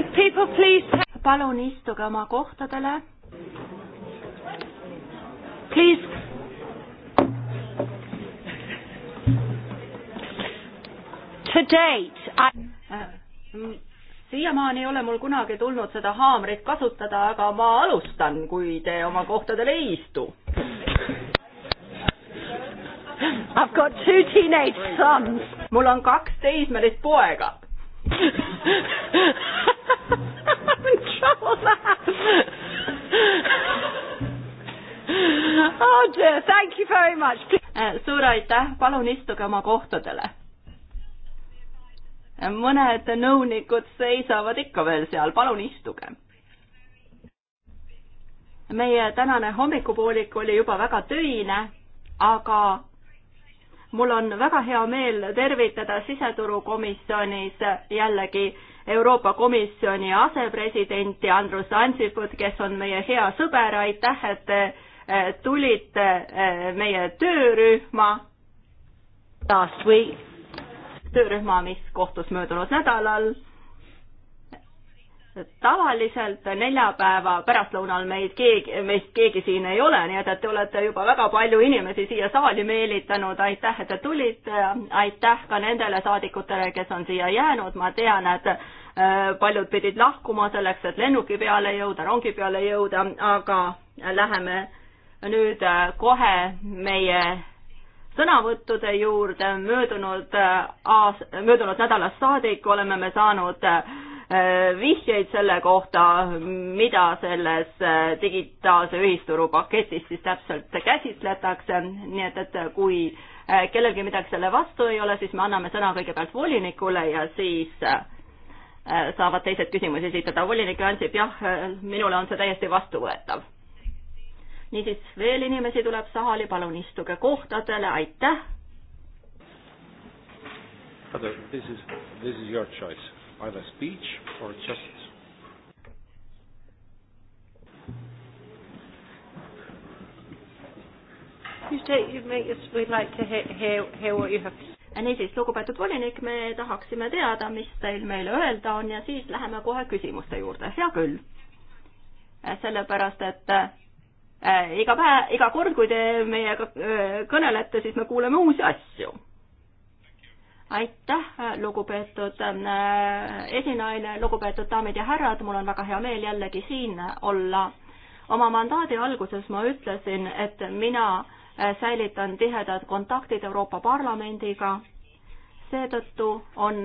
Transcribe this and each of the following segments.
Could people please palun istuge oma kohtadele. Please. To date I... Äh, siiamaani ei ole mul kunagi tulnud seda haamrit kasutada, aga ma alustan, kui te oma kohtadele ei istu. I've got two teenage sons. mul on kaks teismelist poega oh dear, thank you very much. Eh, suur aitäh, palun istuge oma kohtadele. Eh, mõned nõunikud seisavad ikka veel seal, palun istuge. meie tänane hommikupoolik oli juba väga töine, aga mul on väga hea meel tervitada siseturukomisjonis jällegi Euroopa Komisjoni asepresidenti Andrus Ansiput, kes on meie hea sõber, aitäh, et tulite eh, meie töörühma. Last week. töörühma, mis kohtus möödunud nädalal tavaliselt neljapäeva pärastlõunal meid keegi, meist keegi siin ei ole, nii et, et te olete juba väga palju inimesi siia saali meelitanud, aitäh, et te tulite, aitäh ka nendele saadikutele, kes on siia jäänud, ma tean, et eh, paljud pidid lahkuma selleks, et lennuki peale jõuda, rongi peale jõuda, aga läheme nüüd äh, kohe meie sõnavõttude juurde. möödunud äh, aas-, möödunud nädalast saadik oleme me saanud äh, vihjeid selle kohta, mida selles digitaalse ühisturu paketis siis täpselt käsitletakse, nii et, et kui kellelgi midagi selle vastu ei ole, siis me anname sõna kõigepealt volinikule ja siis saavad teised küsimusi esitada. volinik Ansip, jah, minule on see täiesti vastuvõetav niisiis, veel inimesi tuleb saali, palun istuge kohtadele, aitäh. This is, this is your choice, either speech or just äh, niisiis, lugupeetud volinik, me tahaksime teada, mis teil meile öelda on ja siis läheme kohe küsimuste juurde, hea küll. Äh, sellepärast, et äh, Äh, iga päev, iga kord, kui te meiega äh, kõnelete, siis me kuuleme uusi asju aitäh, lugupeetud äh, esinaine, lugupeetud daamid ja härrad, mul on väga hea meel jällegi siin olla. oma mandaadi alguses ma ütlesin, et mina säilitan tihedad kontaktid Euroopa Parlamendiga. seetõttu on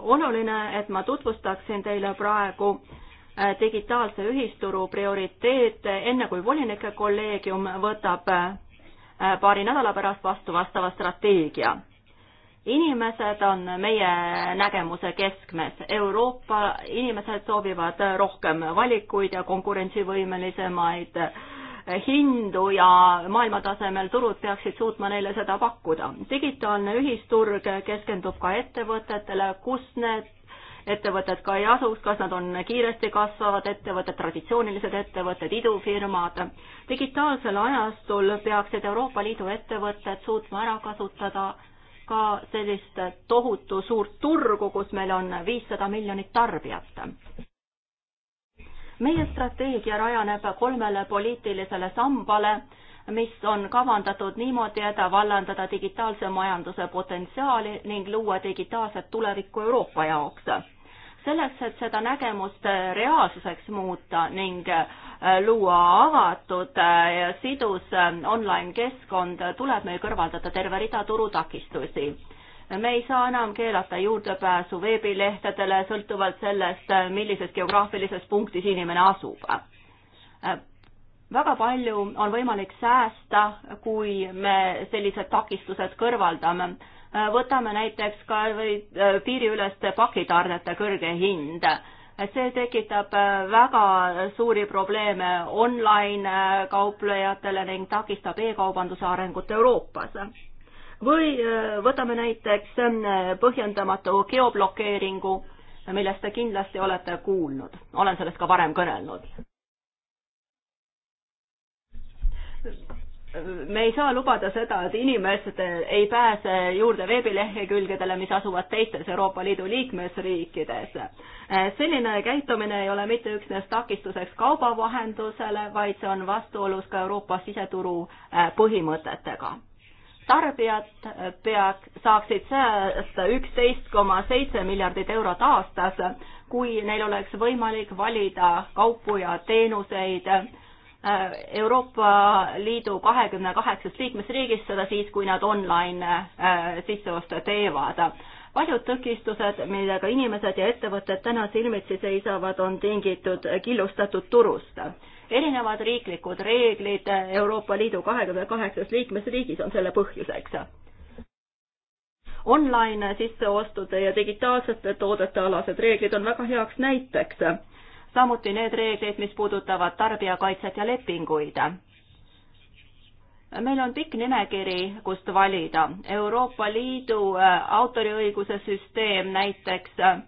oluline, et ma tutvustaksin teile praegu äh, Äh, digitaalse ühisturu prioriteet, enne kui volinike kolleegium võtab äh, paari nädala pärast vastu vastava strateegia. inimesed on meie nägemuse keskmes. Euroopa inimesed soovivad rohkem valikuid ja konkurentsivõimelisemaid äh, hindu ja maailmatasemel turud peaksid suutma neile seda pakkuda. digitaalne ühisturg keskendub ka ettevõtetele, kus need ettevõtted ka ei asuks, kas nad on kiiresti kasvavad ettevõtted, traditsioonilised ettevõtted, idufirmad. digitaalsel ajastul peaksid Euroopa Liidu ettevõtted suutma ära kasutada ka sellist tohutu suurt turgu, kus meil on viissada miljonit tarbijat. meie strateegia rajaneb kolmele poliitilisele sambale, mis on kavandatud niimoodi, et vallandada digitaalse majanduse potentsiaali ning luua digitaalset tulevikku Euroopa jaoks selleks, et seda nägemust reaalsuseks muuta ning äh, luua avatud äh, ja sidus äh, online keskkond, tuleb meil kõrvaldada terve rida turutakistusi. me ei saa enam keelata juurdepääsu veebilehtedele sõltuvalt sellest, millises geograafilises punktis inimene asub väga palju on võimalik säästa, kui me sellised takistused kõrvaldame Äh, võtame näiteks ka või äh, piiriüleste pakitarnete kõrge hind. see tekitab äh, väga suuri probleeme online kauplejatele ning takistab e-kaubanduse arengut Euroopas. või võtame näiteks ähm, põhjendamatu geoblokeeringu, millest te kindlasti olete kuulnud, olen sellest ka varem kõnelnud me ei saa lubada seda, et inimesed ei pääse juurde veebilehekülgedele, mis asuvad teistes Euroopa Liidu liikmesriikides. selline käitumine ei ole mitte üksnes takistuseks kaubavahendusele, vaid see on vastuolus ka Euroopa siseturu äh, põhimõtetega tarbijad peaks, saaksid säästa üksteist koma seitse miljardit eurot aastas, kui neil oleks võimalik valida kaupu ja teenuseid Äh, Euroopa Liidu kahekümne kaheksast liikmesriigist, seda siis, kui nad online äh, sisseoste teevad. paljud tõkistused, millega inimesed ja ettevõtted täna silmitsi seisavad, on tingitud killustatud turust. erinevad riiklikud reeglid Euroopa Liidu kahekümne kaheksas liikmesriigis on selle põhjuseks online sisseostude ja digitaalsete toodete alased reeglid on väga heaks näiteks samuti need reeglid, mis puudutavad tarbijakaitset ja lepinguid. meil on pikk nimekiri, kust valida. Euroopa Liidu äh, autoriõiguse süsteem näiteks äh,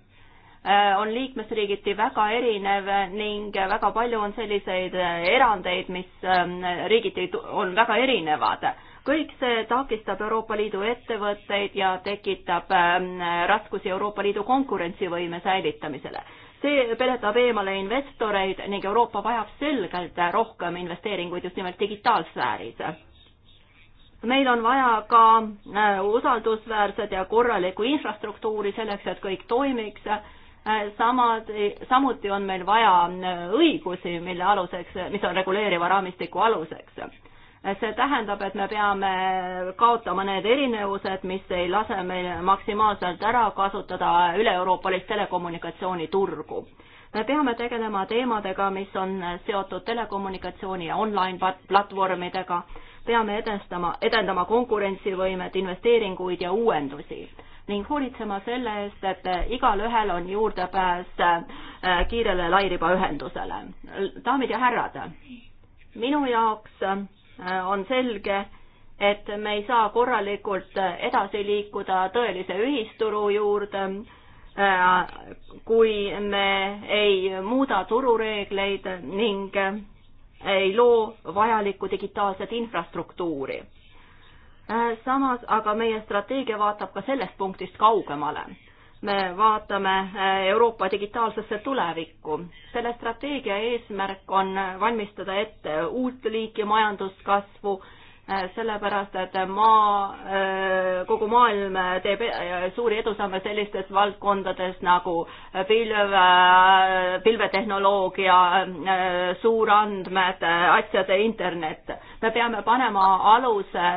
on liikmesriigiti väga erinev ning väga palju on selliseid äh, erandeid, mis ähm, riigiti on väga erinevad. kõik see takistab Euroopa Liidu ettevõtteid ja tekitab ähm, raskusi Euroopa Liidu konkurentsivõime säilitamisele see peletab eemale investoreid ning Euroopa vajab selgelt rohkem investeeringuid just nimelt digitaalsfääris. meil on vaja ka äh, usaldusväärset ja korralikku infrastruktuuri selleks, et kõik toimiks. Äh, samad, samuti on meil vaja äh, õigusi, mille aluseks, mis on reguleeriva raamistiku aluseks see tähendab, et me peame kaotama need erinevused, mis ei lase meil maksimaalselt ära kasutada üle-euroopalist telekommunikatsiooniturgu. me peame tegelema teemadega, mis on seotud telekommunikatsiooni ja online platvormidega, peame edestama, edendama konkurentsivõimet, investeeringuid ja uuendusi ning hoolitsema selle eest, et igalühel on juurdepääs äh, kiirele lairibaühendusele. daamid ja härrad, minu jaoks Äh, on selge, et me ei saa korralikult edasi liikuda tõelise ühisturu juurde, äh, kui me ei muuda turureegleid ning ei loo vajalikku digitaalset infrastruktuuri. Äh, samas aga meie strateegia vaatab ka sellest punktist kaugemale me vaatame eh, Euroopa digitaalsesse tulevikku. selle strateegia eesmärk on valmistada ette uut liiki majanduskasvu Äh, sellepärast et maa, äh, kogu maailm teeb äh, suuri edusamme sellistes valdkondades nagu pilv, pilvetehnoloogia, suurandmed, asjade internet. me peame panema aluse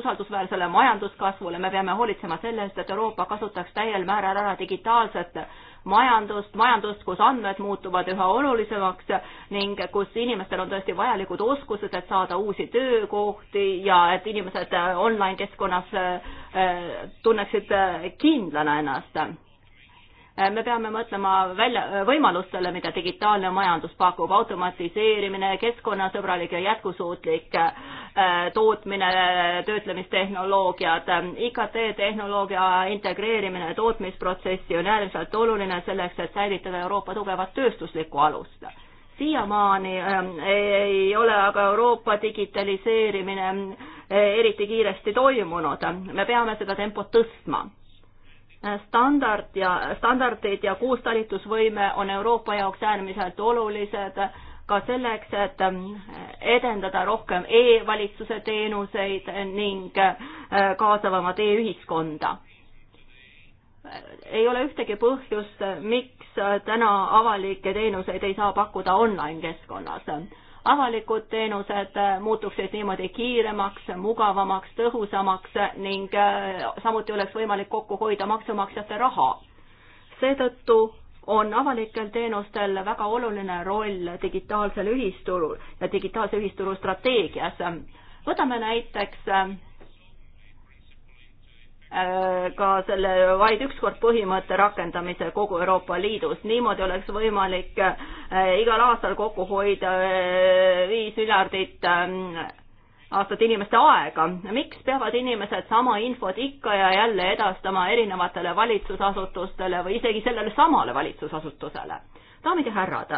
usaldusväärsele majanduskasvule, me peame hoolitsema selle eest, et Euroopa kasutaks täiel määral ära digitaalset majandust, majandust, kus andmed muutuvad üha olulisemaks ning kus inimestel on tõesti vajalikud oskused, et saada uusi töökohti ja et inimesed online keskkonnas eh, eh, tunneksid eh, kindlana ennast Äh, me peame mõtlema välja, äh, võimalustele, mida digitaalne majandus pakub, automatiseerimine, keskkonnasõbralik ja jätkusuutlik äh, tootmine, töötlemistehnoloogiad, IKT tehnoloogia integreerimine tootmisprotsessi on äärmiselt oluline selleks, et säilitada Euroopa tugevat tööstuslikku alust siiamaani ei ole aga Euroopa digitaliseerimine eriti kiiresti toimunud, me peame seda tempot tõstma standard ja standardid ja koostalitusvõime on Euroopa jaoks äärmiselt olulised ka selleks, et ähm, edendada rohkem e-valitsuse teenuseid ning äh, kaasavamat e-ühiskonda. ei ole ühtegi põhjust, miks äh, täna avalikke teenuseid ei saa pakkuda online keskkonnas avalikud teenused äh, muutuksid niimoodi kiiremaks, mugavamaks, tõhusamaks ning äh, samuti oleks võimalik kokku hoida maksumaksjate raha. seetõttu on avalikel teenustel väga oluline roll digitaalsel ühisturul ja digitaalse ühisturu strateegias. võtame näiteks äh, Äh, ka selle vaid ükskord põhimõtte rakendamise kogu Euroopa Liidus. niimoodi oleks võimalik äh, igal aastal kokku hoida äh, viis miljardit aastat inimeste aega. miks peavad inimesed sama infot ikka ja jälle edastama erinevatele valitsusasutustele või isegi sellele samale valitsusasutusele? daamid ja härrad,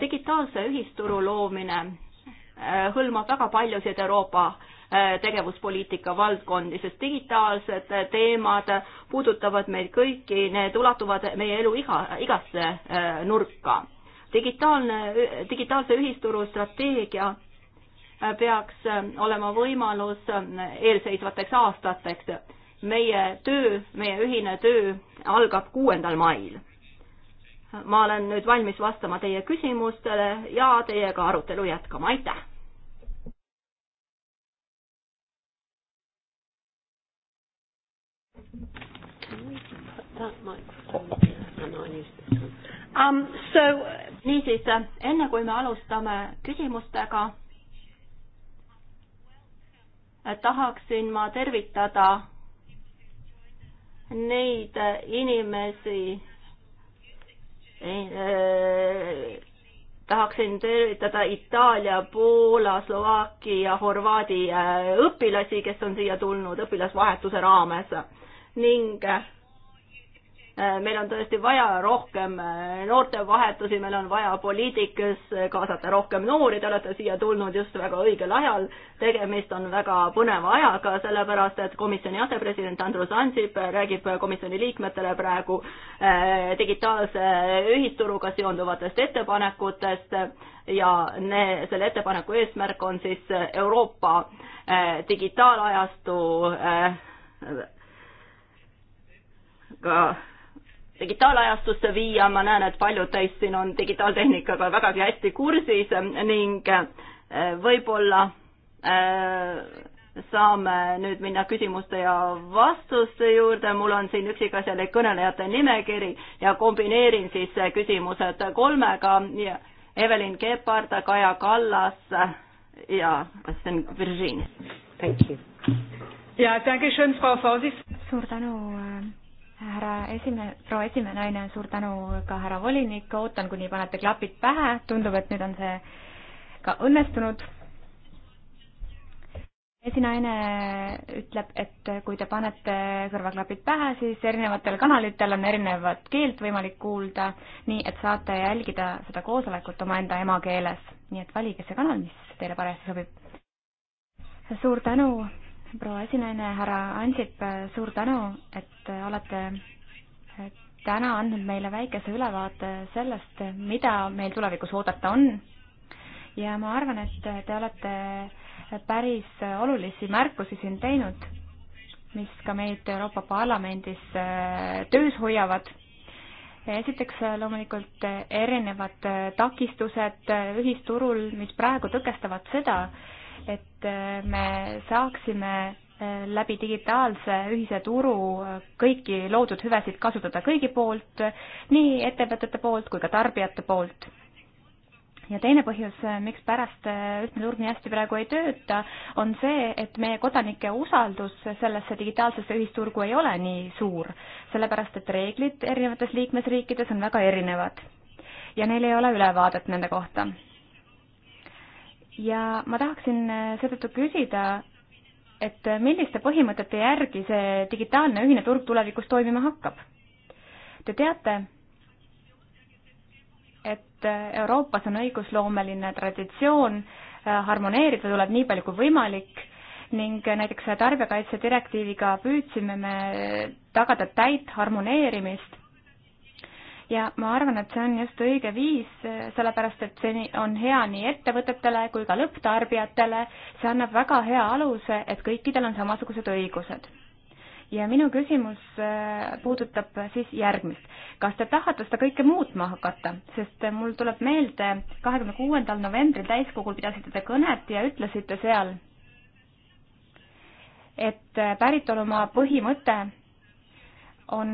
digitaalse ühisturu loomine hõlmab väga paljusid Euroopa Äh, tegevuspoliitika valdkondi, sest digitaalsed äh, teemad puudutavad meid kõiki, need ulatuvad meie elu iga, igasse äh, nurka. digitaalne, digitaalse ühisturu strateegia peaks olema võimalus eelseisvateks aastateks. meie töö, meie ühine töö algab kuuendal mail ma olen nüüd valmis vastama teie küsimustele ja teiega arutelu jätkama, aitäh! that microphone and I use this one. Um, so niisiis, enne kui me alustame küsimustega, tahaksin ma tervitada neid inimesi eh,, tahaksin tervitada Itaalia, Poola, Slovakkia, Horvaadi äh, õpilasi, kes on siia tulnud õpilasvahetuse raames ning Äh, meil on tõesti vaja rohkem äh, noortevahetusi, meil on vaja poliitikas kaasata rohkem noori, te olete siia tulnud just väga õigel ajal. tegemist on väga põneva ajaga, sellepärast et komisjoni asepresident Andrus Ansip räägib komisjoni liikmetele praegu äh, digitaalse ühisturuga seonduvatest ettepanekutest ja ne, selle ettepaneku eesmärk on siis Euroopa digitaalajastu ka digitaalajastusse viia, ma näen, et paljud teist siin on digitaaltehnikaga vägagi hästi kursis ning äh, võib-olla äh, saame nüüd minna küsimuste ja vastuste juurde, mul on siin üksikasjalik kõnelejate nimekiri ja kombineerin siis küsimused kolmega. Evelyn Kepard, Kaja Kallas ja Sten Virgin. Thank you. ja, tänke schön, Frau Fausis. suur tänu äh, härra esime-, proua esimenaine, suur tänu ka härra volinik, ootan, kuni panete klapid pähe, tundub, et nüüd on see ka õnnestunud. esinaine ütleb, et kui te panete kõrvaklapid pähe, siis erinevatel kanalitel on erinevat keelt võimalik kuulda, nii et saate jälgida seda koosolekut omaenda emakeeles. nii et valige see kanal, mis teile parajasti sobib. suur tänu proua esinaine, härra Ansip, suur tänu, et olete eh, täna andnud meile väikese ülevaate sellest, mida meil tulevikus oodata on. ja ma arvan, et te olete päris olulisi märkusi siin teinud, mis ka meid Euroopa Parlamendis eh, töös hoiavad. esiteks eh, loomulikult erinevad takistused ühisturul, mis praegu tõkestavad seda, et äh, me saaksime äh, läbi digitaalse ühise turu äh, kõiki loodud hüvesid kasutada kõigi poolt, nii ettevõtete poolt kui ka tarbijate poolt. ja teine põhjus, mikspärast ühtne turg nii hästi praegu ei tööta, on see, et meie kodanike usaldus sellesse digitaalsesse ühisturgu ei ole nii suur, sellepärast et reeglid erinevates liikmesriikides on väga erinevad ja neil ei ole ülevaadet nende kohta ja ma tahaksin äh, seetõttu küsida, et äh, milliste põhimõtete järgi see digitaalne ühine turg tulevikus toimima hakkab? Te teate, et äh, Euroopas on õigusloomeline traditsioon, harmoneerida tuleb nii palju kui võimalik ning näiteks tarbijakaitse direktiiviga püüdsime me tagada täit harmoneerimist ja ma arvan, et see on just õige viis, sellepärast et see on hea nii ettevõtetele kui ka lõpptarbijatele, see annab väga hea aluse, et kõikidel on samasugused õigused. ja minu küsimus äh, puudutab siis järgmist. kas te tahate seda kõike muutma hakata, sest mul tuleb meelde, kahekümne kuuendal novembril täiskogul pidasite te kõnet ja ütlesite seal, et päritolumaa põhimõte on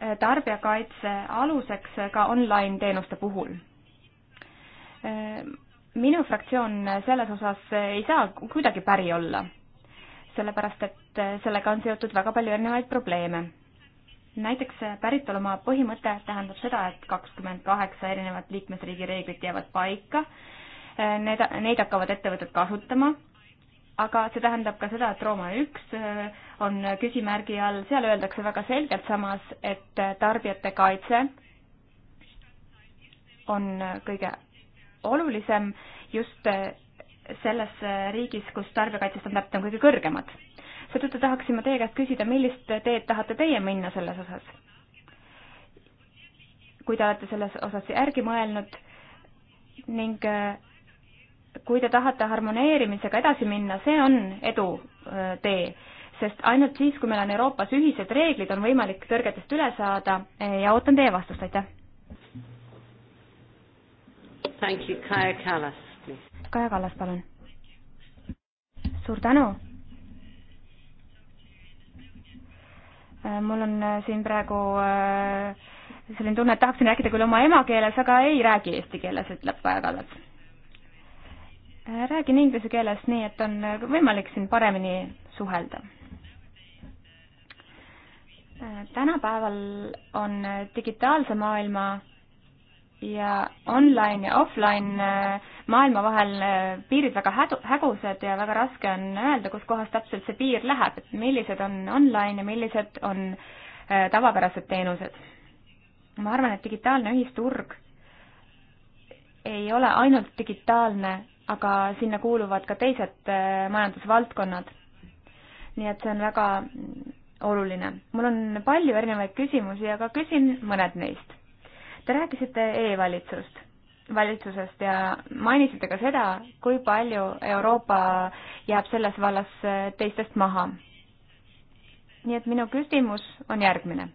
tarbijakaitse aluseks ka online teenuste puhul. minu fraktsioon selles osas ei saa kuidagi päri olla, sellepärast et sellega on seotud väga palju erinevaid probleeme. näiteks päritolumaa põhimõte tähendab seda, et kakskümmend kaheksa erinevat liikmesriigi reeglit jäävad paika, need, neid hakkavad ettevõtted kasutama, aga see tähendab ka seda, et Rooma üks on küsimärgi all, seal öeldakse väga selgelt samas, et tarbijate kaitse on kõige olulisem just selles riigis, kus tarbijakaitsestandardid on kõige kõrgemad. seetõttu tahaksime teie käest küsida, millist teed tahate teie minna selles osas? kui te olete selles osas järgi mõelnud ning kui te tahate harmoneerimisega edasi minna, see on edu äh, tee sest ainult siis, kui meil on Euroopas ühised reeglid, on võimalik tõrgetest üle saada eh, ja ootan teie vastust, aitäh. Thank you, Kaja Kallas. Kaja Kallas, palun. suur tänu. Eh, mul on eh, siin praegu selline tunne, et tahaksin rääkida küll oma emakeeles, aga ei räägi eesti keeles, ütleb Kaja Kallas räägin inglise keeles nii, et on võimalik siin paremini suhelda tänapäeval on digitaalse maailma ja online ja offline äh, maailma vahel äh, piirid väga hädu, hägusad ja väga raske on öelda, kus kohas täpselt see piir läheb, et millised on online ja millised on äh, tavapärased teenused. ma arvan, et digitaalne ühisturg ei ole ainult digitaalne, aga sinna kuuluvad ka teised majandusvaldkonnad. nii et see on väga oluline. mul on palju erinevaid küsimusi, aga küsin mõned neist. Te rääkisite e-valitsust, valitsusest ja mainisite ka seda, kui palju Euroopa jääb selles vallas äh, teistest maha. nii et minu küsimus on järgmine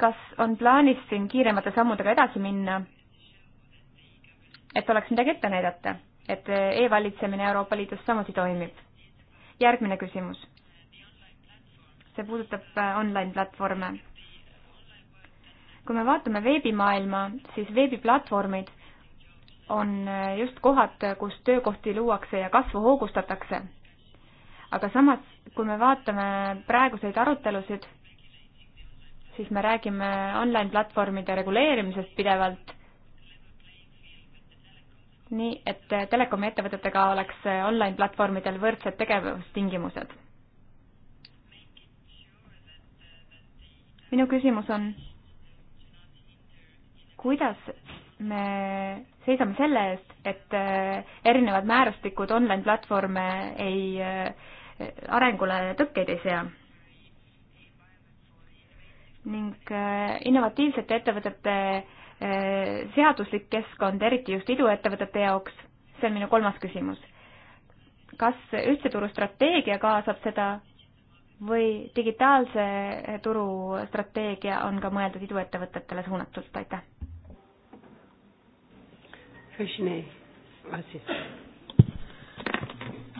kas on plaanis siin kiiremate sammudega edasi minna, et oleks midagi ette näidata? et e-valitsemine Euroopa Liidus samuti toimib. järgmine küsimus. see puudutab äh, online platvorme. kui me vaatame veebimaailma, siis veebiplatvormid on äh, just kohad, kus töökohti luuakse ja kasvu hoogustatakse. aga samas, kui me vaatame praeguseid arutelusid, siis me räägime online platvormide reguleerimisest pidevalt nii et äh, telekomi ettevõtetega oleks äh, online platvormidel võrdsed tegevustingimused. minu küsimus on, kuidas me seisame selle eest, et äh, erinevad määrustikud online platvorme ei, arengule tõkkeid ei sea? ning innovatiivsete ettevõtete äh, Eh, seaduslik keskkond, eriti just iduettevõtete jaoks? see on minu kolmas küsimus. kas ühtse turu strateegia kaasab seda või digitaalse turu strateegia on ka mõeldud iduettevõtetele suunatult, aitäh? Merci,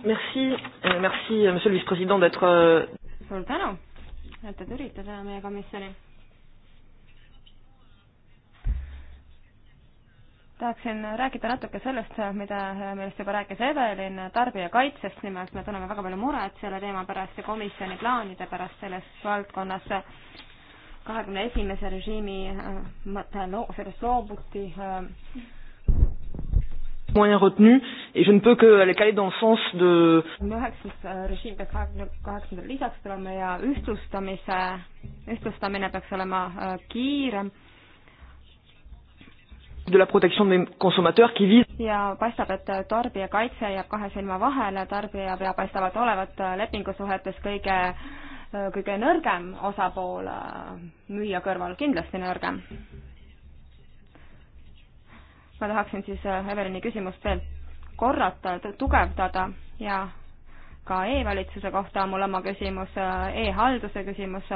merci, euh, euh, monsieur le vice-president d'être. Euh, suur tänu, et te tulite täna meie komisjoni tahaksin rääkida natuke sellest, mida, millest juba rääkis Evelin, tarbijakaitsest nimelt, me tunneme väga palju muret selle teema pärast ja komisjoni plaanide pärast selles valdkonnas. kahekümne esimese režiimi äh, mõte, äh, sellest loobuti. Äh, moyen retenu et je ne peux que aller dans le sens de üheksas režiim peaks kahekümne kaheksandal lisaks tulema ja ühtlustamise, ühtlustamine peaks olema kiirem de la protection des consommateurs qui vise ja paistab, et tarbijakaitse jääb kahe silma vahele, tarbija peab paistavat olevat lepingusuhetes kõige, kõige nõrgem osapool müüja kõrval, kindlasti nõrgem. ma tahaksin siis Evelini küsimust veel korrata, tugevdada ja ka e-valitsuse kohta on mul oma küsimus e, e-halduse küsimus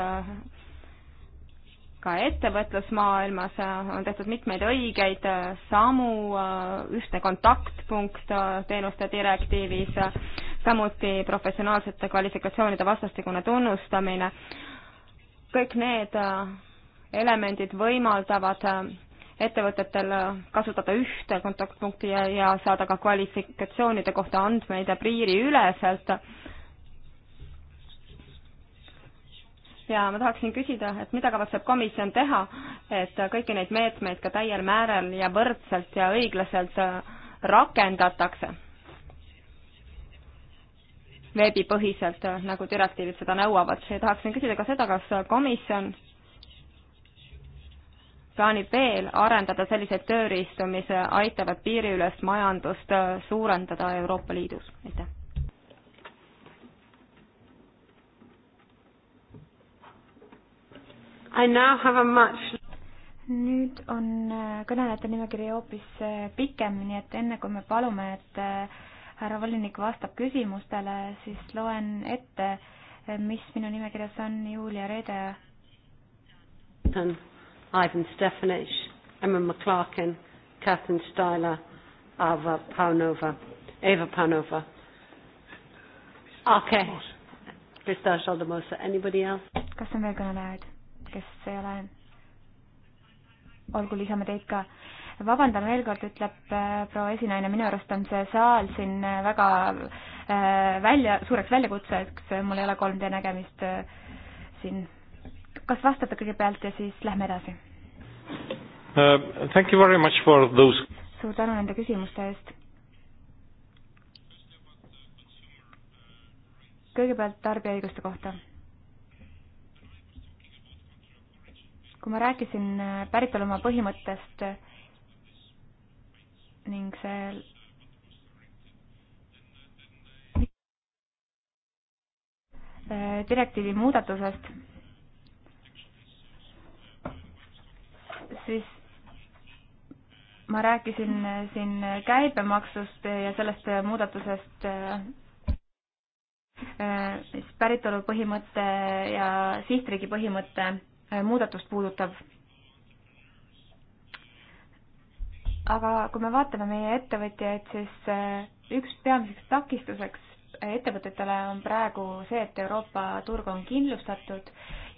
ka ettevõtlusmaailmas äh, on tehtud mitmeid õigeid äh, samu, äh, ühtne kontaktpunkt teenuste direktiivis, samuti professionaalsete kvalifikatsioonide vastastikune tunnustamine. kõik need elemendid võimaldavad ettevõtetel kasutada ühte kontaktpunkti ja, ja saada ka kvalifikatsioonide kohta andmeid piiriüleselt ja ma tahaksin küsida, et mida kavatseb komisjon teha, et kõiki neid meetmeid ka täiel määral ja võrdselt ja õiglaselt äh, rakendatakse veebipõhiselt, äh, nagu direktiivid seda nõuavad. ja tahaksin küsida ka seda, kas äh, komisjon plaanib veel arendada selliseid tööriistu, mis aitavad piiriülest majandust suurendada Euroopa Liidus? aitäh Much... nüüd on äh, kõnelejate nimekiri hoopis äh, pikem, nii et enne kui me palume, et äh, härra volinik vastab küsimustele, siis loen ette, mis minu nimekirjas on Julia Reede. Ivan Stefanich, Emma McClarkin, Catherine Styler, Ava Paunova, Eva Paunova. Okay. Krista Shaldamosa, anybody else? kas on veel kõnelejaid? kes ei ole. olgu, lisame teid ka. vabandan veel kord, ütleb äh, proua esinaine, minu arust on see saal siin äh, väga äh, välja, suureks väljakutseks, mul ei ole 3D nägemist siin. kas vastate kõigepealt ja siis lähme edasi uh,? Thank you very much for those suur tänu nende küsimuste eest kõigepealt tarbijaõiguste kohta. kui ma rääkisin äh, päritolumaa põhimõttest ning see äh, direktiivi muudatusest, siis ma rääkisin äh, siin käibemaksust ja sellest muudatusest, mis päritolu põhimõte ja sihtriigi põhimõte Äh, muudatust puudutav. aga kui me vaatame meie ettevõtjaid, siis äh, üks peamiseks takistuseks ettevõtetele on praegu see, et Euroopa turg on kindlustatud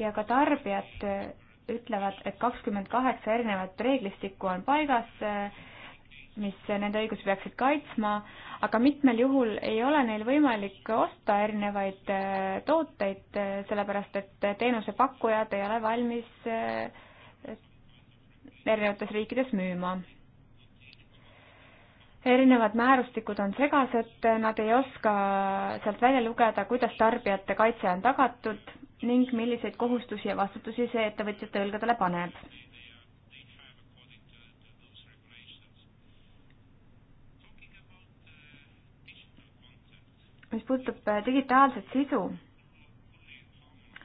ja ka tarbijad ütlevad, et kakskümmend kaheksa erinevat reeglistikku on paigas äh, mis nende õigusi peaksid kaitsma, aga mitmel juhul ei ole neil võimalik osta erinevaid äh, tooteid, äh, sellepärast et äh, teenusepakkujad ei ole valmis erinevates riikides müüma. erinevad määrustikud on segased, nad ei oska sealt välja lugeda, kuidas tarbijate kaitse on tagatud ning milliseid kohustusi ja vastutusi see ettevõtjate õlgadele paneb mis puudutab äh, digitaalset sisu,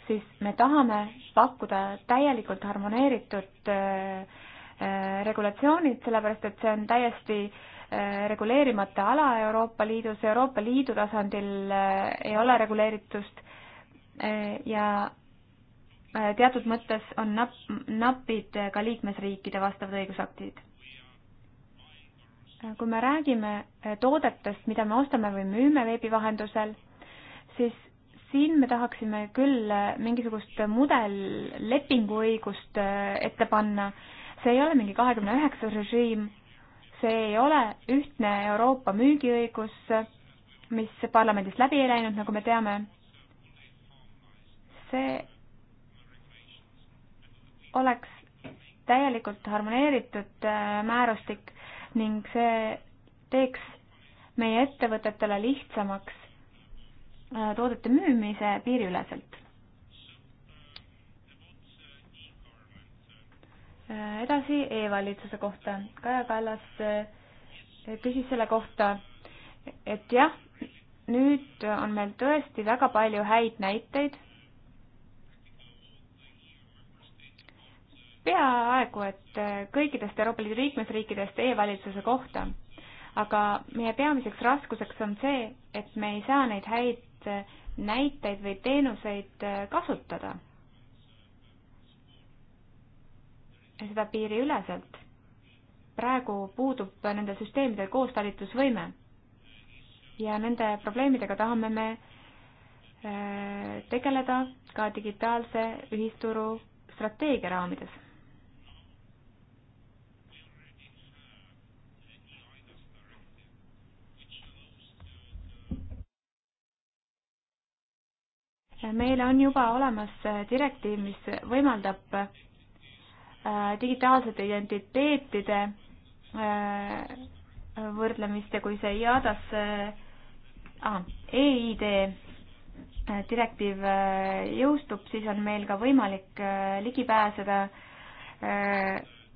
siis me tahame pakkuda täielikult harmoneeritud äh, äh, regulatsioonid, sellepärast et see on täiesti reguleerimata ala Euroopa Liidus, Euroopa Liidu tasandil ei ole reguleeritust ja teatud mõttes on nap-, napid ka liikmesriikide vastavad õigusaktid kui me räägime eh, toodetest, mida me ostame või müüme veebi vahendusel, siis siin me tahaksime küll eh, mingisugust mudellepinguõigust eh, ette panna. see ei ole mingi kahekümne üheksas režiim, see ei ole ühtne Euroopa müügiõigus, mis parlamendist läbi ei läinud, nagu me teame. see oleks täielikult harmoneeritud määrustik, ning see teeks meie ettevõtetele lihtsamaks äh, toodete müümise piiriüleselt. Äh, edasi e-valitsuse kohta. Kaja Kallas äh, küsis selle kohta, et jah, nüüd on meil tõesti väga palju häid näiteid peaaegu et äh, kõikidest Euroopa Liidu liikmesriikidest e-valitsuse kohta. aga meie peamiseks raskuseks on see, et me ei saa neid häid äh, näiteid või teenuseid äh, kasutada. seda piiriüleselt. praegu puudub nende süsteemide koostalitusvõime. ja nende probleemidega tahame me tegeleda ka digitaalse ühisturu strateegia raamides meil on juba olemas äh, direktiiv, mis võimaldab äh, digitaalsete identiteetide äh, võrdlemist ja kui see IADAS ah, EID direktiiv jõustub, siis on meil ka võimalik ligi pääseda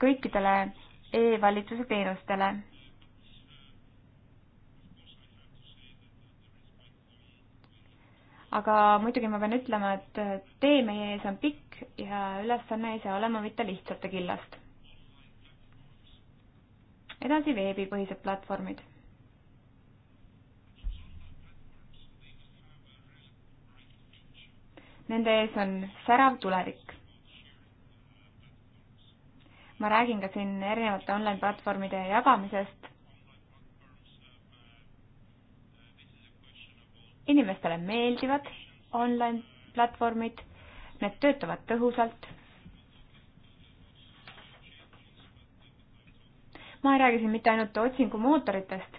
kõikidele e-valitsuse teenustele aga muidugi ma pean ütlema, et tee meie ees on pikk ja ülesanne ei saa olema mitte lihtsate killast. edasi veebipõhised platvormid. Nende ees on särav tulevik. ma räägin ka siin erinevate online platvormide jagamisest inimestele meeldivad online platvormid, need töötavad tõhusalt. ma ei räägi siin mitte ainult otsingumootoritest,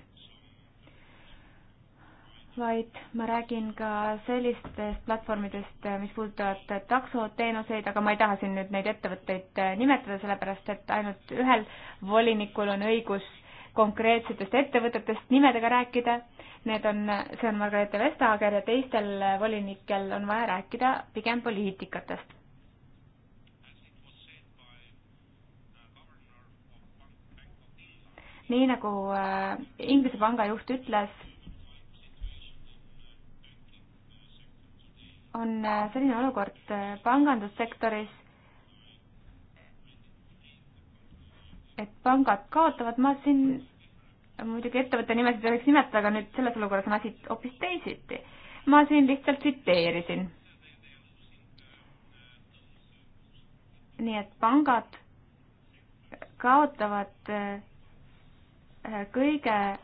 vaid ma räägin ka sellistest platvormidest, mis puudutavad taksoteenuseid, aga ma ei taha siin nüüd neid ettevõtteid äh, nimetada, sellepärast et ainult ühel volinikul on õigus konkreetsetest ettevõtetest nimedega rääkida Need on, see on Margareete Vestager ja teistel volinikel on vaja rääkida pigem poliitikatest. nii nagu äh, Inglise panga juht ütles, on äh, selline olukord äh, pangandussektoris, et pangad kaotavad, ma siin muidugi ettevõtte nimesid ei tohiks nimetada, aga nüüd selles olukorras on asi hoopis teisiti. ma siin lihtsalt tsiteerisin. nii et pangad kaotavad äh, kõige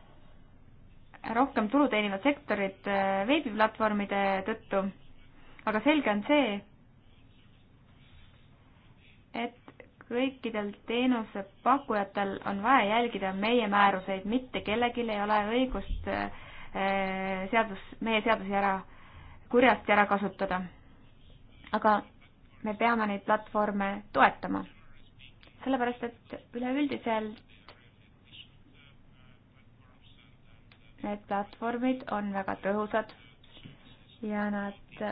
rohkem tulu teenivad sektorid äh, veebiplatvormide tõttu, aga selge on see, et kõikidel teenusepakkujatel on vaja jälgida meie määruseid, mitte kellelgi ei ole õigust eh, seadus, meie seadusi ära, kurjasti ära kasutada. aga me peame neid platvorme toetama. sellepärast, et üleüldiselt need platvormid on väga tõhusad ja nad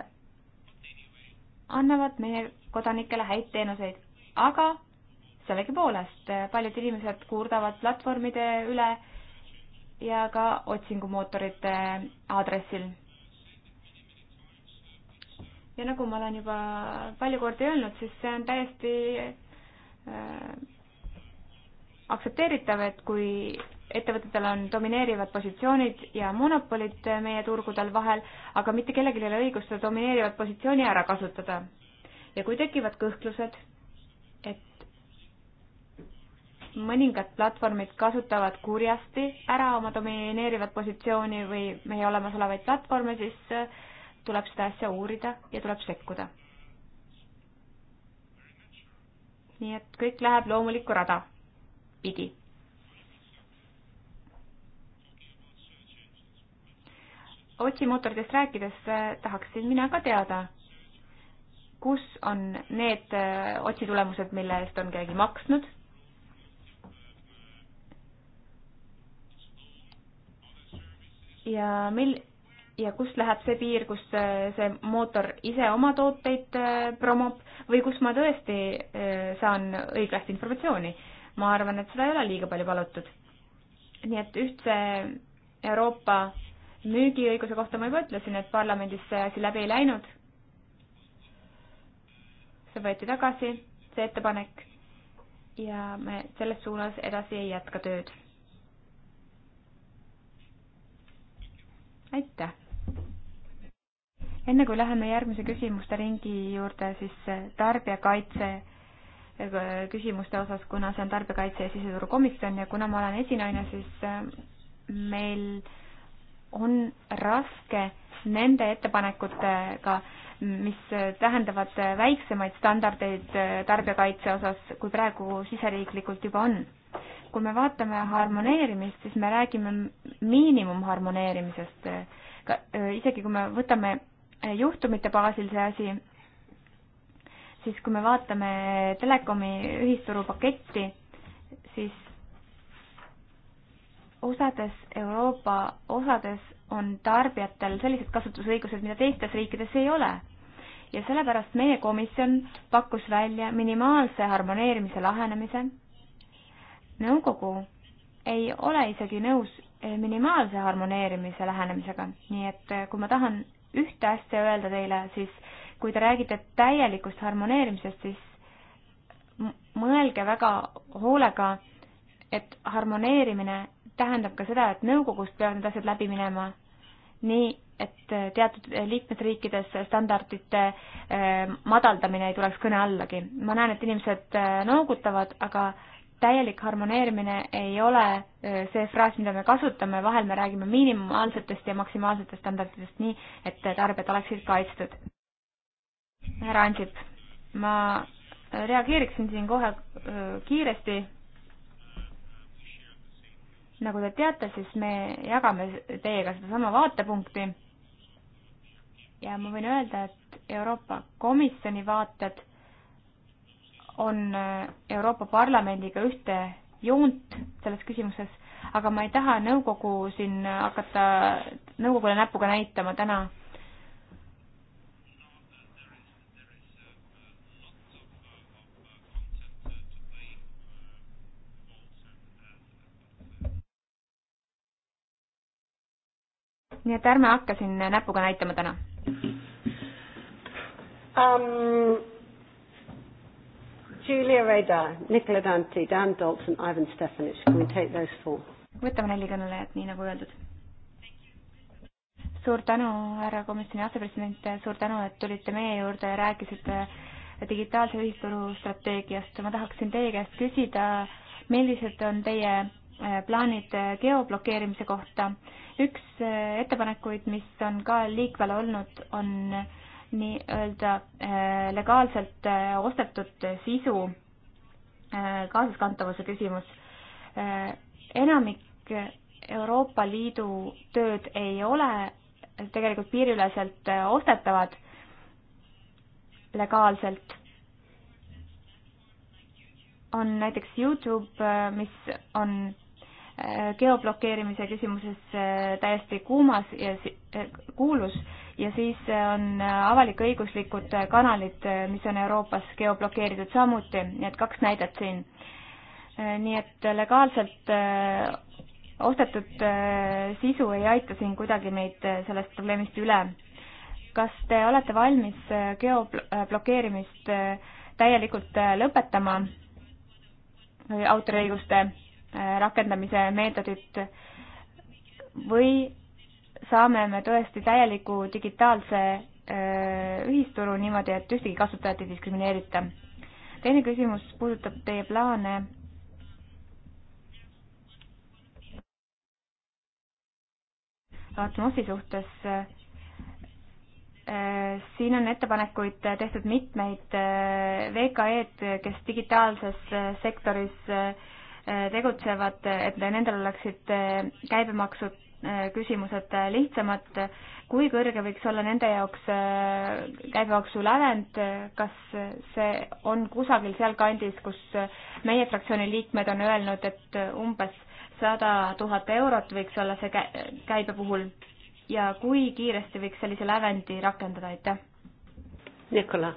annavad meie kodanikele häid teenuseid, aga sellegipoolest eh, paljud inimesed kurdavad platvormide üle ja ka otsingumootorite aadressil. ja nagu ma olen juba palju kordi öelnud, siis see on täiesti eh, aktsepteeritav, et kui ettevõtetel on domineerivad positsioonid ja monopolid eh, meie turgudel vahel, aga mitte kellelgi ei ole õigust seda domineerivat positsiooni ära kasutada. ja kui tekivad kõhklused mõningad platvormid kasutavad kurjasti ära oma domineerivat positsiooni või meie olemasolevaid platvorme, siis äh, tuleb seda asja uurida ja tuleb sekkuda. nii et kõik läheb loomulikku rada pidi. otsimootoritest rääkides äh, tahaksin mina ka teada, kus on need äh, otsitulemused, mille eest on keegi maksnud ja mil- ja kust läheb see piir, kus äh, see mootor ise oma tooteid äh, promob või kus ma tõesti äh, saan õiglast informatsiooni. ma arvan, et seda ei ole liiga palju palutud. nii et ühtse Euroopa müügiõiguse kohta ma juba ütlesin, et parlamendis see asi läbi ei läinud. see võeti tagasi, see ettepanek, ja me selles suunas edasi ei jätka tööd aitäh! enne kui läheme järgmise küsimuste ringi juurde, siis äh, tarbijakaitse äh, küsimuste osas, kuna see on Tarbijakaitse ja Siseturu komisjon ja kuna ma olen esinaine, siis äh, meil on raske nende ettepanekutega, mis tähendavad väiksemaid standardeid tarbijakaitse osas, kui praegu siseriiklikult juba on kui me vaatame harmoneerimist, siis me räägime miinimumharmoneerimisest. ka äh, isegi kui me võtame äh, juhtumite baasil see asi, siis kui me vaatame telekomi ühisturu paketti, siis osades Euroopa osades on tarbijatel sellised kasutusõigused, mida teistes riikides ei ole. ja sellepärast meie komisjon pakkus välja minimaalse harmoneerimise lahenemise nõukogu ei ole isegi nõus eh, minimaalse harmoneerimise lähenemisega, nii et eh, kui ma tahan ühte asja öelda teile, siis kui te räägite täielikust harmoneerimisest, siis mõelge väga hoolega, et harmoneerimine tähendab ka seda, et nõukogust peavad need asjad läbi minema, nii et eh, teatud liikmesriikides standardite madaldamine ei tuleks kõne allagi. ma näen, et inimesed noogutavad, aga äh, täielik harmoneerimine ei ole see fraas, mida me kasutame, vahel me räägime minimaalsetest ja maksimaalsetest standarditest nii, et tarbijad oleksid kaitstud. härra Ansip, ma reageeriksin siin kohe kiiresti. nagu te teate, siis me jagame teiega sedasama vaatepunkti ja ma võin öelda, et Euroopa Komisjoni vaated on äh, Euroopa Parlamendiga ühte joont selles küsimuses, aga ma ei taha nõukogu siin hakata nõukogule näpuga näitama täna. nii et ärme hakka siin näpuga näitama täna um Julia Reda, Nicola Dante, Dan Dalton, Ivan Stefanich. Can we take those four? võtame neli kõnelejat, nii nagu öeldud. suur tänu, härra komisjoni asepresident, suur tänu, et tulite meie juurde ja rääkisite digitaalse ühisturu strateegiast. ma tahaksin teie käest küsida, millised on teie äh, plaanid äh, geoblokeerimise kohta. üks äh, ettepanekuid, mis on ka liikvel olnud, on äh, nii-öelda äh, legaalselt äh, ostetud sisu äh, kaasaskantavuse küsimus. enamik Euroopa Liidu tööd ei ole tegelikult piiriüleselt ostetavad legaalselt. on näiteks Youtube, mis on geoblokeerimise küsimuses täiesti kuumas ja kuulus ja siis äh, on äh, avalik-õiguslikud äh, kanalid, mis on Euroopas geoblokeeritud samuti, nii et kaks näidet siin. nii et legaalselt ostetud sisu ei aita siin kuidagi meid sellest probleemist üle. kas te olete valmis geoblokeerimist täielikult lõpetama, autoriõiguste rakendamise meetodit või saame me tõesti täieliku digitaalse ühisturu niimoodi, et ühtegi kasutajat ei diskrimineerita. teine küsimus puudutab teie plaane Atmosi suhtes. siin on ettepanekuid tehtud mitmeid VKE-d, kes digitaalses sektoris tegutsevad, et nendel oleksid käibemaksud Äh, küsimused lihtsamad. kui kõrge võiks olla nende jaoks äh, käibemaksu lävend, kas see on kusagil sealkandis, kus meie fraktsiooni liikmed on öelnud, et umbes sada tuhat eurot võiks olla see käibe puhul ja kui kiiresti võiks sellise lävendi rakendada, aitäh? Nicola.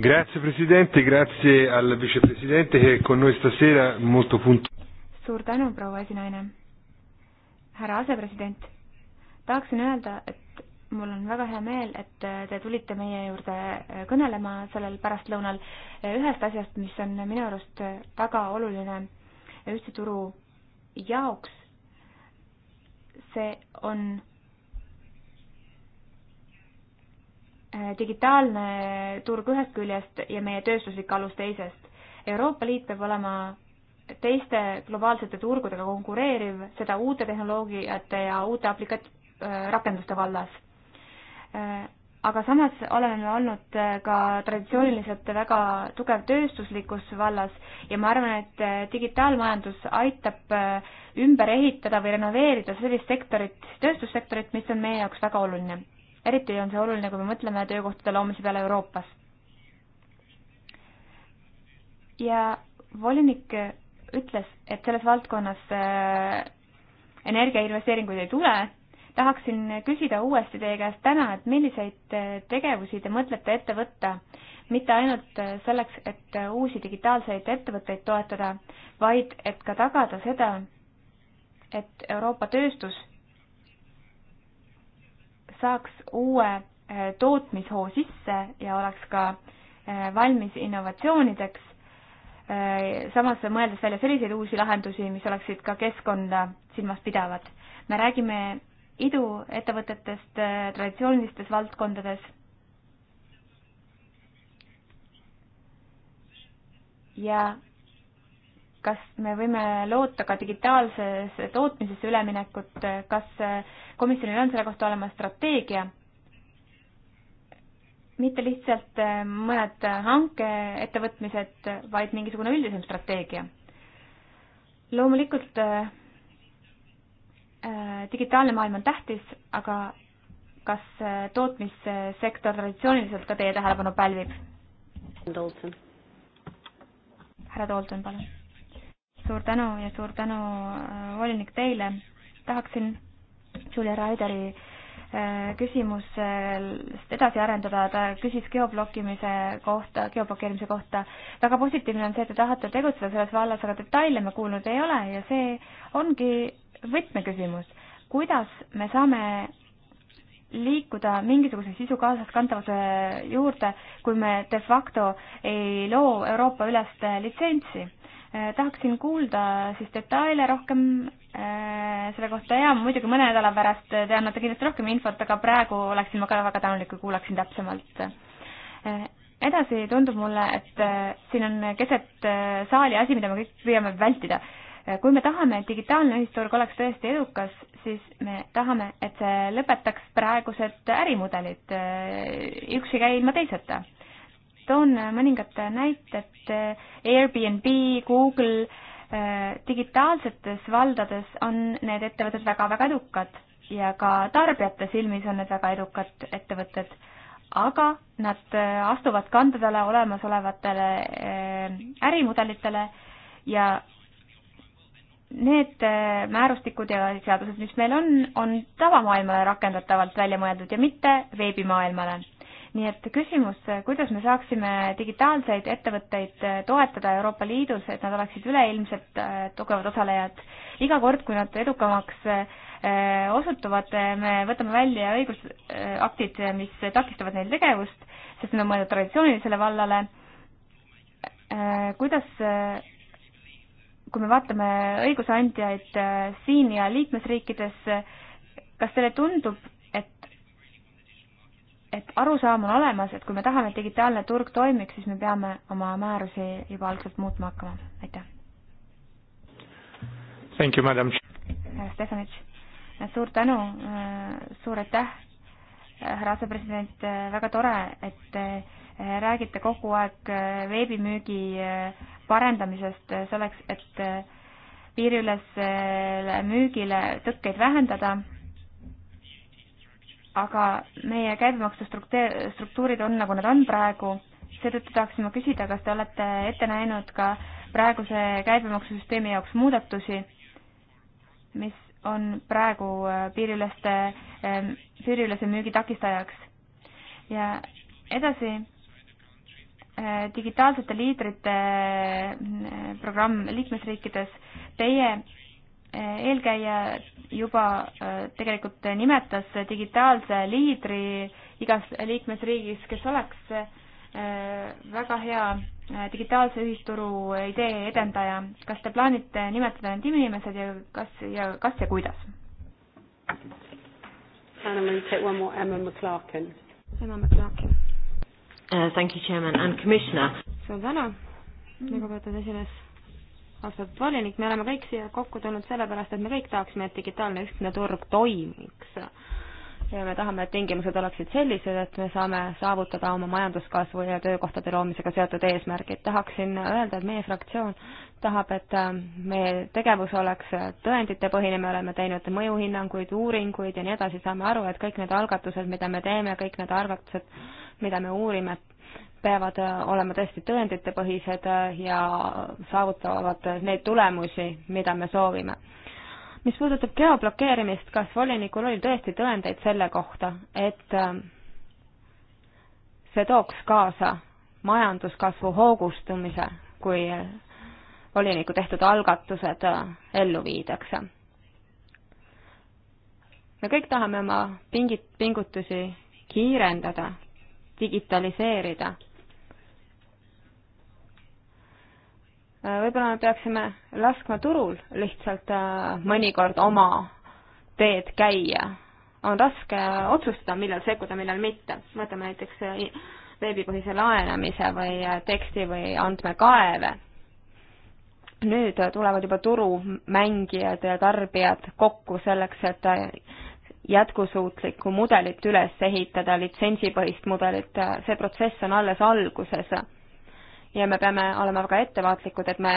Grazie Presidente, grazie al Vicepresidente che è con noi stasera molto puntuale. Suur tänu, proua esinaine härra asepresident, tahaksin öelda, et mul on väga hea meel, et te tulite meie juurde eh, kõnelema sellel pärastlõunal eh, ühest asjast, mis on minu arust väga oluline ühtse turu jaoks. see on eh, digitaalne turg ühest küljest ja meie tööstuslik alus teisest. Euroopa Liit peab olema teiste globaalsete turgudega konkureeriv, seda uute tehnoloogiate ja uute aplikat-, äh, rakenduste vallas. Äh, aga samas oleme me olnud äh, ka traditsiooniliselt väga tugev tööstuslikus vallas ja ma arvan, et digitaalmajandus aitab ümber ehitada või renoveerida sellist sektorit, tööstussektorit, mis on meie jaoks väga oluline. eriti on see oluline, kui me mõtleme töökohtade loomise peale Euroopas. ja volinik ütles, et selles valdkonnas äh, energiainvesteeringuid ei tule, tahaksin küsida uuesti teie käest täna, et milliseid äh, tegevusi te mõtlete ette võtta, mitte ainult äh, selleks, et uusi digitaalseid ettevõtteid toetada, vaid et ka tagada seda, et Euroopa tööstus saaks uue tootmishoo sisse ja oleks ka valmis innovatsioonideks Äh, samas mõeldes välja selliseid uusi lahendusi, mis oleksid ka keskkonda silmas pidavad. me räägime iduettevõtetest äh, traditsioonilistes valdkondades. ja kas me võime loota ka digitaalses tootmises üleminekut, kas äh, komisjonil on selle kohta olemas strateegia? mitte lihtsalt äh, mõned hanke ettevõtmised, vaid mingisugune üldisem strateegia. loomulikult äh, äh, digitaalne maailm on tähtis, aga kas äh, tootmissektor traditsiooniliselt ka teie tähelepanu pälvib? härra Toolton, palun. suur tänu ja suur tänu, volinik, teile. tahaksin Julia Raideri äh, Äh, küsimust edasi arendada, ta küsis geoblokkimise kohta, geoblokeerimise kohta. väga positiivne on see, et te tahate tegutseda selles vallas, aga detaile me kuulnud ei ole ja see ongi võtmeküsimus. kuidas me saame liikuda mingisuguse sisu kaasaskantavuse juurde, kui me de facto ei loo Euroopa ülest litsentsi Äh, tahaksin kuulda siis detaile rohkem äh, selle kohta ja muidugi mõne nädala pärast te annate kindlasti rohkem infot, aga praegu oleksin ma ka väga tänulik, kui kuulaksin täpsemalt. Äh, edasi tundub mulle, et siin on keset saali asi, mida me kõik püüame vältida. kui me tahame, et digitaalne ühisturg oleks tõesti edukas, siis me tahame, et see lõpetaks praegused ärimudelid, üks ei käi ilma teiseta toon mõningad näited. Airbnb, Google, äh, digitaalsetes valdades on need ettevõtted väga-väga edukad ja ka tarbijate silmis on need väga edukad ettevõtted, aga nad äh, astuvad kandadele olemasolevatele äh, ärimudelitele ja need määrustikud ja seadused, mis meil on, on tavamaailmale rakendatavalt välja mõeldud ja mitte veebimaailmale nii et küsimus, kuidas me saaksime digitaalseid ettevõtteid äh, toetada Euroopa Liidus, et nad oleksid üleilmselt äh, tugevad osalejad. iga kord, kui nad edukamaks äh, osutuvad, me võtame välja õigusaktid, mis takistavad neil tegevust, sest need on mõeldud traditsioonilisele vallale. kuidas, kui me vaatame õigusandjaid siin ja liikmesriikides, kas teile tundub, et arusaam on olemas, et kui me tahame, et digitaalne turg toimiks, siis me peame oma määrusi juba algselt muutma hakkama, aitäh. Thank you, madam. Äh, Stefanitš, suur tänu, äh, suur aitäh, äh, härra asepresident, väga tore, et räägite kogu aeg veebimüügi parendamisest selleks, et piiriülesele müügile tõkkeid vähendada aga meie käibemaksu struktuurid on, nagu nad on praegu, seetõttu tahaksin ma küsida, kas te olete ette näinud ka praeguse käibemaksusüsteemi jaoks muudatusi, mis on praegu äh, piiriüleste, ähm, piiriülese müügi takistajaks. ja edasi, äh, digitaalsete liidrite äh, programm liikmesriikides, teie eelkäija juba äh, tegelikult nimetas digitaalse liidri igas liikmesriigis, kes oleks äh, väga hea äh, digitaalse ühisturu idee edendaja. kas te plaanite nimetada need inimesed ja kas ja kas ja kuidas? Anna, I'm going to take one more. Emma McClarkin. Emma McClarkin. Uh, thank you, Chairman and Commissioner. suur tänu, lugupeetud esimees austatud volinik, me oleme kõik siia kokku tulnud sellepärast, et me kõik tahaksime, et digitaalne ühtne turg toimiks. ja me tahame, et tingimused oleksid sellised, et me saame saavutada oma majanduskasvu ja töökohtade loomisega seotud eesmärgid. tahaksin öelda, et meie fraktsioon tahab, et äh, meie tegevus oleks tõenditepõhine, me oleme teinud mõjuhinnanguid, uuringuid ja nii edasi, saame aru, et kõik need algatused, mida me teeme, kõik need algatused, mida me uurime, peavad äh, olema tõesti tõenditepõhised äh, ja saavutavad neid tulemusi, mida me soovime. mis puudutab geoblokeerimist, kas volinikul oli tõesti tõendeid selle kohta, et äh, see tooks kaasa majanduskasvu hoogustumise, kui voliniku tehtud algatused ellu viidakse? me kõik tahame oma pingit, pingutusi kiirendada, digitaliseerida Äh, võib-olla me peaksime laskma turul lihtsalt äh, mõnikord oma teed käia. on raske otsustada, millal sekkuda, millal mitte. võtame näiteks äh, veebipõhise laenamise või teksti või andmekaeve. nüüd tulevad juba turumängijad ja tarbijad kokku selleks, et jätkusuutlikku mudelit üles ehitada, litsentsipõhist mudelit, see protsess on alles alguses ja me peame olema väga ettevaatlikud, et me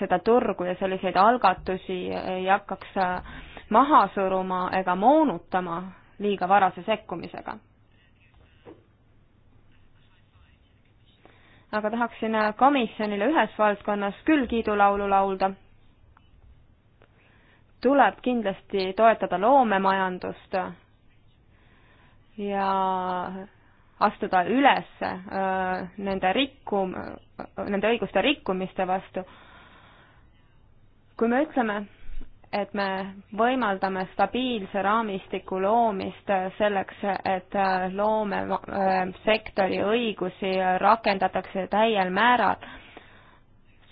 seda turgu ja selliseid algatusi ei hakkaks äh, maha suruma ega moonutama liiga varase sekkumisega. aga tahaksin äh, komisjonile ühes valdkonnas küll kiidulaulu laulda. tuleb kindlasti toetada loomemajandust ja astuda üles äh, nende rikkum-, nende õiguste rikkumiste vastu. kui me ütleme, et me võimaldame stabiilse raamistiku loomist äh, selleks, et äh, loomesektori õigusi rakendatakse täiel määral,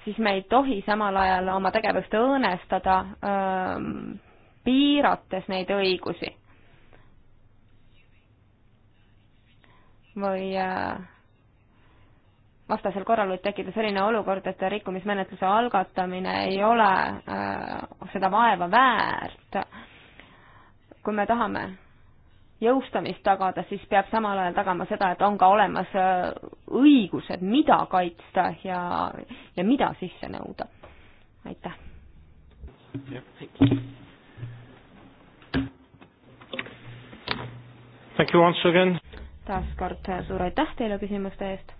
siis me ei tohi samal ajal oma tegevust õõnestada, ähm, piirates neid õigusi või äh, vastasel korral võib tekkida selline olukord, et rikkumismenetluse algatamine ei ole äh, seda vaeva väärt. kui me tahame jõustamist tagada, siis peab samal ajal tagama seda, et on ka olemas äh, õigused, mida kaitsta ja, ja mida sisse nõuda. aitäh. Thank you once again taaskord suur aitäh teile küsimuste eest.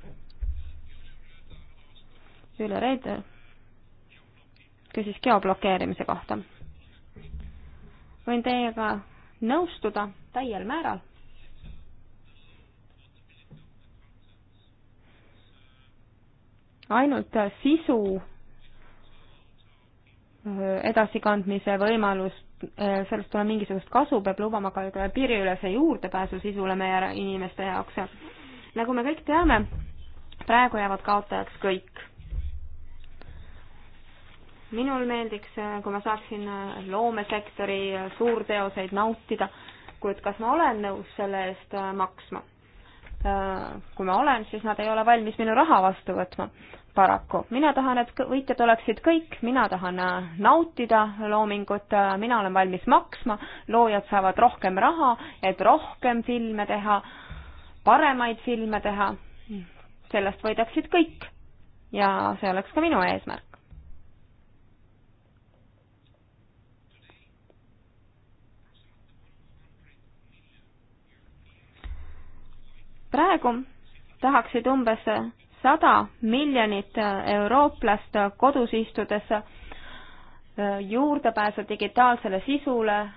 Jüri Reeder küsis geoblokeerimise kohta. võin teiega nõustuda täiel määral. ainult sisu äh, edasikandmise võimalust Äh, sellest pole mingisugust kasu, peab lubama ka piiriülese juurdepääsu sisule meie inimeste jaoks. nagu me kõik teame, praegu jäävad kaotajaks kõik. minul meeldiks, äh, kui ma saaksin äh, loomesektori suurteoseid nautida, kuid kas ma olen nõus selle eest maksma? kui ma olen, siis nad ei ole valmis minu raha vastu võtma paraku. mina tahan, et võitjad oleksid kõik, mina tahan äh, nautida loomingut, äh, mina olen valmis maksma, loojad saavad rohkem raha, et rohkem filme teha, paremaid filme teha, sellest võidaksid kõik. ja see oleks ka minu eesmärk. praegu tahaksid umbes sada miljonit äh, eurooplast äh, kodus istudes äh, juurdepääsu digitaalsele sisule,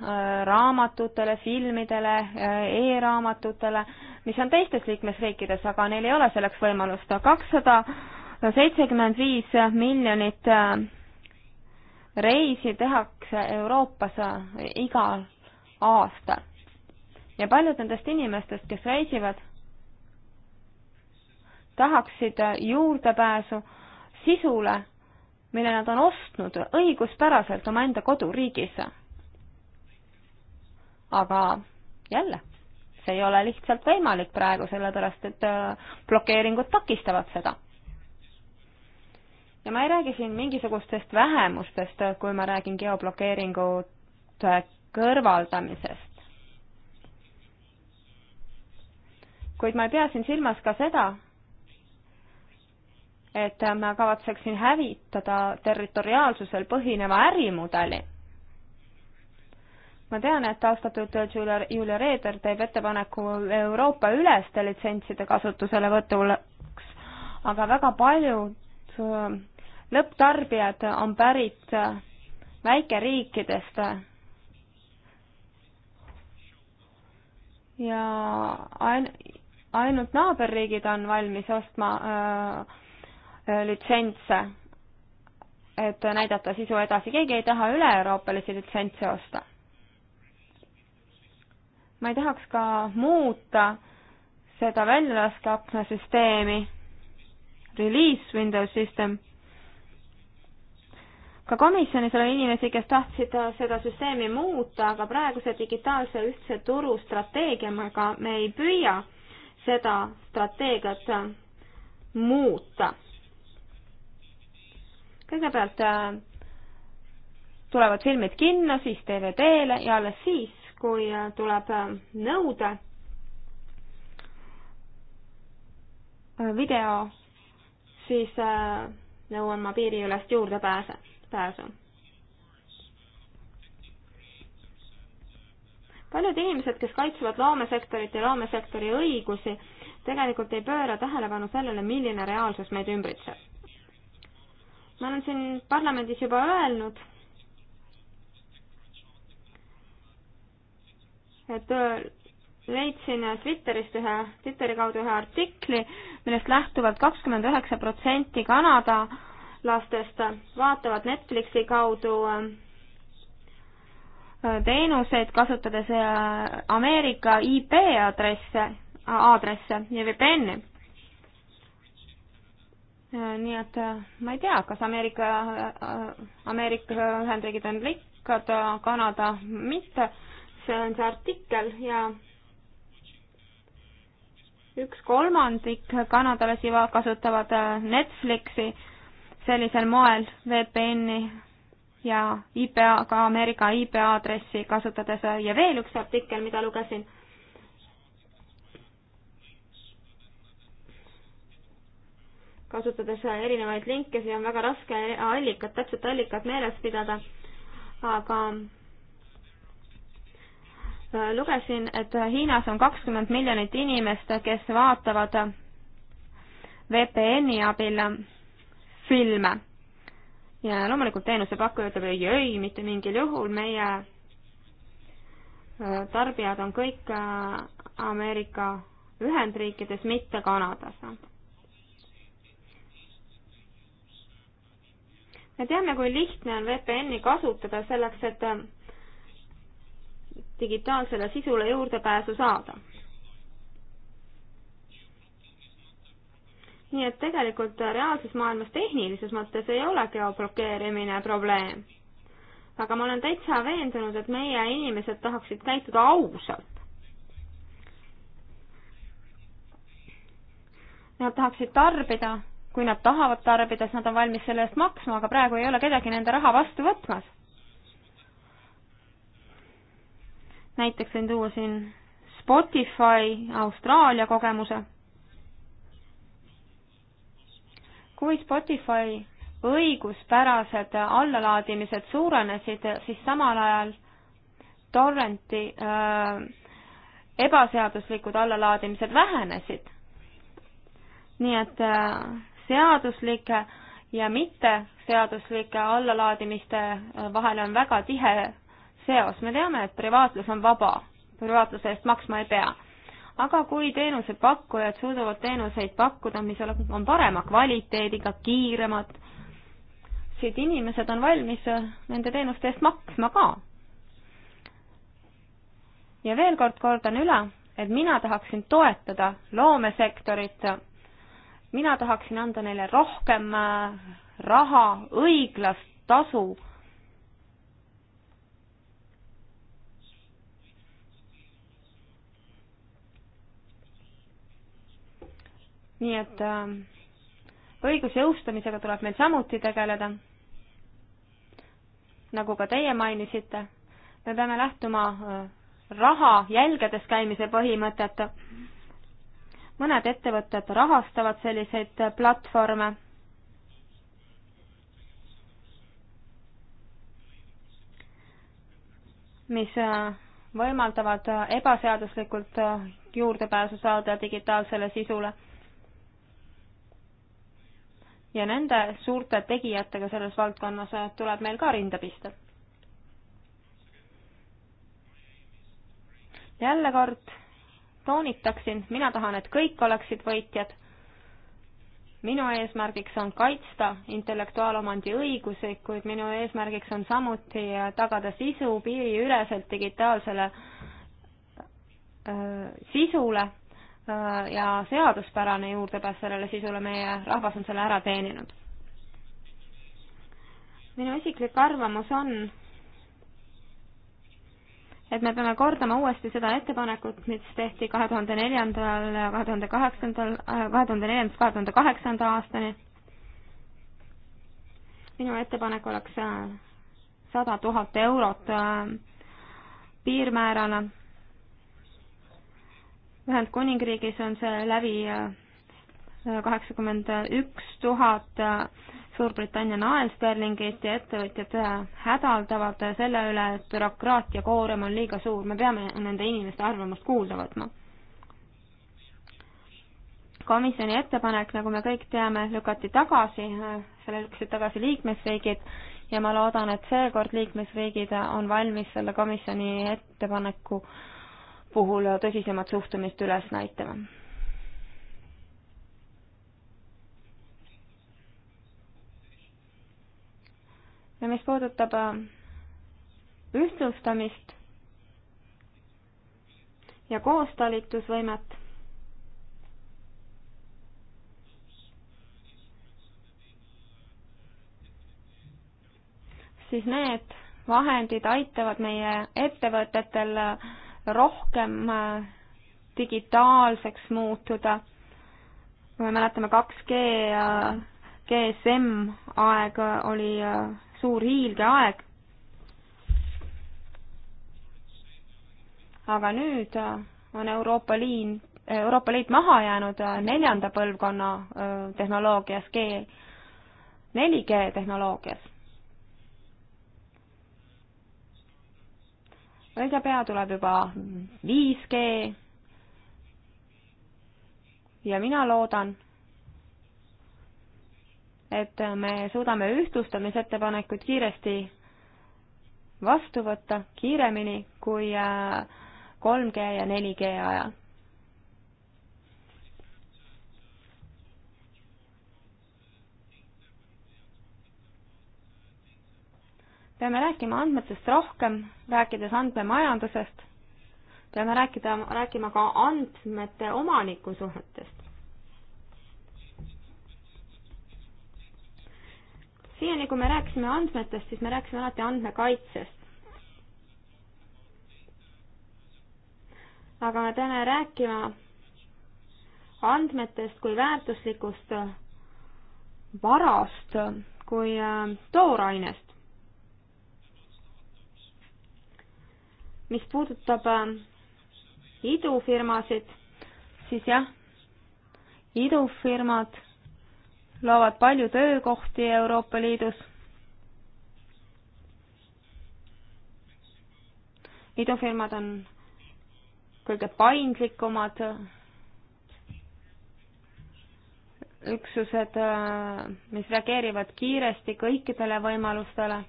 raamatutele, filmidele e, e-raamatutele, mis on teistes liikmesriikides, aga neil ei ole selleks võimalust. kakssada seitsekümmend viis miljonit reisi tehakse Euroopas igal aastal. ja paljud nendest inimestest, kes reisivad, tahaksid juurdepääsu sisule, mille nad on ostnud õiguspäraselt omaenda koduriigis. aga jälle, see ei ole lihtsalt võimalik praegu, sellepärast et äh, blokeeringud takistavad seda. ja ma ei räägi siin mingisugustest vähemustest, kui ma räägin geoblokeeringute kõrvaldamisest. kuid ma ei pea siin silmas ka seda, et ma kavatseksin hävitada territoriaalsusel põhineva ärimudeli. ma tean, et austatud Julia, Julia Reeder teeb ettepaneku Euroopa-üleste litsentside kasutuselevõtuks, aga väga paljud äh, lõpptarbijad on pärit äh, väikeriikidest ja ain-, ainult naaberriigid on valmis ostma öö, äh, Äh, litsentse, et näidata sisu edasi, keegi ei taha üle-euroopalisi litsentse osta. ma ei tahaks ka muuta seda väljalaskeakna süsteemi, release window system ka komisjonis oli inimesi, kes tahtsid seda süsteemi muuta, aga praeguse digitaalse ühtse turu strateegiaga me ei püüa seda strateegiat muuta kõigepealt äh, tulevad filmid kinno, siis DVD-le ja alles siis, kui äh, tuleb äh, nõude video, siis nõuan ma piiriülest juurdepääse, pääsu. paljud inimesed, kes kaitsevad loomesektorit ja loomesektori õigusi, tegelikult ei pööra tähelepanu sellele, milline reaalsus meid ümbritseb ma olen siin parlamendis juba öelnud, et leidsin Twitterist ühe, Twitteri kaudu ühe artikli, millest lähtuvalt kakskümmend üheksa protsenti Kanada lastest vaatavad Netflixi kaudu äh, teenuseid, kasutades äh, Ameerika IP aadresse, aadresse ja VPN-i. Äh, nii et äh, ma ei tea, kas Ameerika, äh, Ameerika Ühendriigid on rikkad, Kanada mitte, see on see artikkel ja üks kolmandik kanadalasi kasutavad Netflixi sellisel moel VPN-i ja IPA, ka Ameerika IP aadressi kasutades ja veel üks artikkel, mida lugesin kasutades erinevaid linke, siin on väga raske allikat, täpset allikat meeles pidada, aga äh, lugesin, et Hiinas on kakskümmend miljonit inimest, kes vaatavad VPN-i abil filme. ja loomulikult teenusepakkuja ütleb ei, ei, mitte mingil juhul, meie äh, tarbijad on kõik äh, Ameerika Ühendriikides, mitte Kanadas me teame, kui lihtne on VPN-i kasutada selleks, et äh, digitaalsele sisule juurdepääsu saada. nii et tegelikult äh, reaalses maailmas tehnilises mõttes ei ole geoblokeerimine probleem. aga ma olen täitsa veendunud, et meie inimesed tahaksid käituda ausalt. Nad tahaksid tarbida kui nad tahavad tarbida, siis nad on valmis selle eest maksma, aga praegu ei ole kedagi nende raha vastu võtmas. näiteks võin tuua siin Spotify Austraalia kogemuse. kui Spotify õiguspärased allalaadimised suurenesid, siis samal ajal torrenti äh, ebaseaduslikud allalaadimised vähenesid. nii et äh, seaduslike ja mitteseaduslike allalaadimiste vahel on väga tihe seos. me teame, et privaatsus on vaba, privaatsuse eest maksma ei pea. aga kui teenusepakkujad suudavad teenuseid pakkuda, mis on parema kvaliteediga, kiiremad, siis inimesed on valmis nende teenuste eest maksma ka. ja veel kord kordan üle, et mina tahaksin toetada loomesektorit mina tahaksin anda neile rohkem äh, raha, õiglast tasu. nii et äh, õiguse jõustamisega tuleb meil samuti tegeleda. nagu ka teie mainisite, me peame lähtuma äh, raha jälgedes käimise põhimõtet mõned ettevõtted rahastavad selliseid platvorme mis äh, võimaldavad ebaseaduslikult äh, juurdepääsu saada digitaalsele sisule. ja nende suurte tegijatega selles valdkonnas äh, tuleb meil ka rinda pista. jälle kord toonitaksin, mina tahan, et kõik oleksid võitjad. minu eesmärgiks on kaitsta intellektuaalomandi õigusi, kuid minu eesmärgiks on samuti tagada sisu piiriüleselt digitaalsele äh, sisule äh, ja seaduspärane juurdepääs sellele sisule, meie rahvas on selle ära teeninud. minu isiklik arvamus on, et me peame kordama uuesti seda ettepanekut, mis tehti kahe tuhande neljandal, kahe tuhande kaheksandal, äh, kahe tuhande neljandast kahe tuhande kaheksanda aastani. minu ettepanek oleks äh, sada tuhat eurot äh, piirmäärana. Ühendkuningriigis on see läbi kaheksakümmend üks tuhat Suurbritannia naelsterlingit ja ettevõtjad äh, hädaldavad selle üle, et bürokraatia koorem on liiga suur, me peame nende inimeste arvamust kuulda võtma. komisjoni ettepanek, nagu me kõik teame, lükati tagasi, äh, selle lükkasid tagasi liikmesriigid ja ma loodan, et seekord liikmesriigid on valmis selle komisjoni ettepaneku puhul tõsisemat suhtumist üles näitama ja mis puudutab äh, ühtlustamist ja koostalitusvõimet, siis need vahendid aitavad meie ettevõtetel äh, rohkem äh, digitaalseks muutuda. me mäletame 2G ja GSM aeg oli suur hiilgeaeg. aga nüüd äh, on Euroopa Liin, Euroopa Liit maha jäänud äh, neljanda põlvkonna äh, tehnoloogias, G, 4G tehnoloogias õige pea tuleb juba 5G ja mina loodan, et me suudame ühtlustamisettepanekuid kiiresti vastu võtta, kiiremini kui 3G äh, ja 4G ajal. peame rääkima andmetest rohkem, rääkides andmemajandusest, peame rääkida, rääkima ka andmete omaniku suhetest siiani, kui me rääkisime andmetest, siis me rääkisime alati andmekaitsest. aga me peame rääkima andmetest kui väärtuslikust varast, kui äh, toorainest. mis puudutab äh, idufirmasid, siis jah, idufirmad loovad palju töökohti Euroopa Liidus. idufirmad on kõige paindlikumad üksused, mis reageerivad kiiresti kõikidele võimalustele.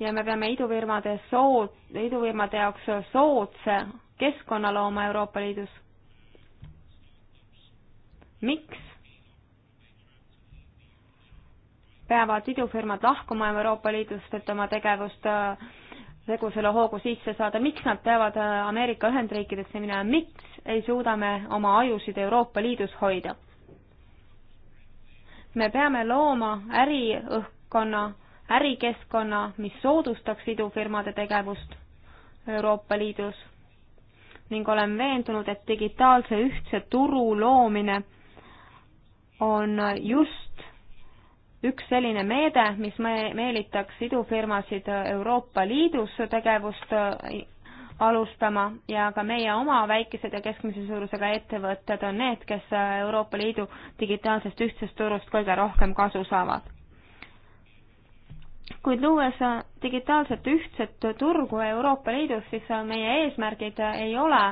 ja me peame idufirmade sood, idufirmade jaoks soodse keskkonna looma Euroopa Liidus miks peavad idufirmad lahkuma Euroopa Liidust, et oma tegevust äh, tegusele hoogu sisse saada, miks nad peavad äh, Ameerika Ühendriikidesse minema, miks ei suuda me oma ajusid Euroopa Liidus hoida? me peame looma äriõhkkonna, ärikeskkonna, mis soodustaks idufirmade tegevust Euroopa Liidus ning olen veendunud, et digitaalse ühtse turu loomine on just üks selline meede, mis me meelitaks idufirmasid Euroopa Liidus tegevust äh, alustama ja ka meie oma väikesed ja keskmise suurusega ettevõtted on need, kes äh, Euroopa Liidu digitaalsest ühtsest turust kõige rohkem kasu saavad. kuid luues äh, digitaalset ühtset turgu Euroopa Liidus, siis meie eesmärgid ei ole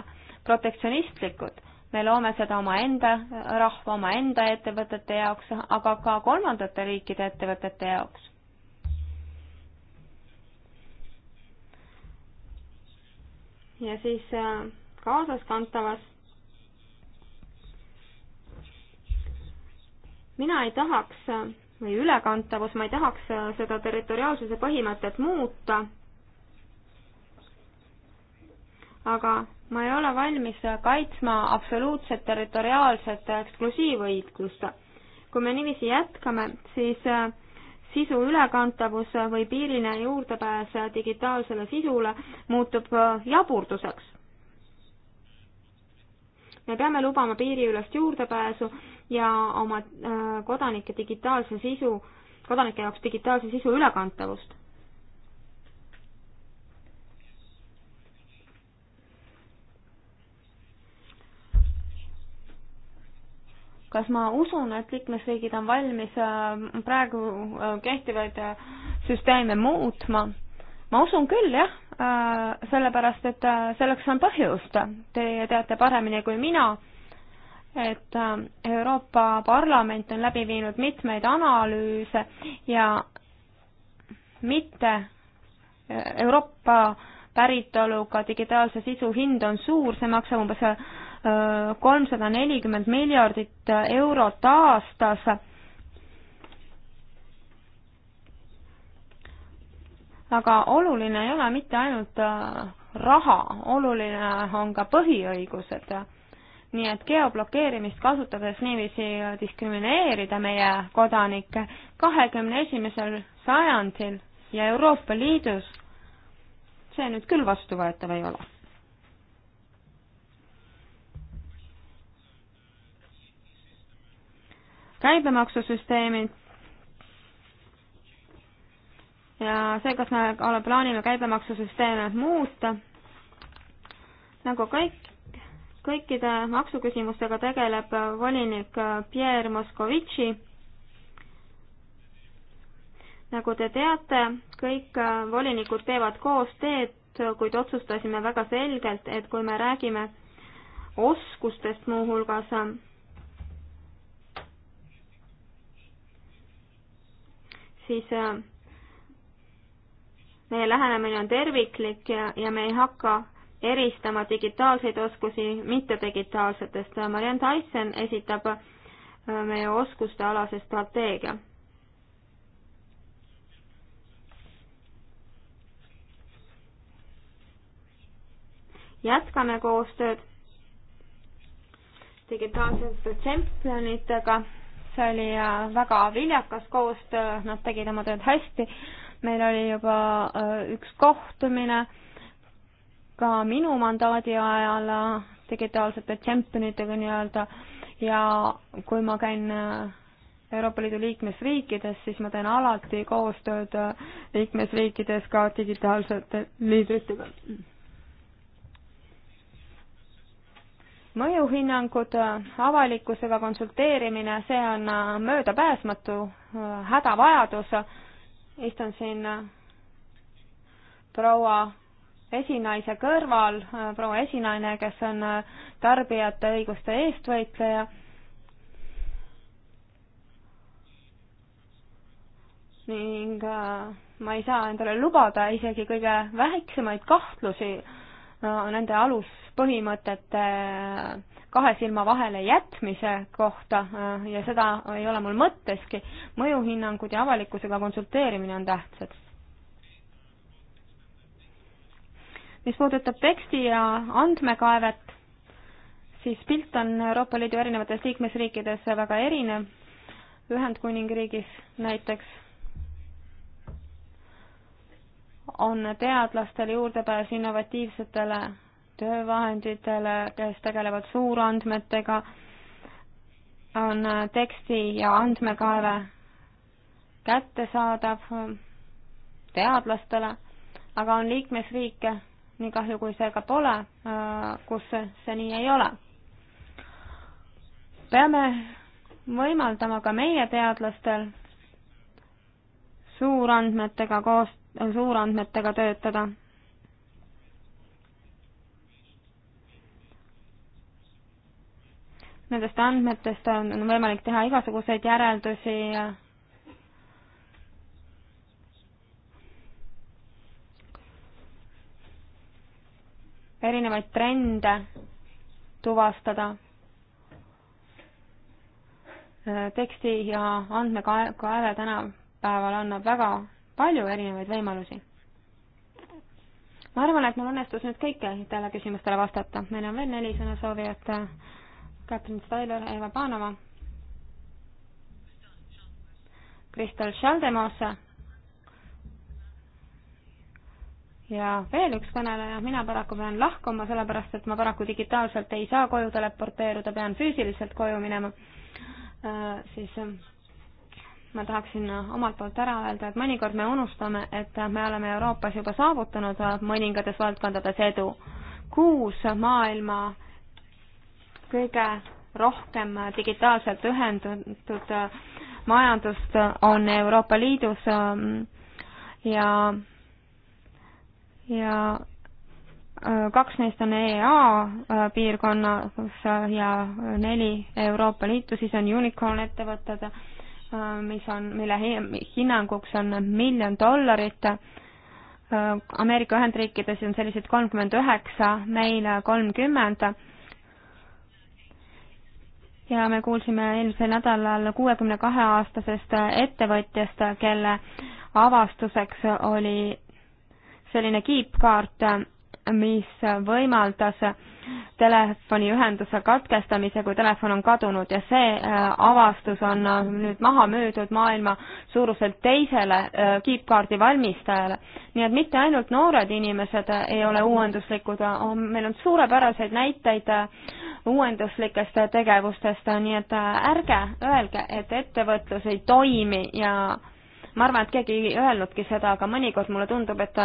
protektsionistlikud me loome seda omaenda rahva, omaenda ettevõtete jaoks, aga ka kolmandate riikide ettevõtete jaoks. ja siis äh, kaasaskantavas. mina ei tahaks äh, või ülekantavus, ma ei tahaks äh, seda territoriaalsuse põhimõtet muuta. aga ma ei ole valmis kaitsma absoluutset territoriaalset eksklusiivõiglust. kui me niiviisi jätkame, siis äh, sisu ülekantavus või piiriline juurdepääs digitaalsele sisule muutub äh, jaburduseks. me peame lubama piiriülest juurdepääsu ja oma äh, kodanike digitaalse sisu, kodanike jaoks digitaalse sisu ülekantavust kas ma usun, et liikmesriigid on valmis äh, praegu äh, kehtivaid äh, süsteeme muutma? ma usun küll, jah, sellepärast et selleks on põhjust. Teie teate paremini kui mina, et Euroopa Parlament on läbi viinud mitmeid analüüse ja mitte Euroopa päritoluga digitaalse sisu hind on suur, see maksab umbes kolmsada nelikümmend miljardit eurot aastas. aga oluline ei ole mitte ainult äh, raha, oluline on ka põhiõigused. nii et geoblokeerimist kasutades niiviisi diskrimineerida meie kodanikke kahekümne esimesel sajandil ja Euroopa Liidus, see nüüd küll vastuvõetav ei ole käibemaksusüsteemi. ja see, kas me plaanime käibemaksusüsteeme muuta, nagu kõik, kõikide maksuküsimustega tegeleb volinik Pierre Moskovitši. nagu te teate, kõik volinikud teevad koos teed, kuid otsustasime väga selgelt, et kui me räägime oskustest muuhulgas, siis äh, meie lähenemine on terviklik ja, ja me ei hakka eristama digitaalseid oskusi mittedigitaalsetest. Marianne Tyson esitab äh, meie oskuste alase strateegia. jätkame koostööd digitaalsete tšempionitega see oli äh, väga viljakas koostöö, nad tegid oma tööd hästi. meil oli juba äh, üks kohtumine ka minu mandaadi ajal äh, digitaalsete tšempionitega nii-öelda ja kui ma käin Euroopa Liidu liikmesriikides, siis ma teen alati koostööd liikmesriikides ka digitaalsete liidritega mõjuhinnangud, avalikkusega konsulteerimine, see on äh, möödapääsmatu äh, hädavajadus. istun siin äh, proua esinaise kõrval, proua esinaine, kes on tarbijate õiguste eestvõitleja. ning ma ei saa endale lubada isegi kõige väiksemaid kahtlusi nende aluspõhimõtete äh, kahe silma vahele jätmise kohta äh, ja seda ei ole mul mõtteski. mõjuhinnangud ja avalikkusega konsulteerimine on tähtsad. mis puudutab teksti ja andmekaevet, siis pilt on Euroopa Liidu erinevates liikmesriikides väga erinev. Ühendkuningriigis näiteks on teadlastel juurdepääs innovatiivsetele töövahenditele, kes tegelevad suurandmetega, on teksti ja andmekaeve kättesaadav teadlastele, aga on liikmesriike, nii kahju kui see ka pole, kus see nii ei ole. peame võimaldama ka meie teadlastel suurandmetega koos suurandmetega töötada. Nendest andmetest on võimalik teha igasuguseid järeldusi erinevaid trende tuvastada äh, teksti ja andmekaeve tänapäeval annab väga palju erinevaid võimalusi. ma arvan, et mul õnnestus nüüd kõikidele küsimustele vastata. meil on veel neli sõnasoovijat. Katrin Stailer, Eva Panova, Kristel Schaldemose ja veel üks kõneleja, mina paraku pean lahkuma, sellepärast et ma paraku digitaalselt ei saa koju teleporteeruda, pean füüsiliselt koju minema äh,, siis äh, ma tahaksin äh, omalt poolt ära öelda, et mõnikord me unustame, et äh, me oleme Euroopas juba saavutanud äh, mõningates valdkondades edu. kuus maailma kõige rohkem digitaalselt ühendatud majandust on Euroopa Liidus ähm, ja, ja kaks neist on EEA piirkonnas ja neli Euroopa Liitu, siis on unicorn ettevõtted Äh, mis on, mille hinnanguks on miljon dollarit. Äh, Ameerika Ühendriikides on selliseid kolmkümmend üheksa, meil kolmkümmend. ja me kuulsime eelmisel nädalal kuuekümne kahe aastasest ettevõtjast, kelle avastuseks oli selline kiipkaart, mis võimaldas telefoniühenduse katkestamise, kui telefon on kadunud ja see äh, avastus on äh, nüüd maha müüdud maailma suuruselt teisele äh, kiipkaardi valmistajale. nii et mitte ainult noored inimesed ei ole uuenduslikud, meil on suurepäraseid näiteid uuenduslikest tegevustest, nii et ärge öelge, et ettevõtlus ei toimi ja ma arvan, et keegi ei öelnudki seda, aga mõnikord mulle tundub, et,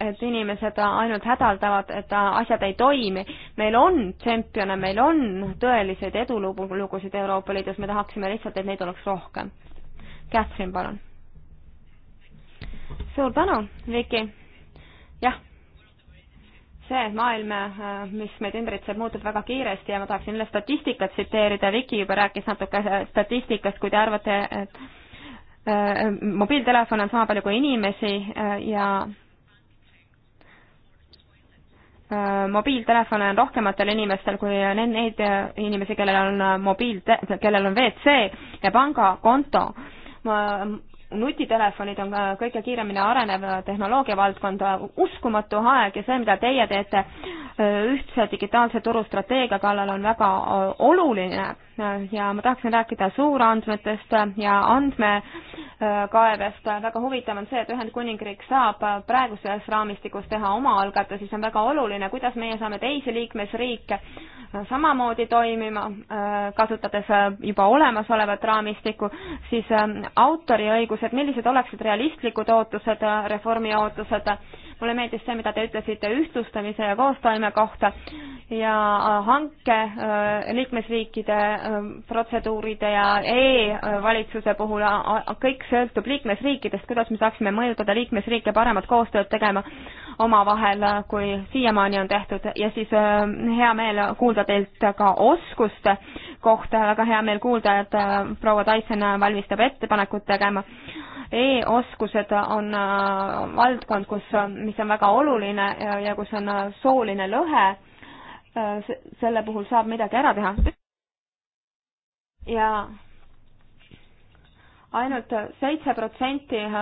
et inimesed ainult hädaldavad, et asjad ei toimi. meil on tšempione, meil on tõeliseid edulugusid Euroopa Liidus, me tahaksime lihtsalt, et neid oleks rohkem. Catherine, palun. suur tänu, Viki. jah, see maailm, mis meid ümbritseb, muutub väga kiiresti ja ma tahaksin üle statistikat tsiteerida, Viki juba rääkis natuke statistikast, kui te arvate, et Äh, mobiiltelefone on sama palju kui inimesi äh, ja äh, mobiiltelefone on rohkematel inimestel kui neid inimesi, kellel on mobiil, kellel on WC ja pangakonto. nutitelefonid on kõige kiiremini arenev tehnoloogia valdkond, uskumatu aeg ja see, mida teie teete ühtse digitaalse turu strateegia kallal, on väga oluline ja ma tahaksin rääkida suurandmetest ja andmekaevest. väga huvitav on see, et Ühendkuningriik saab praeguses raamistikus teha omaalgatusi, see on väga oluline, kuidas meie saame teisi liikmesriike samamoodi toimima, kasutades juba olemasolevat raamistikku, siis ähm, autoriõigused, millised oleksid realistlikud ootused, reformi ootused? mulle meeldis see, mida te ütlesite ühtlustamise ja koostoime kohta ja äh, hanke äh, liikmesriikide Ähm, protseduuride ja e-valitsuse puhul, kõik sõltub liikmesriikidest, kuidas me saaksime mõjutada liikmesriike paremat koostööd tegema omavahel, kui siiamaani on tehtud ja siis ähm, hea meel kuulda teilt ka oskuste kohta, väga hea meel kuulda, et äh, proua Tyson valmistab ettepanekut tegema e-oskused on äh, valdkond, kus, mis on väga oluline ja, ja kus on äh, sooline lõhe. selle puhul saab midagi ära teha ja ainult seitse protsenti ähm,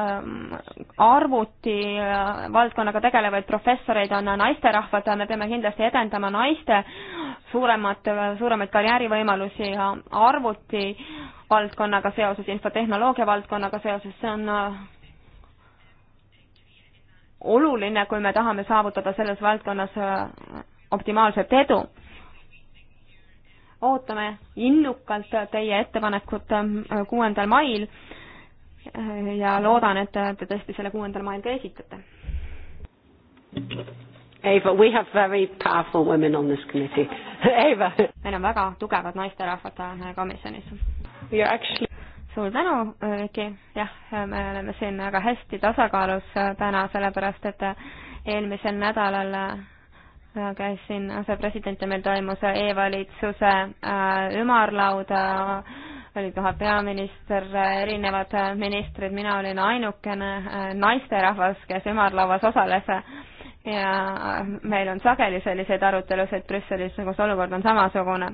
arvuti äh, valdkonnaga tegelevaid professoreid on naisterahvad, me peame kindlasti edendama naiste suuremat, äh, suuremaid karjäärivõimalusi ja arvuti valdkonnaga seoses, infotehnoloogia valdkonnaga seoses, see on äh, oluline, kui me tahame saavutada selles valdkonnas optimaalset edu ootame innukalt teie ettepanekut ähm, kuuendal mail ja loodan, et te tõesti selle kuuendal mail ka esitate. Eva, we have very powerful women on this committee. Eva. meil on väga tugevad naisterahvad äh, komisjonis. We are actually suur tänu, Viki. jah, me oleme siin väga hästi tasakaalus äh, täna, sellepärast et äh, eelmisel nädalal Äh, käisin asepresident ja meil toimus e-valitsuse äh, ümarlauda, äh, oli kohe peaminister, erinevad ministrid, mina olin ainukene naisterahvas, kes ümarlauas osales ja meil on sageli selliseid arutelusid Brüsselis, kus olukord on samasugune.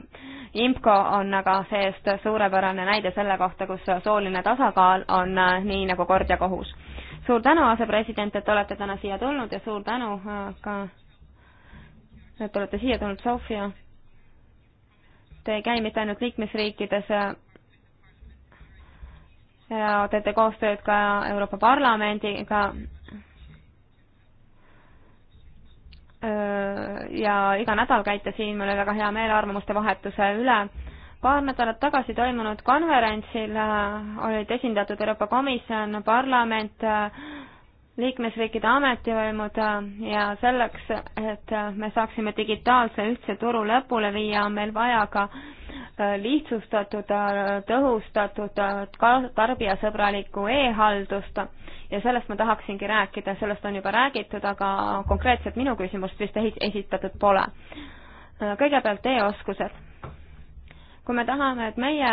IMCO on aga see-eest suurepärane näide selle kohta, kus sooline tasakaal on nii nagu kord ja kohus. suur tänu, asepresident, et olete täna siia tulnud ja suur tänu ka et olete siia tulnud, Sofia. Te ei käi mitte ainult liikmesriikides ja teete koostööd ka Euroopa Parlamendiga ja iga nädal käite siin, mul oli väga hea meel arvamuste vahetuse üle. paar nädalat tagasi toimunud konverentsil äh, olid esindatud Euroopa Komisjon, parlament äh,, liikmesriikide ametivõimud äh, ja selleks, et äh, me saaksime digitaalse ühtse turu lõpule viia, on meil vaja ka äh, lihtsustatud, tõhustatud, tarbijasõbralikku e-haldust ja sellest ma tahaksingi rääkida, sellest on juba räägitud, aga konkreetselt minu küsimust vist esitatud pole. kõigepealt e-oskused. kui me tahame, et meie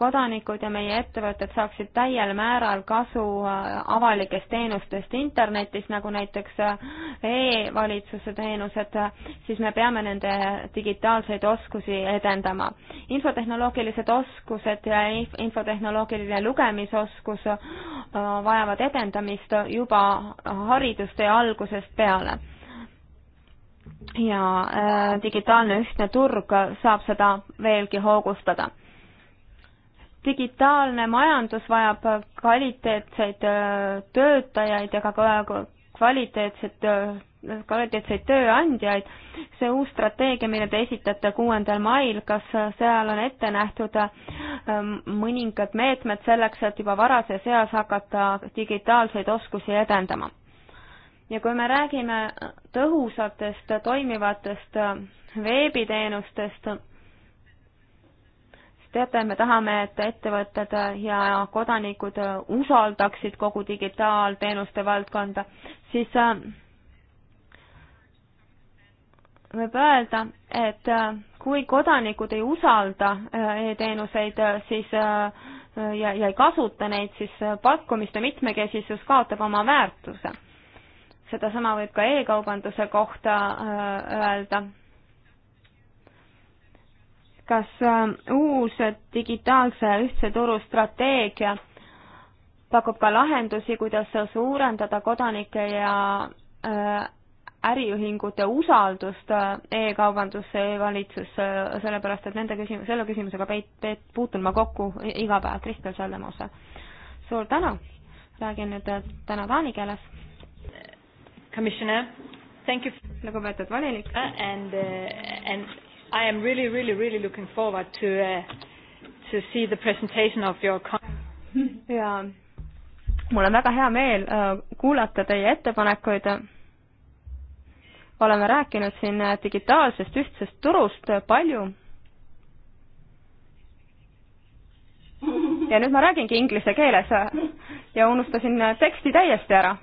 kodanikud ja meie ettevõtted saaksid täiel määral kasu äh, avalikest teenustest internetis, nagu näiteks äh, e-valitsuse teenused, siis me peame nende digitaalseid oskusi edendama. infotehnoloogilised oskused ja infotehnoloogiline lugemisoskus äh, vajavad edendamist juba haridustee algusest peale ja äh, digitaalne ühtne turg saab seda veelgi hoogustada digitaalne majandus vajab kvaliteetseid äh, töötajaid ja ka kvaliteetset, äh, kvaliteetseid tööandjaid. see uus strateegia, mille te esitate kuuendal mail, kas äh, seal on ette nähtud mõningad meetmed selleks, et juba varases eas hakata digitaalseid oskusi edendama? ja kui me räägime tõhusatest toimivatest veebiteenustest, teate, me tahame, et ettevõtted ja kodanikud usaldaksid kogu digitaalteenuste valdkonda, siis äh, võib öelda, et äh, kui kodanikud ei usalda äh, e-teenuseid, siis ja, ja ei kasuta neid, siis pakkumiste mitmekesisus kaotab oma väärtuse. sedasama võib ka e-kaubanduse kohta öelda kas äh, uus digitaalse ühtse turu strateegia pakub ka lahendusi, kuidas suurendada kodanike ja äh, äriühingute usaldust äh, e-kaubandusse ja valitsusse, sellepärast et nende küsimus, selle küsimusega peit-, peit-, puutun ma kokku iga päev, Kristel Sallemose. suur tänu, räägin nüüd täna taani keeles. Commissioner, thank you. lugupeetud volinik uh,. And uh,, and I am really, really, really looking forward to uh, to see the presentation of your ja mul on väga hea meel uh, kuulata teie ettepanekuid. oleme rääkinud siin äh, digitaalsest ühtsest turust äh, palju. ja nüüd ma räägingi inglise keeles ja unustasin teksti täiesti ära.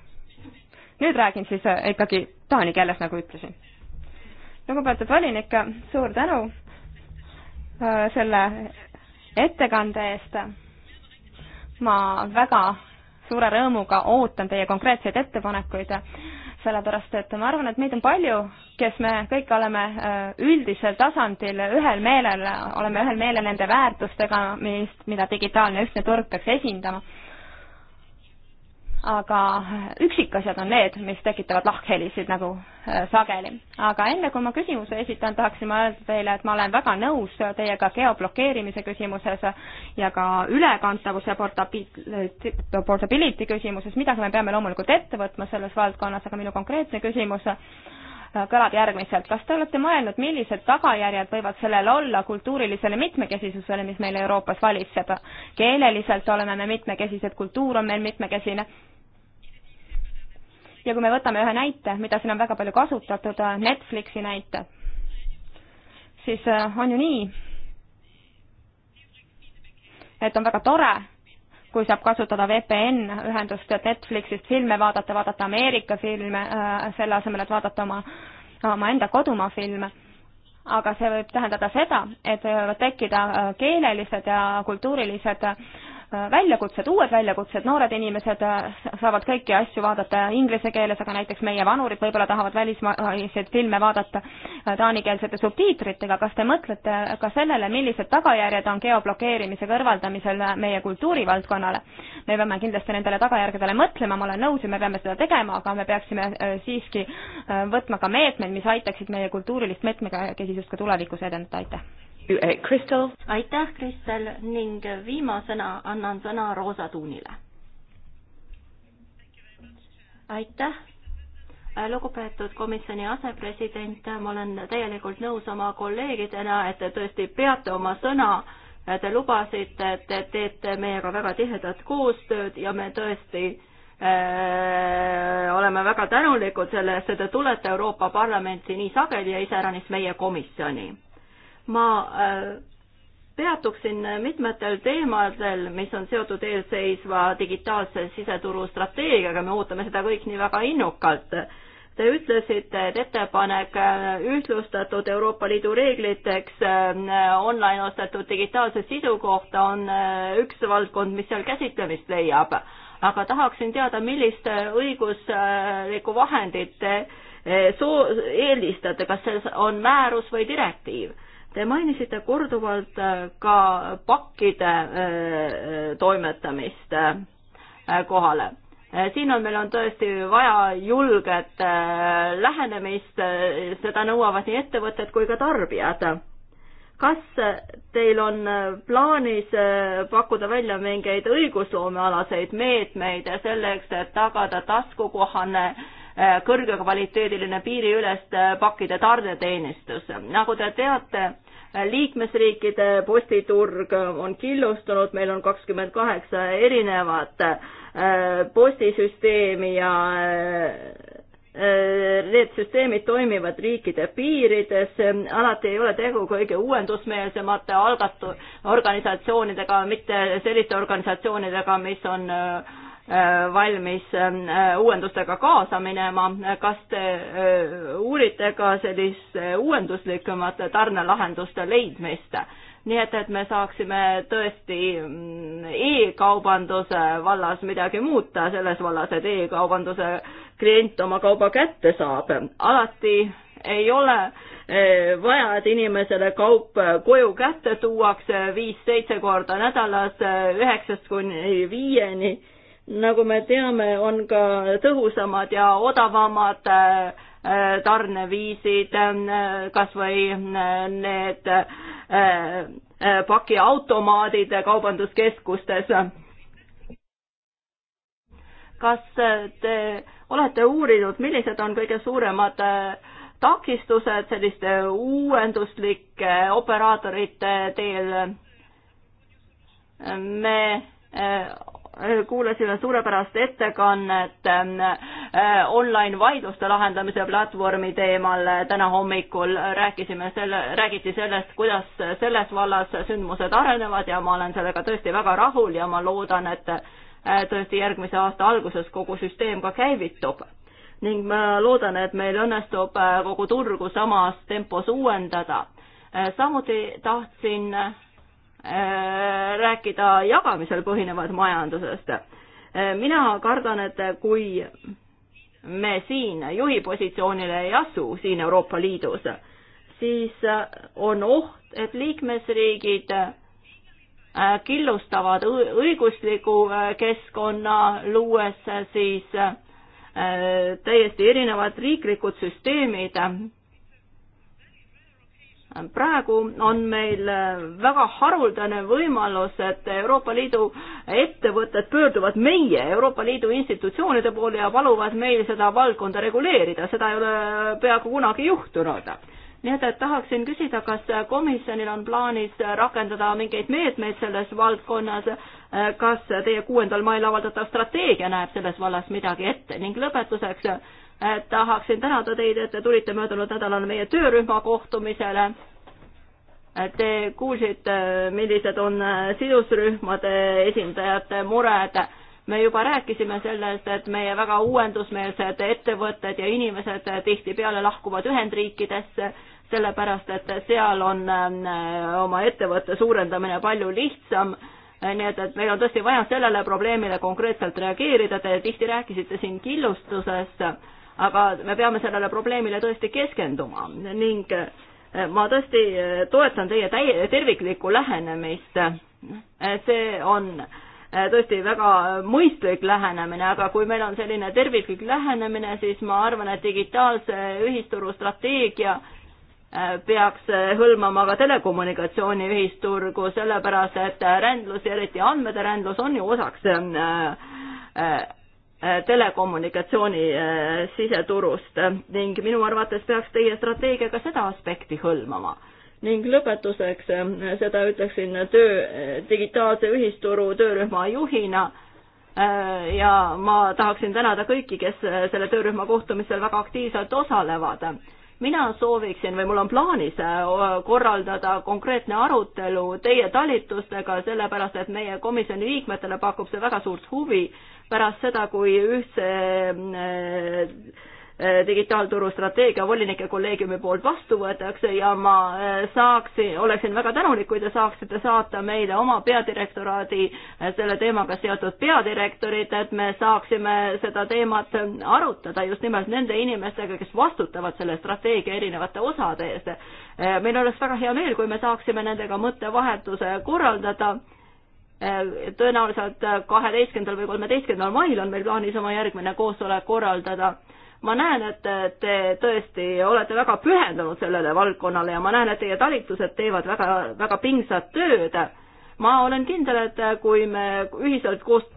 nüüd räägin siis ikkagi taani keeles, nagu ütlesin lugupeetud volinik, suur tänu äh, selle ettekande eest. ma väga suure rõõmuga ootan teie konkreetseid ettepanekuid, sellepärast et ma arvan, et meid on palju, kes me kõik oleme äh, üldisel tasandil ühel meelel, oleme ühel meelel nende väärtustega, mis, mida digitaalne ühtne turg peaks esindama aga üksikasjad on need, mis tekitavad lahkhelisid nagu äh, sageli. aga enne, kui ma küsimuse esitan, tahaksin ma öelda teile, et ma olen väga nõus teiega geoblokeerimise küsimuses ja ka ülekantavuse portability küsimuses, midagi me peame loomulikult ette võtma selles valdkonnas, aga minu konkreetne küsimus Äh, kõlab järgmiselt. kas te olete mõelnud, millised tagajärjed võivad sellel olla kultuurilisele mitmekesisusele, mis meil Euroopas valitseb? keeleliselt oleme me mitmekesised, kultuur on meil mitmekesine. ja kui me võtame ühe näite, mida siin on väga palju kasutatud, äh, Netflixi näite, siis äh, on ju nii, et on väga tore, kui saab kasutada VPN ühendust, et Netflixist filme vaadata, vaadata Ameerika filme, äh, selle asemel, et vaadata oma, omaenda kodumaa filme. aga see võib tähendada seda, et võivad tekkida äh, keelelised ja kultuurilised äh, Äh, väljakutsed, uued väljakutsed, noored inimesed äh, saavad kõiki asju vaadata inglise keeles, aga näiteks meie vanurid võib-olla tahavad välismaiseid filme vaadata äh, taanikeelsete subtiitritega, kas te mõtlete ka sellele, millised tagajärjed on geoblokeerimise kõrvaldamisel meie kultuurivaldkonnale? me peame kindlasti nendele tagajärgedele mõtlema, ma olen nõus ja me peame seda tegema, aga me peaksime siiski võtma ka meetmeid, mis aitaksid meie kultuurilist mitmekesisust ka tulevikus edendada, aitäh! Kristel. Eh, aitäh, Kristel ning viimasena annan sõna Roosa Tuunile. aitäh, eh, lugupeetud komisjoni asepresident, ma olen täielikult nõus oma kolleegidena, et te tõesti peate oma sõna Te lubasite, et te teete meiega väga tihedat koostööd ja me tõesti öö, eh, oleme väga tänulikud selle eest, et te tulete Euroopa Parlamenti nii sageli ja iseäranis meie komisjoni ma äh, peatuksin mitmetel teemadel, mis on seotud eelseisva digitaalse siseturu strateegiaga, me ootame seda kõik nii väga innukalt. Te ütlesite, et ettepanek äh, ühtlustatud Euroopa Liidu reegliteks äh, online ostetud digitaalse sisu kohta on üks valdkond, mis seal käsitlemist leiab. aga tahaksin teada, millist õiguslikku vahendit te soo-, eelistate, kas see on määrus või direktiiv Te mainisite korduvalt äh, ka pakkide äh, äh, toimetamist kohale. siin on, meil on tõesti vaja julget lähenemist, seda nõuavad nii ettevõtted kui ka tarbijad. kas teil on plaanis pakkuda välja mingeid õigusloomealaseid meetmeid selleks, et tagada taskukohane kõrgekvaliteediline piiriüleste pakkide tarneteenistus. nagu te teate, liikmesriikide postiturg on killustunud, meil on kakskümmend kaheksa erinevat äh, postisüsteemi ja äh, need süsteemid toimivad riikide piirides, alati ei ole tegu kõige uuendusmeelsemate algatu-, organisatsioonidega, mitte selliste organisatsioonidega, mis on äh, Äh, valmis äh, uuendustega kaasa minema. kas te äh, uurite ka sellist uuenduslikumat tarnelahenduste leidmist? nii et, et me saaksime tõesti mm, e-kaubanduse vallas midagi muuta, selles vallas, et e-kaubanduse klient oma kauba kätte saab. alati ei ole vaja, et inimesele kaup koju kätte tuuakse viis-seitse korda nädalas üheksast kuni viieni nagu me teame, on ka tõhusamad ja odavamad äh, tarneviisid, äh, kas või äh, need pakiautomaadid kaubanduskeskustes. kas te olete uurinud, millised on kõige suuremad takistused selliste uuenduslike operaatorite teel? me kuulasime suurepärast ettekannet ähm, äh, online vaidluste lahendamise platvormi teemal äh, täna hommikul. rääkisime selle, räägiti sellest, kuidas selles vallas sündmused arenevad ja ma olen sellega tõesti väga rahul ja ma loodan, et äh, tõesti järgmise aasta alguses kogu süsteem ka käivitub. ning ma loodan, et meil õnnestub kogu turgu samas tempos uuendada. samuti tahtsin Äh, rääkida jagamisel põhinevat majandusest. Äh, mina kardan, et kui me siin juhi positsioonile ei asu, siin Euroopa Liidus, siis äh, on oht, et liikmesriigid killustavad õigusliku keskkonna, luues siis täiesti erinevad riiklikud süsteemid praegu on meil äh, väga haruldane võimalus, et Euroopa Liidu ettevõtted pöörduvad meie, Euroopa Liidu institutsioonide poole ja paluvad meil seda valdkonda reguleerida, seda ei ole peaaegu kunagi juhtunud nii et, et tahaksin küsida, kas komisjonil on plaanis rakendada mingeid meetmeid selles valdkonnas, kas teie kuuendal mail avaldatav strateegia näeb selles vallas midagi ette ning lõpetuseks Eh, tahaksin tänada teid, et te tulite möödunud nädalal meie töörühma kohtumisele. Eh, te kuulsite, millised on eh, sidusrühmade esindajate mured. me juba rääkisime sellest, et meie väga uuendusmeelsed ettevõtted ja inimesed tihtipeale lahkuvad Ühendriikidesse, sellepärast et seal on oma ettevõtte suurendamine palju lihtsam nii et, et meil on tõesti vaja sellele probleemile konkreetselt reageerida, te tihti rääkisite siin killustusest aga me peame sellele probleemile tõesti keskenduma ning eh, ma tõesti eh, toetan teie täie, terviklikku lähenemist. Eh, see on tõesti väga mõistlik lähenemine, aga kui meil on selline terviklik lähenemine, siis ma arvan, et digitaalse ühisturu strateegia peaks hõlmama ka telekommunikatsiooni ühisturgu, sellepärast et rändlus ja eriti andmete rändlus on ju osaks Äh, telekommunikatsiooni äh, siseturust ning minu arvates peaks teie strateegia ka seda aspekti hõlmama. ning lõpetuseks, äh, seda ütleksin töö, digitaalse ühisturu töörühma juhina ja ma tahaksin tänada kõiki, kes selle töörühma kohtumisel väga aktiivselt osalevad. mina sooviksin või mul on plaanis korraldada konkreetne arutelu teie talitustega, sellepärast et meie komisjoni liikmetele pakub see väga suurt huvi pärast seda, kui ühtse äh, äh, digitaalturu strateegia volinike kolleegiumi poolt vastu võetakse ja ma äh, saaksin, oleksin väga tänulik, kui te saaksite saata meile oma peadirektoraadi selle teemaga seotud peadirektorid, et me saaksime seda teemat arutada just nimelt nende inimestega, kes vastutavad selle strateegia erinevate osade eest. meil oleks väga hea meel, kui me saaksime nendega mõttevahetuse korraldada Äh, tõenäoliselt äh, kaheteistkümnendal või kolmeteistkümnendal mail on meil plaanis oma järgmine koosolek korraldada. ma näen, et te tõesti olete väga pühendunud sellele valdkonnale ja ma näen, et teie talitused teevad väga, väga pingsat tööd. ma olen kindel, et kui me ühiselt koos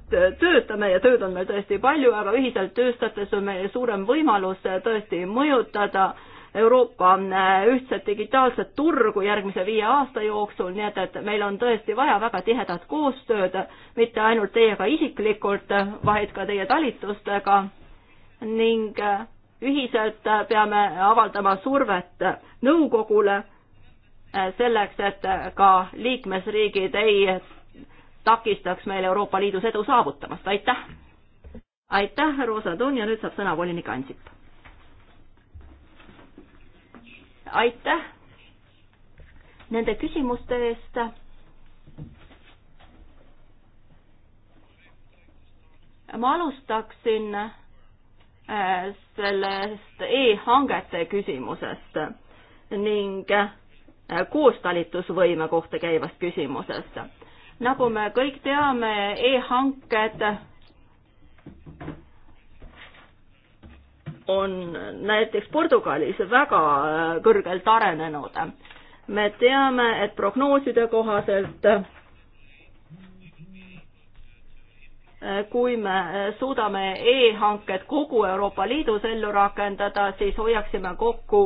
töötame ja tööd on meil tõesti palju, aga ühiselt tööstades on meil suurem võimalus tõesti mõjutada äh, Euroopa äh, ühtset digitaalset turgu järgmise viie aasta jooksul, nii et, et meil on tõesti vaja väga tihedat koostööd, mitte ainult teiega isiklikult, vaid ka teie talitustega ning äh, ühiselt peame avaldama survet nõukogule äh, selleks, et ka liikmesriigid ei takistaks meil Euroopa Liidus edu saavutamast, aitäh! aitäh, Roosa Tun ja nüüd saab sõna volinik Ansip aitäh nende küsimuste eest. ma alustaksin äh, sellest e-hangete küsimusest ning äh, koostalitusvõime kohta käivast küsimusest. nagu me kõik teame e, e-hanked on näiteks Portugalis väga äh, kõrgelt arenenud. me teame, et prognooside kohaselt äh, kui me suudame e-hanked kogu Euroopa Liidus ellu rakendada, siis hoiaksime kokku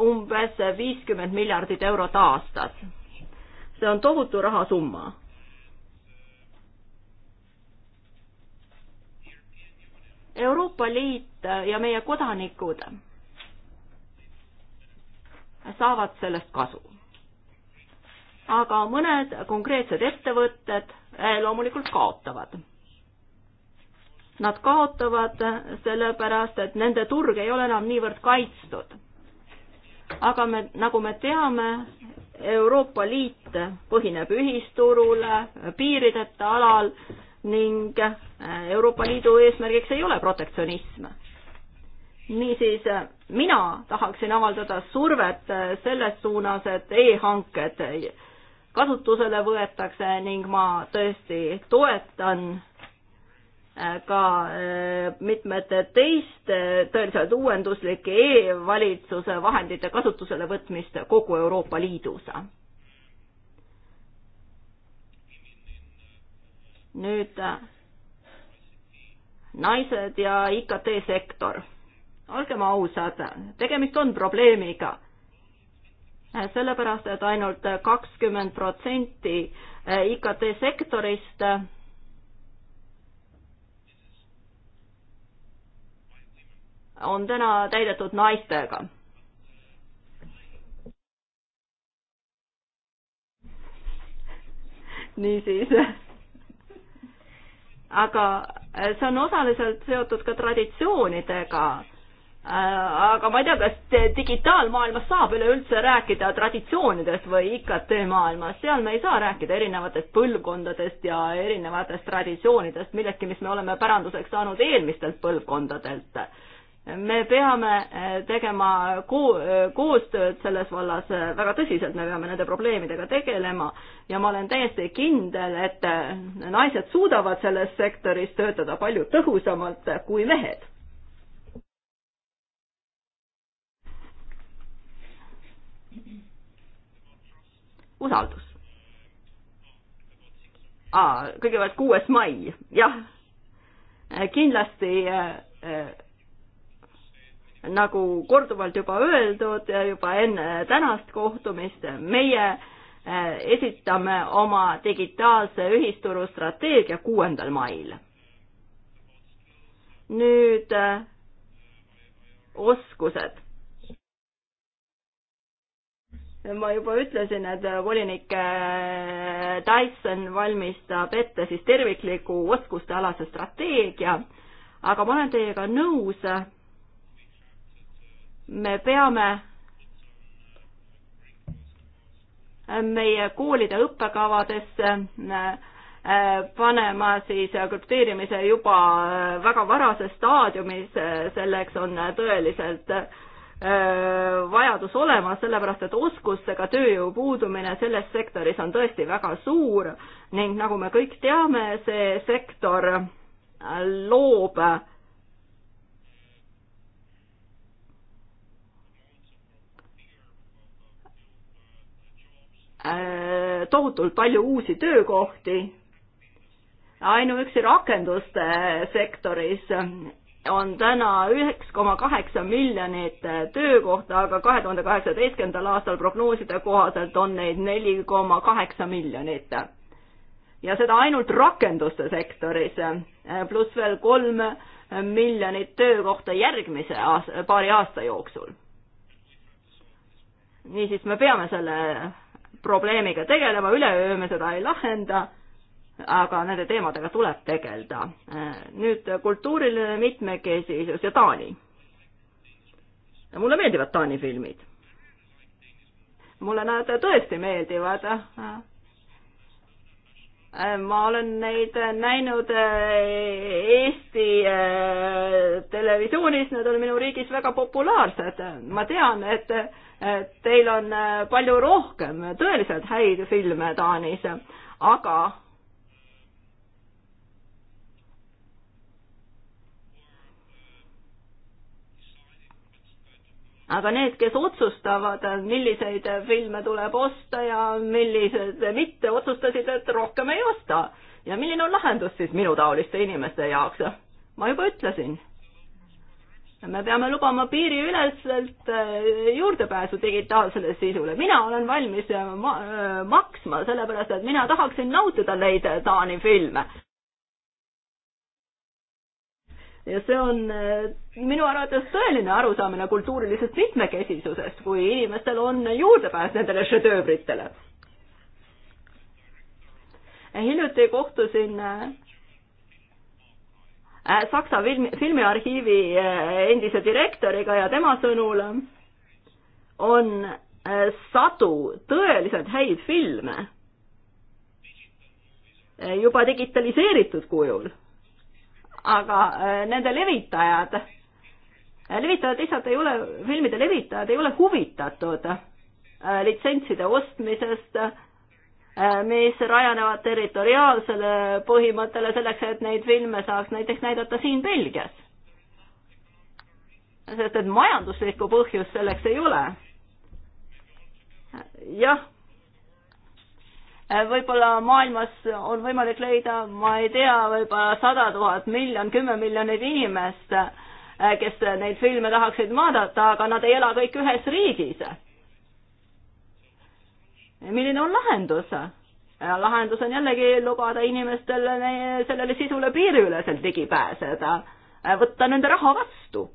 umbes viiskümmend miljardit eurot aastas. see on tohutu rahasumma Euroopa Liit ja meie kodanikud saavad sellest kasu. aga mõned konkreetsed ettevõtted eh, loomulikult kaotavad. Nad kaotavad sellepärast, et nende turg ei ole enam niivõrd kaitstud. aga me, nagu me teame, Euroopa Liit põhineb ühisturul, piirideta alal ning Euroopa Liidu eesmärgiks ei ole protektsionism. niisiis, mina tahaksin avaldada survet selles suunas, et e-hanked kasutusele võetakse ning ma tõesti toetan äh, ka äh, mitmete teiste tõeliselt uuenduslike e-valitsuse vahendite kasutusele võtmist kogu Euroopa Liidus. nüüd äh, naised ja IKT sektor. olgem ausad, tegemist on probleemiga. sellepärast, et ainult kakskümmend protsenti IKT sektorist on täna täidetud naistega niisiis aga äh, see on osaliselt seotud ka traditsioonidega. Äh, aga ma ei tea, kas digitaalmaailmas saab üleüldse rääkida traditsioonidest või IKT maailmas, seal me ei saa rääkida erinevatest põlvkondadest ja erinevatest traditsioonidest, millestki, mis me oleme päranduseks saanud eelmistelt põlvkondadelt me peame eh, tegema koo-, eh, koostööd selles vallas eh, väga tõsiselt, me peame nende probleemidega tegelema ja ma olen täiesti kindel, et naised suudavad selles sektoris töötada palju tõhusamalt kui mehed. usaldus. Ah, kõigepealt kuues mai, jah. kindlasti nagu korduvalt juba öeldud, juba enne tänast kohtumist, meie eh, esitame oma digitaalse ühisturu strateegia kuuendal mail. nüüd eh, oskused. ma juba ütlesin, et volinik eh, Dyson valmistab ette siis tervikliku oskustealase strateegia, aga ma olen teiega nõus me peame meie koolide õppekavadesse äh, panema siis krüpteerimise juba äh, väga varases staadiumis, äh, selleks on tõeliselt vajadus olemas, sellepärast et oskustega tööjõu puudumine selles sektoris on tõesti väga suur ning nagu me kõik teame, see sektor loob äh, Äh, tohutult palju uusi töökohti. ainuüksi rakenduste sektoris on täna üheks koma kaheksa miljonit töökohta, aga kahe tuhande kaheksateistkümnendal aastal prognooside kohaselt on neid neli koma kaheksa miljonit. ja seda ainult rakenduste sektoris, äh, pluss veel kolm miljonit töökohta järgmise aas-, paari aasta jooksul. niisiis, me peame selle probleemiga tegelema, üleöö me seda ei lahenda, aga nende teemadega tuleb tegeleda. nüüd kultuuriline mitmekesisus ja Taani. mulle meeldivad Taani filmid. mulle nad tõesti meeldivad Äh, ma olen neid näinud äh, Eesti äh, televisioonis, nad on minu riigis väga populaarsed. ma tean, et teil on palju rohkem tõeliselt häid filme Taanis, aga aga need, kes otsustavad, milliseid filme tuleb osta ja millised mitte, otsustasid, et rohkem ei osta. ja milline on lahendus siis minutaoliste inimeste jaoks? ma juba ütlesin. me peame lubama piiriüleselt eh, juurdepääsu digitaalsele sisule. mina olen valmis eh, ma eh, maksma, sellepärast et mina tahaksin nautida neid Taani filme ja see on äh, minu arvates tõeline arusaamine kultuurilisest mitmekesisusest, kui inimestel on juurdepääs nendele šedöövritele. hiljuti kohtusin äh, äh, Saksa filmi, filmiarhiivi endise direktoriga ja tema sõnul on sadu tõeliselt häid filme juba digitaliseeritud kujul aga äh, nende levitajad, äh, levitajad lihtsalt ei ole, filmide levitajad ei ole huvitatud äh, litsentside ostmisest, mis rajanevad territoriaalsele põhimõttele selleks, et neid filme saaks näiteks näidata siin Belgias. sest et majanduslikku põhjust selleks ei ole. jah Äh, võib-olla maailmas on võimalik leida, ma ei tea, võib-olla sada tuhat miljon, kümme miljonit inimest, äh, kes neid filme tahaksid vaadata, aga nad ei ela kõik ühes riigis. milline on lahendus? Äh, lahendus on jällegi lubada inimestele sellele sisule piiriüleselt ligi pääseda, võtta nende raha vastu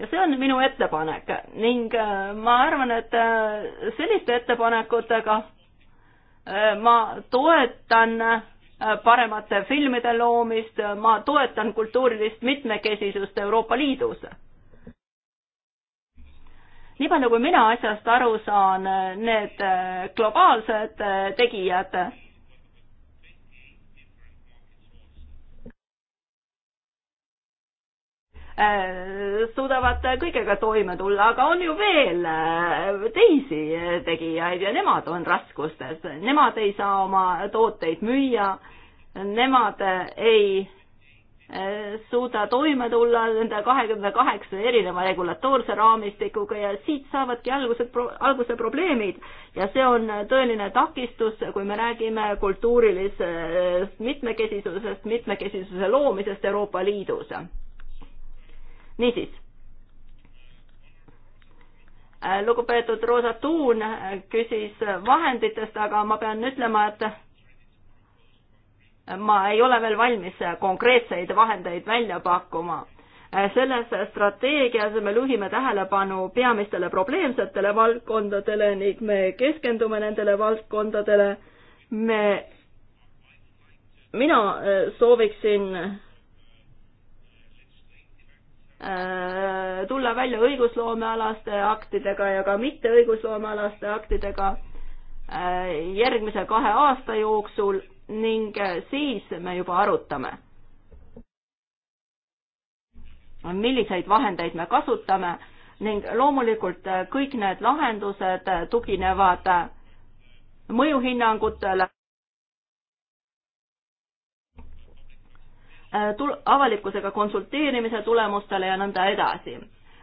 ja see on minu ettepanek ning äh, ma arvan, et äh, selliste ettepanekutega äh, ma toetan paremate filmide loomist, ma toetan kultuurilist mitmekesisust Euroopa Liidus. nii palju, kui mina asjast aru saan, need globaalsed tegijad Äh, suudavad kõigega toime tulla, aga on ju veel äh, teisi tegijaid ja nemad on raskustes, nemad ei saa oma tooteid müüa, nemad ei äh, suuda toime tulla nende kahekümne kaheksa erineva regulatoorse raamistikuga ja siit saavadki algused, alguse probleemid. ja see on tõeline takistus, kui me räägime kultuurilisest mitmekesisusest, mitmekesisuse loomisest Euroopa Liidus niisiis. Äh, lugupeetud Roosa Tuun äh, küsis vahenditest, aga ma pean ütlema, et äh, ma ei ole veel valmis konkreetseid vahendeid välja pakkuma selles strateegias me juhime tähelepanu peamistele probleemsetele valdkondadele ning me keskendume nendele valdkondadele. me, mina sooviksin Äh, tulla välja õigusloomealaste aktidega ja ka mitte õigusloomealaste aktidega äh, järgmise kahe aasta jooksul ning äh, siis me juba arutame, milliseid vahendeid me kasutame ning loomulikult kõik need lahendused tuginevad mõjuhinnangutele Äh, tul-, avalikkusega konsulteerimise tulemustele ja nõnda edasi.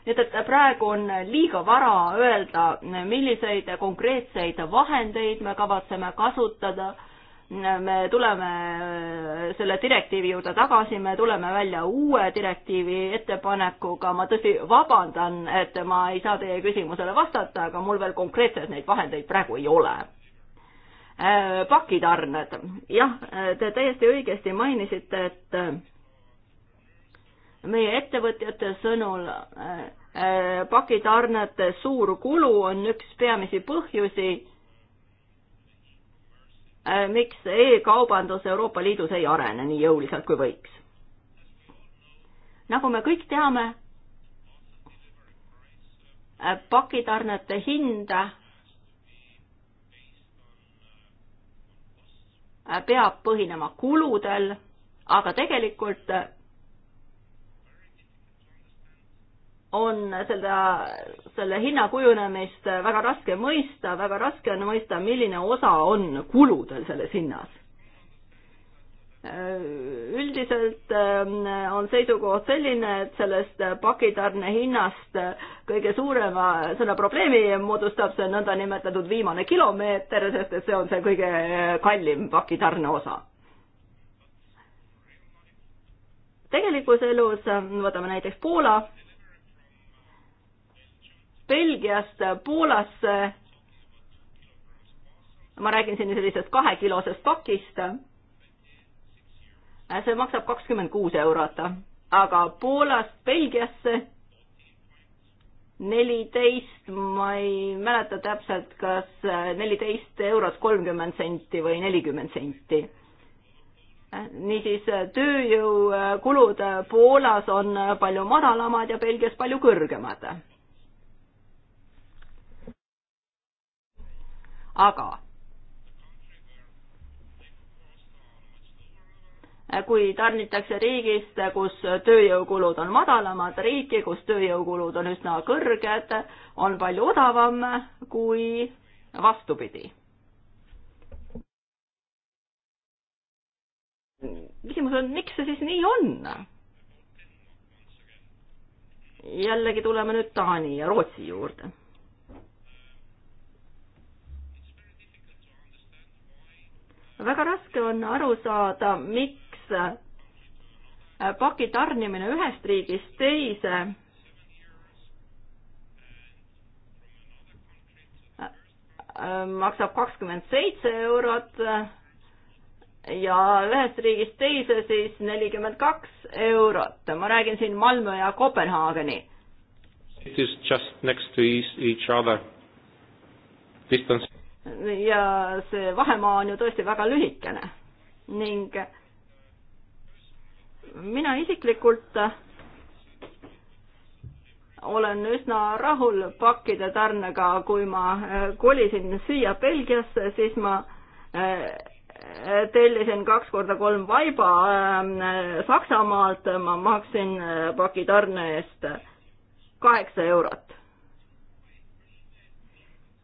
nii et, et praegu on liiga vara öelda, milliseid konkreetseid vahendeid me kavatseme kasutada, me tuleme äh, selle direktiivi juurde tagasi, me tuleme välja uue direktiivi ettepanekuga, ma tõsi vabandan, et ma ei saa teie küsimusele vastata, aga mul veel konkreetselt neid vahendeid praegu ei ole Äh, pakitarned. jah, äh, te täiesti õigesti mainisite, et äh, meie ettevõtjate sõnul pakitarnete suur kulu on üks peamisi põhjusi, miks e-kaubandus Euroopa Liidus ei arene nii jõuliselt, kui võiks. nagu me kõik teame, pakitarnete hinda Äh, peab põhinema kuludel, aga tegelikult äh, on seda, selle hinna kujunemist äh, väga raske mõista, väga raske on mõista, milline osa on kuludel selles hinnas Äh, üldiselt ähm, on seisukoht selline, et sellest äh, pakitarne hinnast äh, kõige suurema, selle probleemi moodustab see nõndanimetatud viimane kilomeeter, sest et see on see kõige kallim pakitarne osa. tegelikus elus, võtame näiteks Poola, Belgiast Poolasse, ma räägin siin sellisest kahekilosest pakist Äh, see maksab kakskümmend kuus eurot, aga Poolast Belgiasse neliteist, ma ei mäleta täpselt, kas äh, neliteist eurot kolmkümmend senti või nelikümmend senti. Äh, niisiis tööjõukulud Poolas on palju madalamad ja Belgias palju kõrgemad. aga Äh, kui tarnitakse riigist, kus tööjõukulud on madalamad, riiki, kus tööjõukulud on üsna kõrged, on palju odavam kui vastupidi. küsimus on, miks see siis nii on? jällegi tuleme nüüd Taani ja Rootsi juurde väga raske on aru saada, miks näiteks äh, paki tarnimine ühest riigist teise äh, maksab kakskümmend seitse eurot äh, ja ühest riigist teise siis nelikümmend kaks eurot. ma räägin siin Malmö ja Kopenhaageni. It is just next to each other distance. ja see vahemaa on ju tõesti väga lühikene ning mina isiklikult äh, olen üsna rahul pakkide tarnega, kui ma äh, kolisin süüa Belgiasse, siis ma äh, tellisin kaks korda kolm vaiba ähm, Saksamaalt, ma maksin paki tarne eest kaheksa eurot.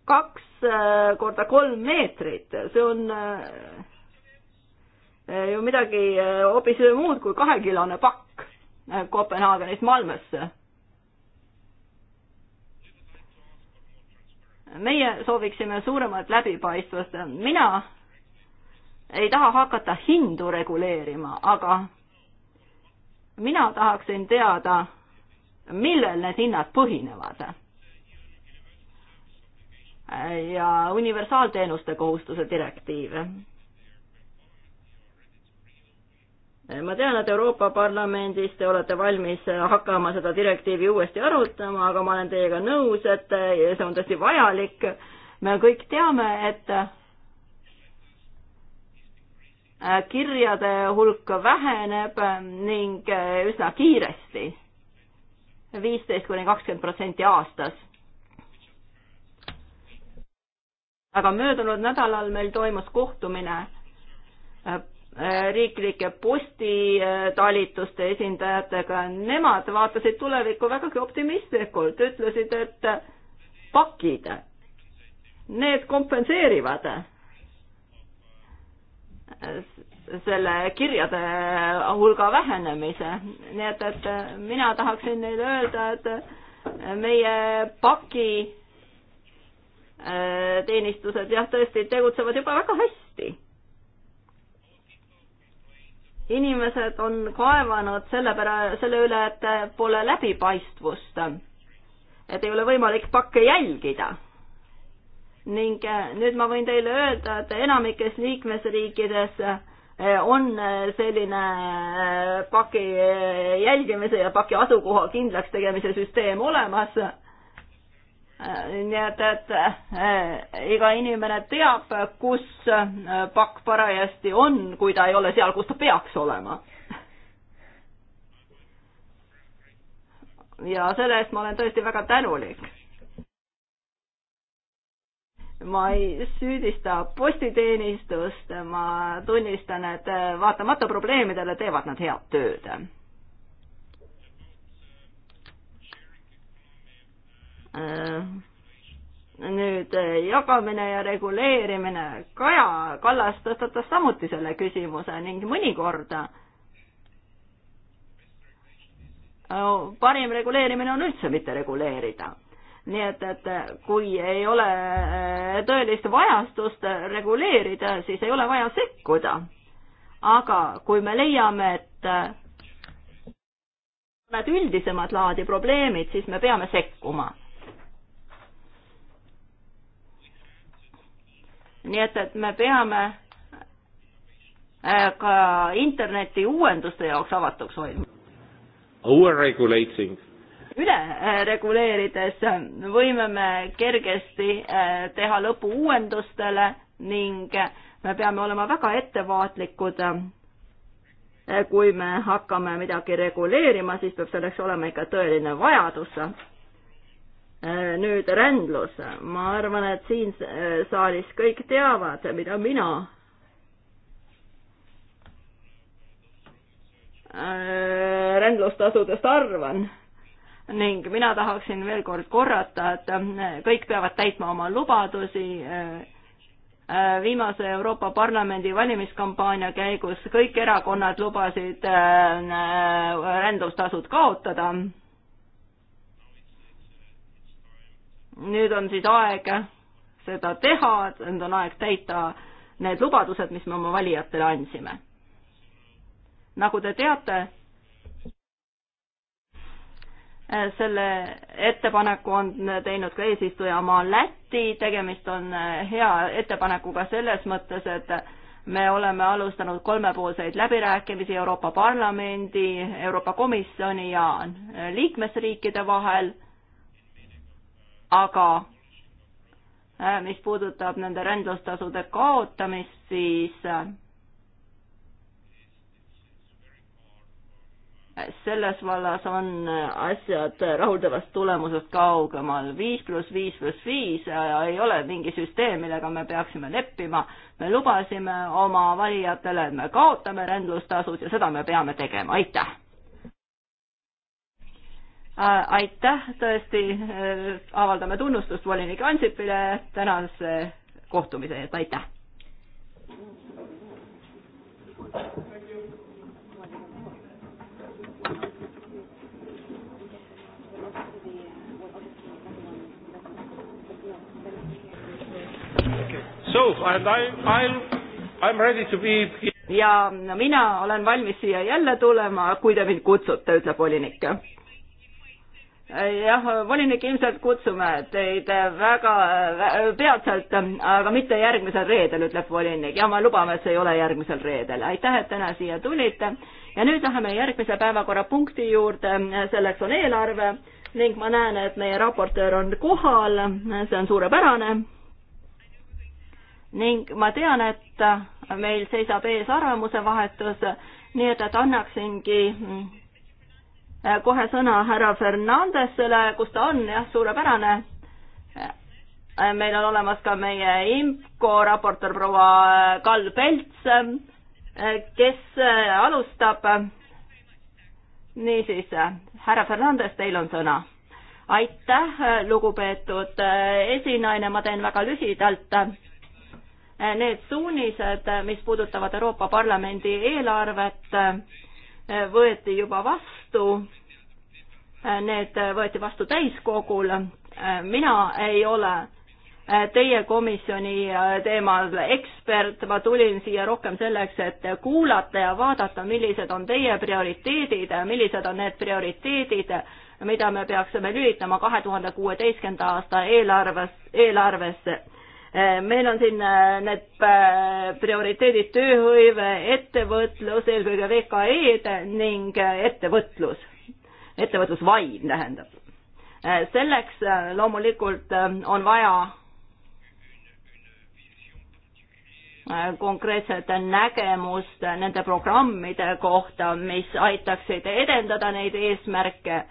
kaks korda kolm meetrit, see on Eh, ju midagi eh, hoopis muud kui kahekilone pakk eh, Kopenhaagenist Malmösse. meie sooviksime suuremat läbipaistvust, mina ei taha hakata hindu reguleerima, aga mina tahaksin teada, millel need hinnad põhinevad. ja universaalteenuste kohustuse direktiiv ma tean, et Euroopa Parlamendis te olete valmis hakkama seda direktiivi uuesti arutama, aga ma olen teiega nõus, et see on tõesti vajalik. me kõik teame, et kirjade hulk väheneb ning üsna kiiresti, viisteist kuni kakskümmend protsenti aastas. aga möödunud nädalal meil toimus kohtumine Äh, riiklike postitalituste esindajatega, nemad vaatasid tulevikku vägagi optimistlikult, ütlesid, et pakid, need kompenseerivad selle kirjade hulga vähenemise, nii et, et mina tahaksin neile öelda, et meie paki äh, teenistused jah, tõesti tegutsevad juba väga hästi inimesed on kaevanud selle pära-, selle üle, et pole läbipaistvust. et ei ole võimalik pakke jälgida. ning eh, nüüd ma võin teile öelda, et enamikes liikmesriikides eh, on eh, selline paki jälgimise ja paki asukoha kindlaks tegemise süsteem olemas nii et, et eh, iga inimene teab, kus eh, pakk parajasti on, kui ta ei ole seal, kus ta peaks olema. ja selle eest ma olen tõesti väga tänulik. ma ei süüdista postiteenistust, ma tunnistan, et eh, vaatamata probleemidele teevad nad head tööd Äh, nüüd äh, jagamine ja reguleerimine, Kaja Kallas tõstatas samuti selle küsimuse ning mõnikord äh, parim reguleerimine on üldse mitte reguleerida. nii et, et kui ei ole tõelist vajastust reguleerida, siis ei ole vaja sekkuda. aga kui me leiame, et mõned üldisemat laadi probleemid, siis me peame sekkuma nii et, et me peame äh, ka interneti uuenduste jaoks avatuks hoidma. Overregulating. üle äh, reguleerides äh, võime me kergesti teha lõpu uuendustele ning me peame olema väga ettevaatlikud. kui me hakkame midagi reguleerima, siis peab selleks olema ikka tõeline vajadus Äh, nüüd rändlus, ma arvan, et siin äh, saalis kõik teavad, mida mina äh, rändlustasudest arvan ning mina tahaksin veel kord korrata, et kõik peavad täitma oma lubadusi. viimase Euroopa Parlamendi valimiskampaania käigus kõik erakonnad lubasid rändustasud kaotada nüüd on siis aeg seda teha, nüüd on aeg täita need lubadused, mis me oma valijatele andsime. nagu te teate, selle ettepaneku on teinud ka eesistujamaa Läti, tegemist on hea ettepanekuga selles mõttes, et me oleme alustanud kolmepoolseid läbirääkimisi Euroopa Parlamendi, Euroopa Komisjoni ja liikmesriikide vahel aga äh, mis puudutab nende rändlustasude kaotamist, siis äh, selles vallas on äh, asjad rahuldavast tulemusest kaugemal. viis pluss viis pluss viis ei ole mingi süsteem, millega me peaksime leppima. me lubasime oma valijatele, et me kaotame rändlustasud ja seda me peame tegema, aitäh! Äh, aitäh, tõesti äh, avaldame tunnustust volinik Ansipile tänase kohtumise eest, aitäh! So, and I, I'm, I'm ready to be ja mina olen valmis siia jälle tulema, kui te mind kutsute, ütleb volinik jah, volinik, ilmselt kutsume teid väga peatselt, aga mitte järgmisel reedel, ütleb volinik. ja me lubame, et see ei ole järgmisel reedel. aitäh, et täna siia tulite. ja nüüd läheme järgmise päevakorrapunkti juurde, selleks on eelarve ning ma näen, et meie raportöör on kohal, see on suurepärane. ning ma tean, et meil seisab ees arvamuse vahetus, nii et, et annaksingi Äh, kohe sõna härra Fernandesele, kus ta on, jah, suurepärane. Äh, meil on olemas ka meie IMCO raportöör proua äh, Kall Pelts, kes alustab. niisiis, härra Fernandes, teil on sõna. aitäh, lugupeetud esinaine, ma teen väga lühidalt need suunised, mis puudutavad Euroopa Parlamendi eelarvet, võeti juba vastu. Need võeti vastu täiskogul. mina ei ole teie komisjoni teemal ekspert, ma tulin siia rohkem selleks, et kuulata ja vaadata, millised on teie prioriteedid, millised on need prioriteedid, mida me peaksime lülitama kahe tuhande kuueteistkümnenda aasta eelarves, eelarvesse Eh, meil on siin eh, need eh, prioriteedid tööhõive, ettevõtlus, eelkõige VKE-d ning ettevõtlus, ettevõtlusvaim tähendab. selleks loomulikult on vaja konkreetset nägemust nende programmide kohta, mis aitaksid edendada neid eesmärke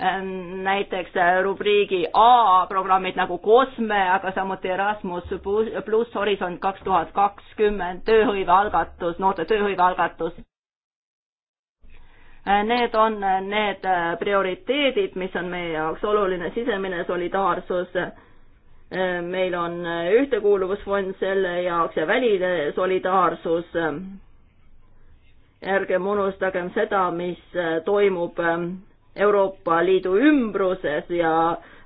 Ähm, näiteks äh, rubriigi A programmid nagu COSME, aga samuti Erasmus pluss Horisont kaks tuhat kakskümmend, tööhõivealgatus, noorte tööhõivealgatus. Äh, need on äh, need prioriteedid, mis on meie jaoks oluline, sisemine solidaarsus. meil on ühtekuuluvusfond selle jaoks ja väline solidaarsus. ärgem unustagem seda, mis toimub ähm, Euroopa Liidu ümbruses ja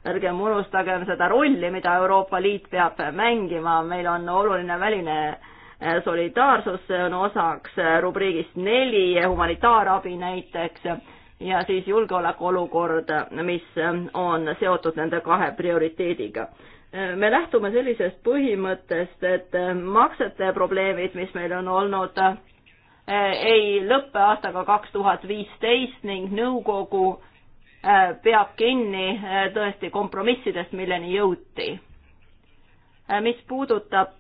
ärgem unustagem seda rolli, mida Euroopa Liit peab mängima, meil on oluline väline eh, solidaarsus, see on osaks eh, rubriigist neli, eh, humanitaarabi näiteks, ja siis julgeolekuolukord, mis on seotud nende kahe prioriteediga me lähtume sellisest põhimõttest, et maksete probleemid, mis meil on olnud äh, Äh, ei lõppe aastaga kaks tuhat viisteist ning nõukogu äh, peab kinni äh, tõesti kompromissidest, milleni jõuti. mis puudutab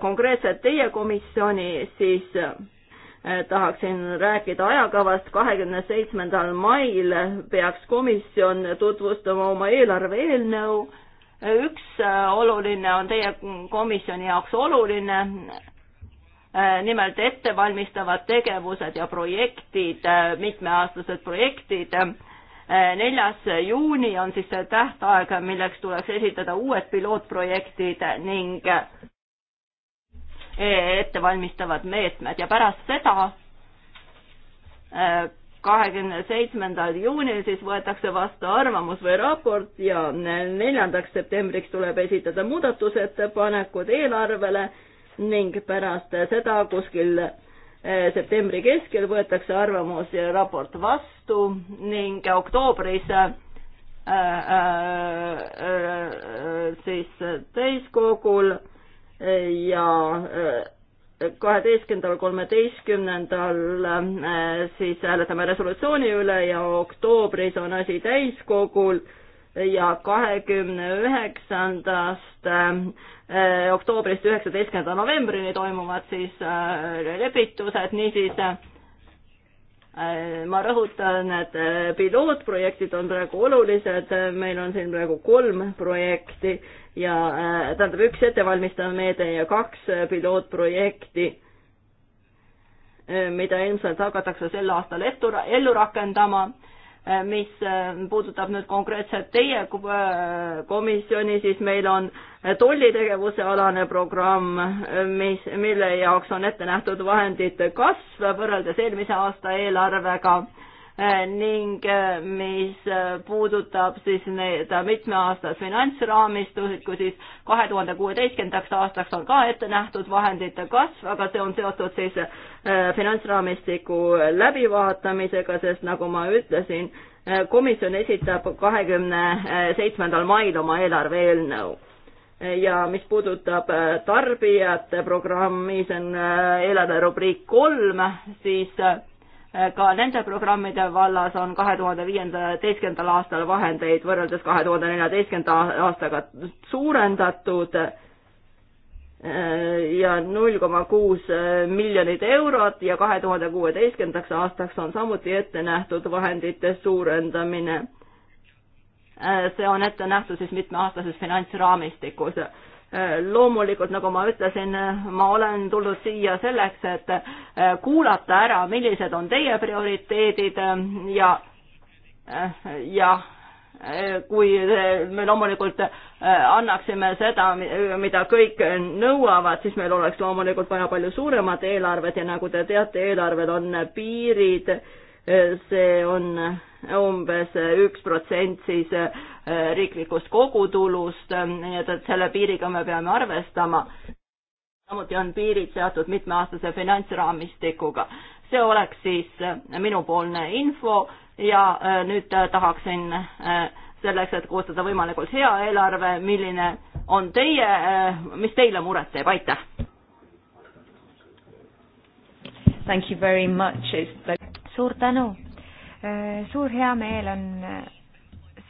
konkreetselt teie komisjoni, siis tahaksin rääkida ajakavast, kahekümne seitsmendal mail peaks komisjon tutvustama oma eelarve eelnõu, üks oluline on teie komisjoni jaoks oluline Äh, nimelt ettevalmistavad tegevused ja projektid, äh, mitmeaastased projektid. Äh, neljas juuni on siis see tähtaeg, milleks tuleks esitada uued pilootprojektid ning ettevalmistavad meetmed ja pärast seda kahekümne seitsmendal juunil siis võetakse vastu arvamus või raport ja neljandaks septembriks tuleb esitada muudatusettepanekud eelarvele ning pärast seda kuskil eh, septembri keskel võetakse arvamus ja raport vastu ning oktoobris äh, äh, siis täiskogul ja kaheteistkümnendal, kolmeteistkümnendal siis hääletame resolutsiooni üle ja oktoobris on asi täiskogul ja kahekümne üheksandast eh, oktoobrist üheksateistkümnenda novembrini toimuvad siis eh, lepitused, niisiis eh, ma rõhutan, et pilootprojektid on praegu olulised, meil on siin praegu kolm projekti ja tähendab üks ettevalmistav meede ja kaks pilootprojekti, mida ilmselt hakatakse sel aastal ellu rakendama Äh, mis äh, puudutab nüüd konkreetselt teie äh, komisjoni, siis meil on tollitegevuse alane programm, mis, mille jaoks on ette nähtud vahendite kasv võrreldes eelmise aasta eelarvega Äh, ning äh, mis äh, puudutab siis nii-öelda mitmeaastast finantsraamistikku, siis kahe tuhande kuueteistkümnendaks aastaks on ka ette nähtud vahendite kasv, aga see on seotud siis finantsraamistiku läbivaatamisega, sest nagu ma ütlesin, komisjon esitab kahekümne seitsmendal mail oma eelarve eelnõu ja mis puudutab tarbijate programmi, see on eelarverubriik kolm, siis ka nende programmide vallas on kahe tuhande viieteistkümnendal aastal vahendeid võrreldes kahe tuhande neljateistkümnenda aastaga suurendatud eh, ja null koma kuus miljonit eurot ja kahe tuhande kuueteistkümnendaks aastaks on samuti ette nähtud vahendite suurendamine. Eh, see on ette nähtud siis mitmeaastases finantsraamistikus loomulikult, nagu ma ütlesin, ma olen tulnud siia selleks, et äh, kuulata ära, millised on teie prioriteedid äh, ja, äh, ja kui me loomulikult annaksime seda, mida kõik nõuavad, siis meil oleks loomulikult vaja palju suuremat eelarvet ja nagu te teate, eelarvel on piirid see on umbes üks protsent siis äh, riiklikust kogutulust, nii et, et selle piiriga me peame arvestama. samuti on piirid seatud mitmeaastase finantsraamistikuga. see oleks siis äh, minupoolne info ja äh, nüüd tahaksin selleks, et koostada võimalikult hea eelarve, milline on teie, mis teile muret teeb, aitäh! Thank you very much suur tänu. Äh, suur heameel on äh,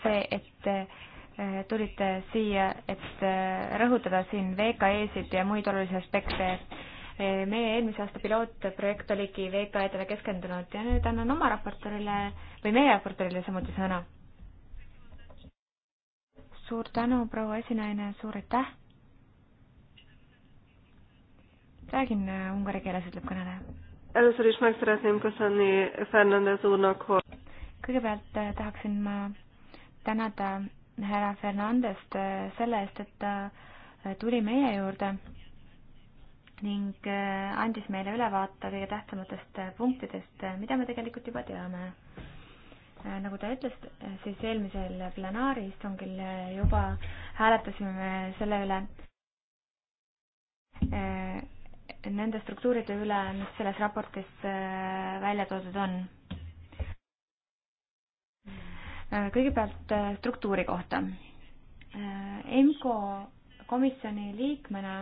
see, et äh, tulite siia, et rõhutada siin VKE-sid ja muid olulisi aspekte. meie eelmise aasta pilootprojekt oligi VKE-dele keskendunud ja nüüd annan oma raportorile või meie raportorile samuti sõna. suur tänu, proua esinaine, suur aitäh räägin ungari keeles, ütleb kõneleja. Először is meg szeretném köszönni Fernández úrnak, hogy... Kõigepealt eh, tahaksin ma tänada härra Fernandest eh, selle eest, et ta eh, tuli meie juurde ning andis meile ülevaate kõige tähtsamatest punktidest, mida me tegelikult juba teame. nagu ta ütles, siis eelmisel plenaariistungil juba hääletasime selle üle nende struktuuride üle, mis selles raportis äh, välja toodud on. Äh, kõigepealt äh, struktuuri kohta. EMCO komisjoni liikmena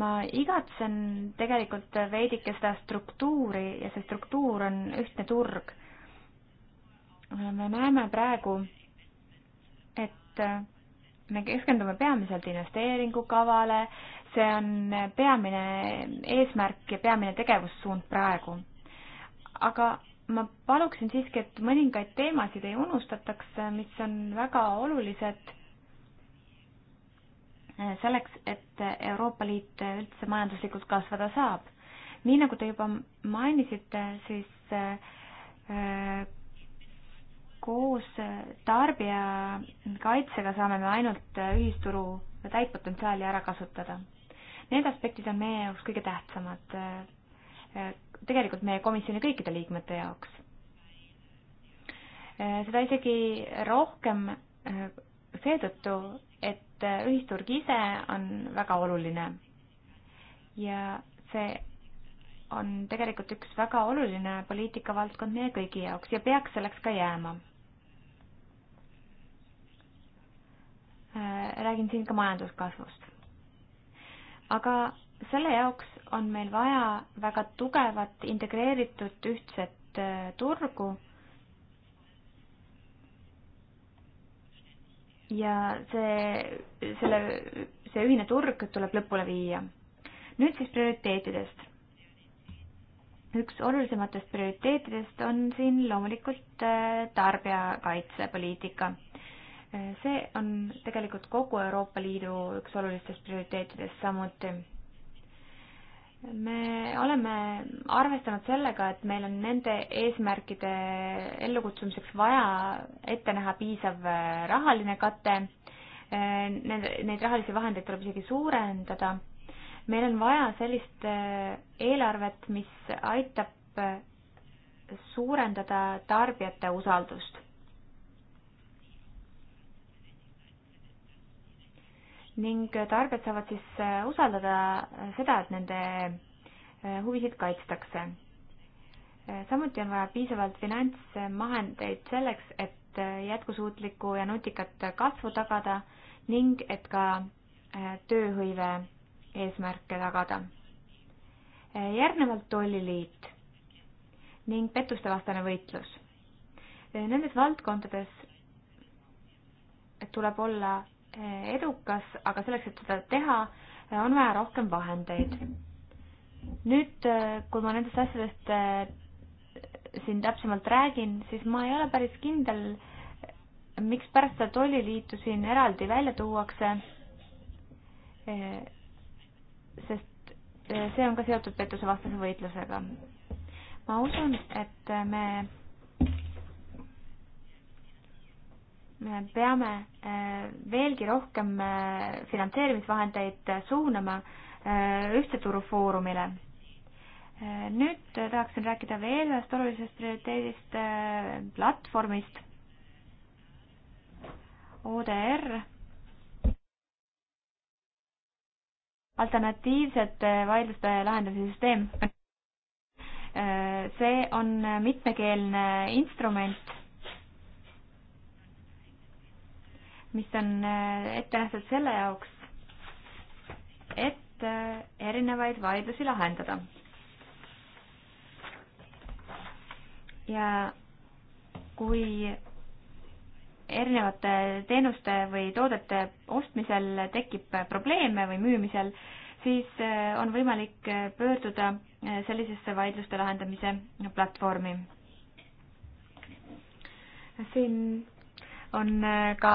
ma igatsen tegelikult veidike seda struktuuri ja see struktuur on ühtne turg. me näeme praegu, et me keskendume peamiselt investeeringukavale äh,, see on peamine eesmärk ja peamine tegevussuund praegu. aga ma paluksin siiski, et mõningaid teemasid ei unustataks, mis on väga olulised selleks, et Euroopa Liit üldse majanduslikult kasvada saab. nii nagu te juba mainisite, siis äh, koos tarbijakaitsega saame me ainult ühisturu täitpotentsiaali ära kasutada Need aspektid on meie jaoks kõige tähtsamad, äh, tegelikult meie komisjoni kõikide liikmete jaoks. Äh, seda isegi rohkem äh, seetõttu, et ühisturg ise on väga oluline ja see on tegelikult üks väga oluline poliitikavaldkond meie kõigi jaoks ja peaks selleks ka jääma. räägin siin ka majanduskasvust aga selle jaoks on meil vaja väga tugevat integreeritud ühtset äh, turgu ja see, selle, see ühine turg tuleb lõpule viia. nüüd siis prioriteetidest. üks olulisematest prioriteetidest on siin loomulikult äh, tarbijakaitsepoliitika see on tegelikult kogu Euroopa Liidu üks olulistest prioriteetidest samuti. me oleme arvestanud sellega, et meil on nende eesmärkide ellukutsumiseks vaja ette näha piisav rahaline kate, nende, neid rahalisi vahendeid tuleb isegi suurendada, meil on vaja sellist eh, eelarvet, mis aitab eh, suurendada tarbijate usaldust ning tarbijad saavad siis äh, usaldada äh, seda, et nende äh, huvisid kaitstakse. samuti on vaja piisavalt finantsvahendeid selleks, et jätkusuutlikku ja nutikat kasvu tagada ning et ka tööhõive eesmärke tagada. järgnevalt tolliliit ning pettustevastane võitlus. Nendes valdkondades tuleb olla Eh, edukas, aga selleks, et seda teha, eh, on vaja rohkem vahendeid. nüüd, eh, kui ma nendest asjadest siin täpsemalt räägin, siis ma ei ole päris kindel, mikspärast seda tolliliitu siin eraldi välja tuuakse, sest see on ka seotud pettusevastase võitlusega. ma usun, et me me peame äh, veelgi rohkem äh, finantseerimisvahendeid äh, suunama ühtse turu foorumile. nüüd tahaksin rääkida veel ühest olulisest prioriteedist, platvormist. ODR. alternatiivsete vaidluste lahendamise süsteem. see on mitmekeelne instrument mis on äh, ette nähtud selle jaoks, et äh, erinevaid vaidlusi lahendada. ja kui erinevate teenuste või toodete ostmisel tekib probleeme või müümisel, siis äh, on võimalik pöörduda sellisesse vaidluste lahendamise platvormi. siin on ka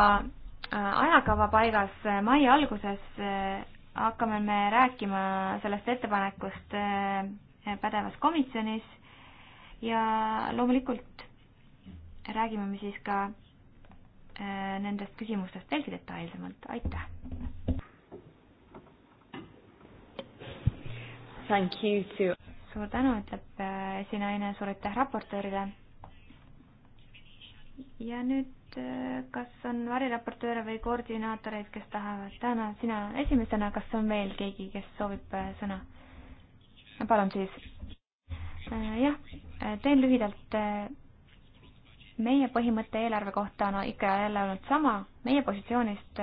ajakava paigas, äh, mai alguses äh, hakkame me rääkima sellest ettepanekust äh, pädevas komisjonis ja loomulikult räägime me siis ka nendest küsimustest veelgi detailsemalt, aitäh! suur tänu, ütleb esinaine, suur aitäh raportöörile ja nüüd, äh, kas on variraportööre või koordinaatoreid, kes tahavad täna, sina esimesena, kas on veel keegi, kes soovib äh, sõna? palun siis. Äh, jah, teen lühidalt. meie põhimõte eelarve kohta on no, ikka ja jälle olnud sama, meie positsioonist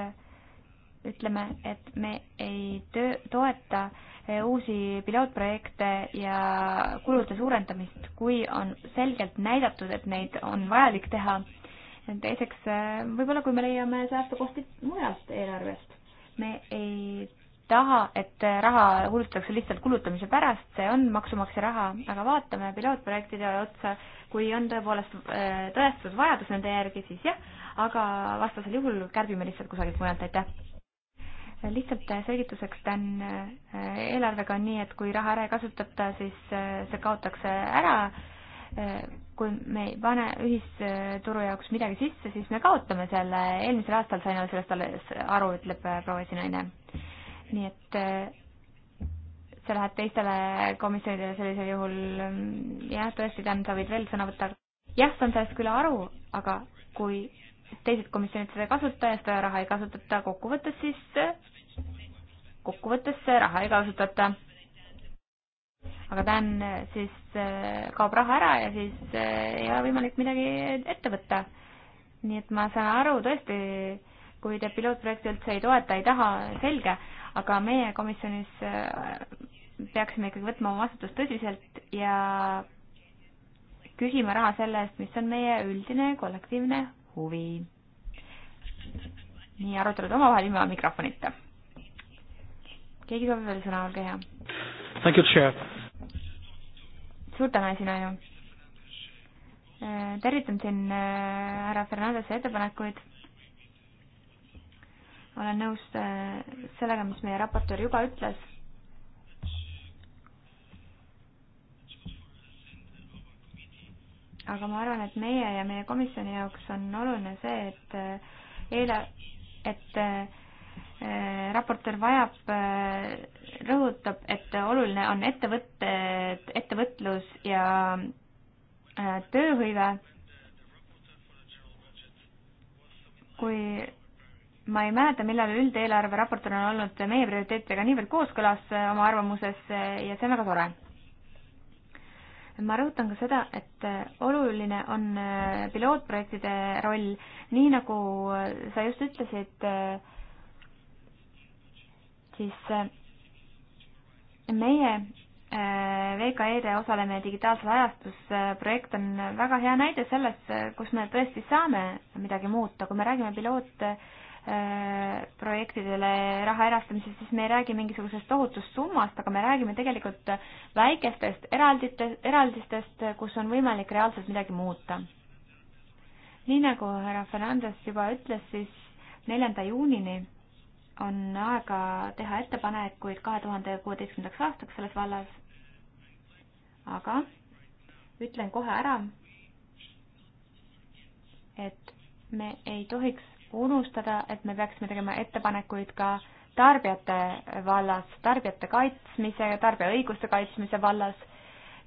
ütleme, et me ei töö, toeta uusi pilootprojekte ja kulude suurendamist, kui on selgelt näidatud, et neid on vajalik teha teiseks, äh, võib-olla kui me leiame säästukohti mujalt eelarvest, me ei taha, et äh, raha kulutatakse lihtsalt kulutamise pärast, see on maksumaksja raha, aga vaatame pilootprojektide otsa, kui on tõepoolest äh, tõestatud vajadus nende järgi, siis jah, aga vastasel juhul kärbime lihtsalt kusagilt mujalt, aitäh. lihtsalt selgituseks, Dan, eelarvega on nii, et kui raha ära ei kasutata, siis see kaotakse ära kui me ei pane ühisturu jaoks midagi sisse, siis me kaotame selle, eelmisel aastal sain sellest alles aru, ütleb äh, proua esinaine. nii et äh, see läheb teistele komisjonidele sellisel juhul, mm, jah, tõesti, Dan, sa võid veel sõna võtta. jah, saan sellest küll aru, aga kui teised komisjonid seda ei kasuta ja seda raha ei kasutata kokkuvõttes, siis kokkuvõttes raha ei kasutata aga Dan eh, siis eh, kaob raha ära ja siis eh, ei ole võimalik midagi ette võtta. nii et ma saan aru tõesti, kui te pilootprojekti üldse ei toeta, ei taha, selge, aga meie komisjonis peaksime ikkagi võtma oma vastutust tõsiselt ja küsima raha selle eest, mis on meie üldine kollektiivne huvi. nii, arutelud omavahel ilma mikrofonita. keegi soovib veel sõna, olge hea suur tänu, esinaine. Äh, tervitan siin äh, härra Fernandese ettepanekuid. olen nõus äh, sellega, mis meie raportöör juba ütles. aga ma arvan, et meie ja meie komisjoni jaoks on oluline see, et eile, et Äh, raportöör vajab, äh, rõhutab, et oluline on ettevõtte, ettevõtlus ja äh, tööhõive. kui ma ei mäleta, millal üldeelarve raportöör on olnud meie prioriteetidega niivõrd kooskõlas oma arvamuses ja see on väga tore. ma rõhutan ka seda, et oluline on pilootprojektide roll, nii nagu sa just ütlesid, siis eh, meie eh, VKE-de osalemine digitaalsel ajastusprojekt eh, on väga hea näide sellest, kus me tõesti saame midagi muuta, kui me räägime pilootprojektidele raha erastamisest, siis me ei räägi mingisugusest tohutust summast, aga me räägime tegelikult väikestest eralditest, eraldistest, kus on võimalik reaalselt midagi muuta. nii nagu härra Fernandes juba ütles, siis neljanda juunini on aega teha ettepanekuid kahe tuhande kuueteistkümnendaks aastaks selles vallas. aga ütlen kohe ära, et me ei tohiks unustada, et me peaksime tegema ettepanekuid ka tarbijate vallas, tarbijate kaitsmise ja tarbija õiguste kaitsmise vallas.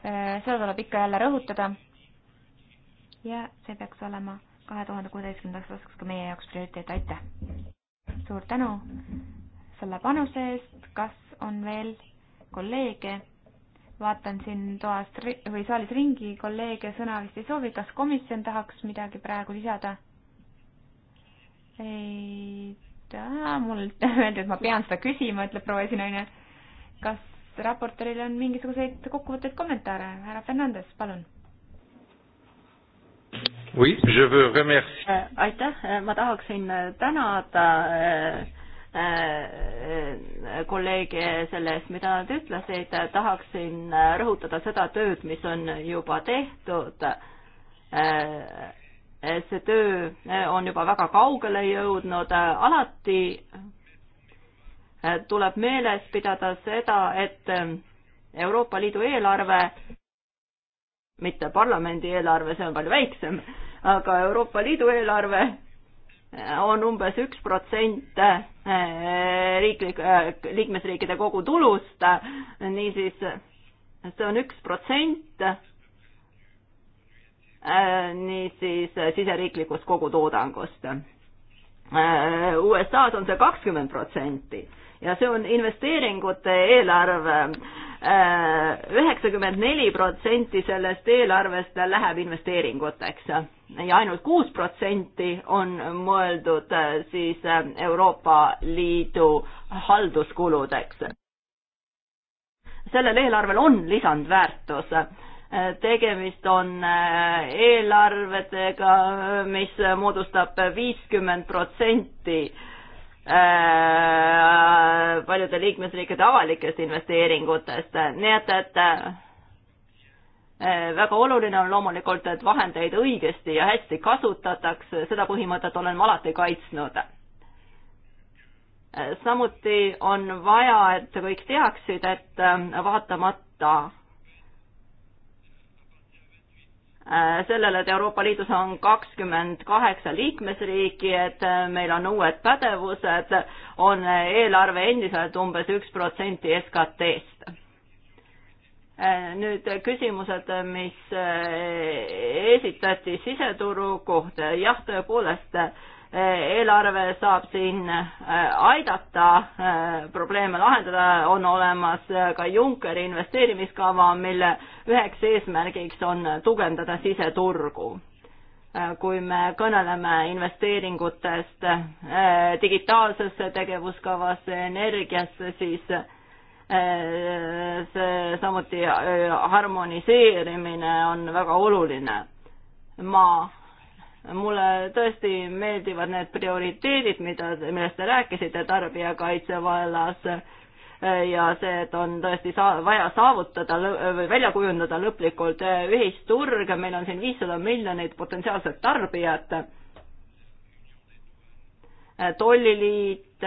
seda tuleb ikka jälle rõhutada. ja see peaks olema kahe tuhande kuueteistkümnendaks aastaks ka meie jaoks prioriteet, aitäh! suur tänu selle panuse eest, kas on veel kolleege? vaatan siin toast või saalis ringi, kolleege sõna vist ei soovi, kas komisjon tahaks midagi praegu lisada? ei taha, mul öeldi, et ma pean seda küsima, ütleb proua esinaine. kas raportööril on mingisuguseid kokkuvõtteid, kommentaare? härra Fernandes, palun Oui, je veux remercier. Euh, aitäh, äh, ma tahaksin äh, tänada äh, kolleege selle eest, mida nad ütlesid, tahaksin rõhutada seda tööd, mis on juba tehtud. see töö on juba väga kaugele jõudnud, alati tuleb meeles pidada seda, et Euroopa Liidu eelarve mitte parlamendi eelarve, see on palju väiksem, aga Euroopa Liidu eelarve on umbes üks protsent eh, riiklik, eh, liikmesriikide kogutulust, niisiis see on üks protsent eh, niisiis siseriiklikust kogutoodangust. USA-s on see kakskümmend protsenti ja see on investeeringute eelarve üheksakümmend neli protsenti sellest eelarvest läheb investeeringuteks ja ainult kuus protsenti on mõeldud äh, siis äh, Euroopa Liidu halduskuludeks. sellel eelarvel on lisandväärtus. tegemist on äh, eelarvedega, mis moodustab viiskümmend protsenti Äh, paljude liikmesriikide avalikest investeeringutest, nii et, et äh, väga oluline on loomulikult, et vahendeid õigesti ja hästi kasutatakse, seda põhimõtet olen ma alati kaitsnud. Äh, samuti on vaja, et kõik teaksid, et vaatamata Äh, sellele, et Euroopa Liidus on kakskümmend kaheksa liikmesriiki, et äh, meil on uued pädevused, on äh, eelarve endiselt umbes üks protsenti SKT-st. nüüd küsimused, mis esitati siseturu kohta, jah, tõepoolest eelarve saab siin äh, aidata äh, probleeme lahendada, on olemas äh, ka Junckeri investeerimiskava, mille üheks eesmärgiks on tugevdada siseturgu. kui me kõneleme investeeringutest digitaalsesse tegevuskavasse, energiasse, siis see samuti harmoniseerimine on väga oluline. ma mulle tõesti meeldivad need prioriteedid, mida, millest te rääkisite tarbijakaitse vallas ja see, et on tõesti saa-, vaja saavutada või välja kujundada lõplikult ühisturg, meil on siin viissada miljonit potentsiaalset tarbijat, tolliliit,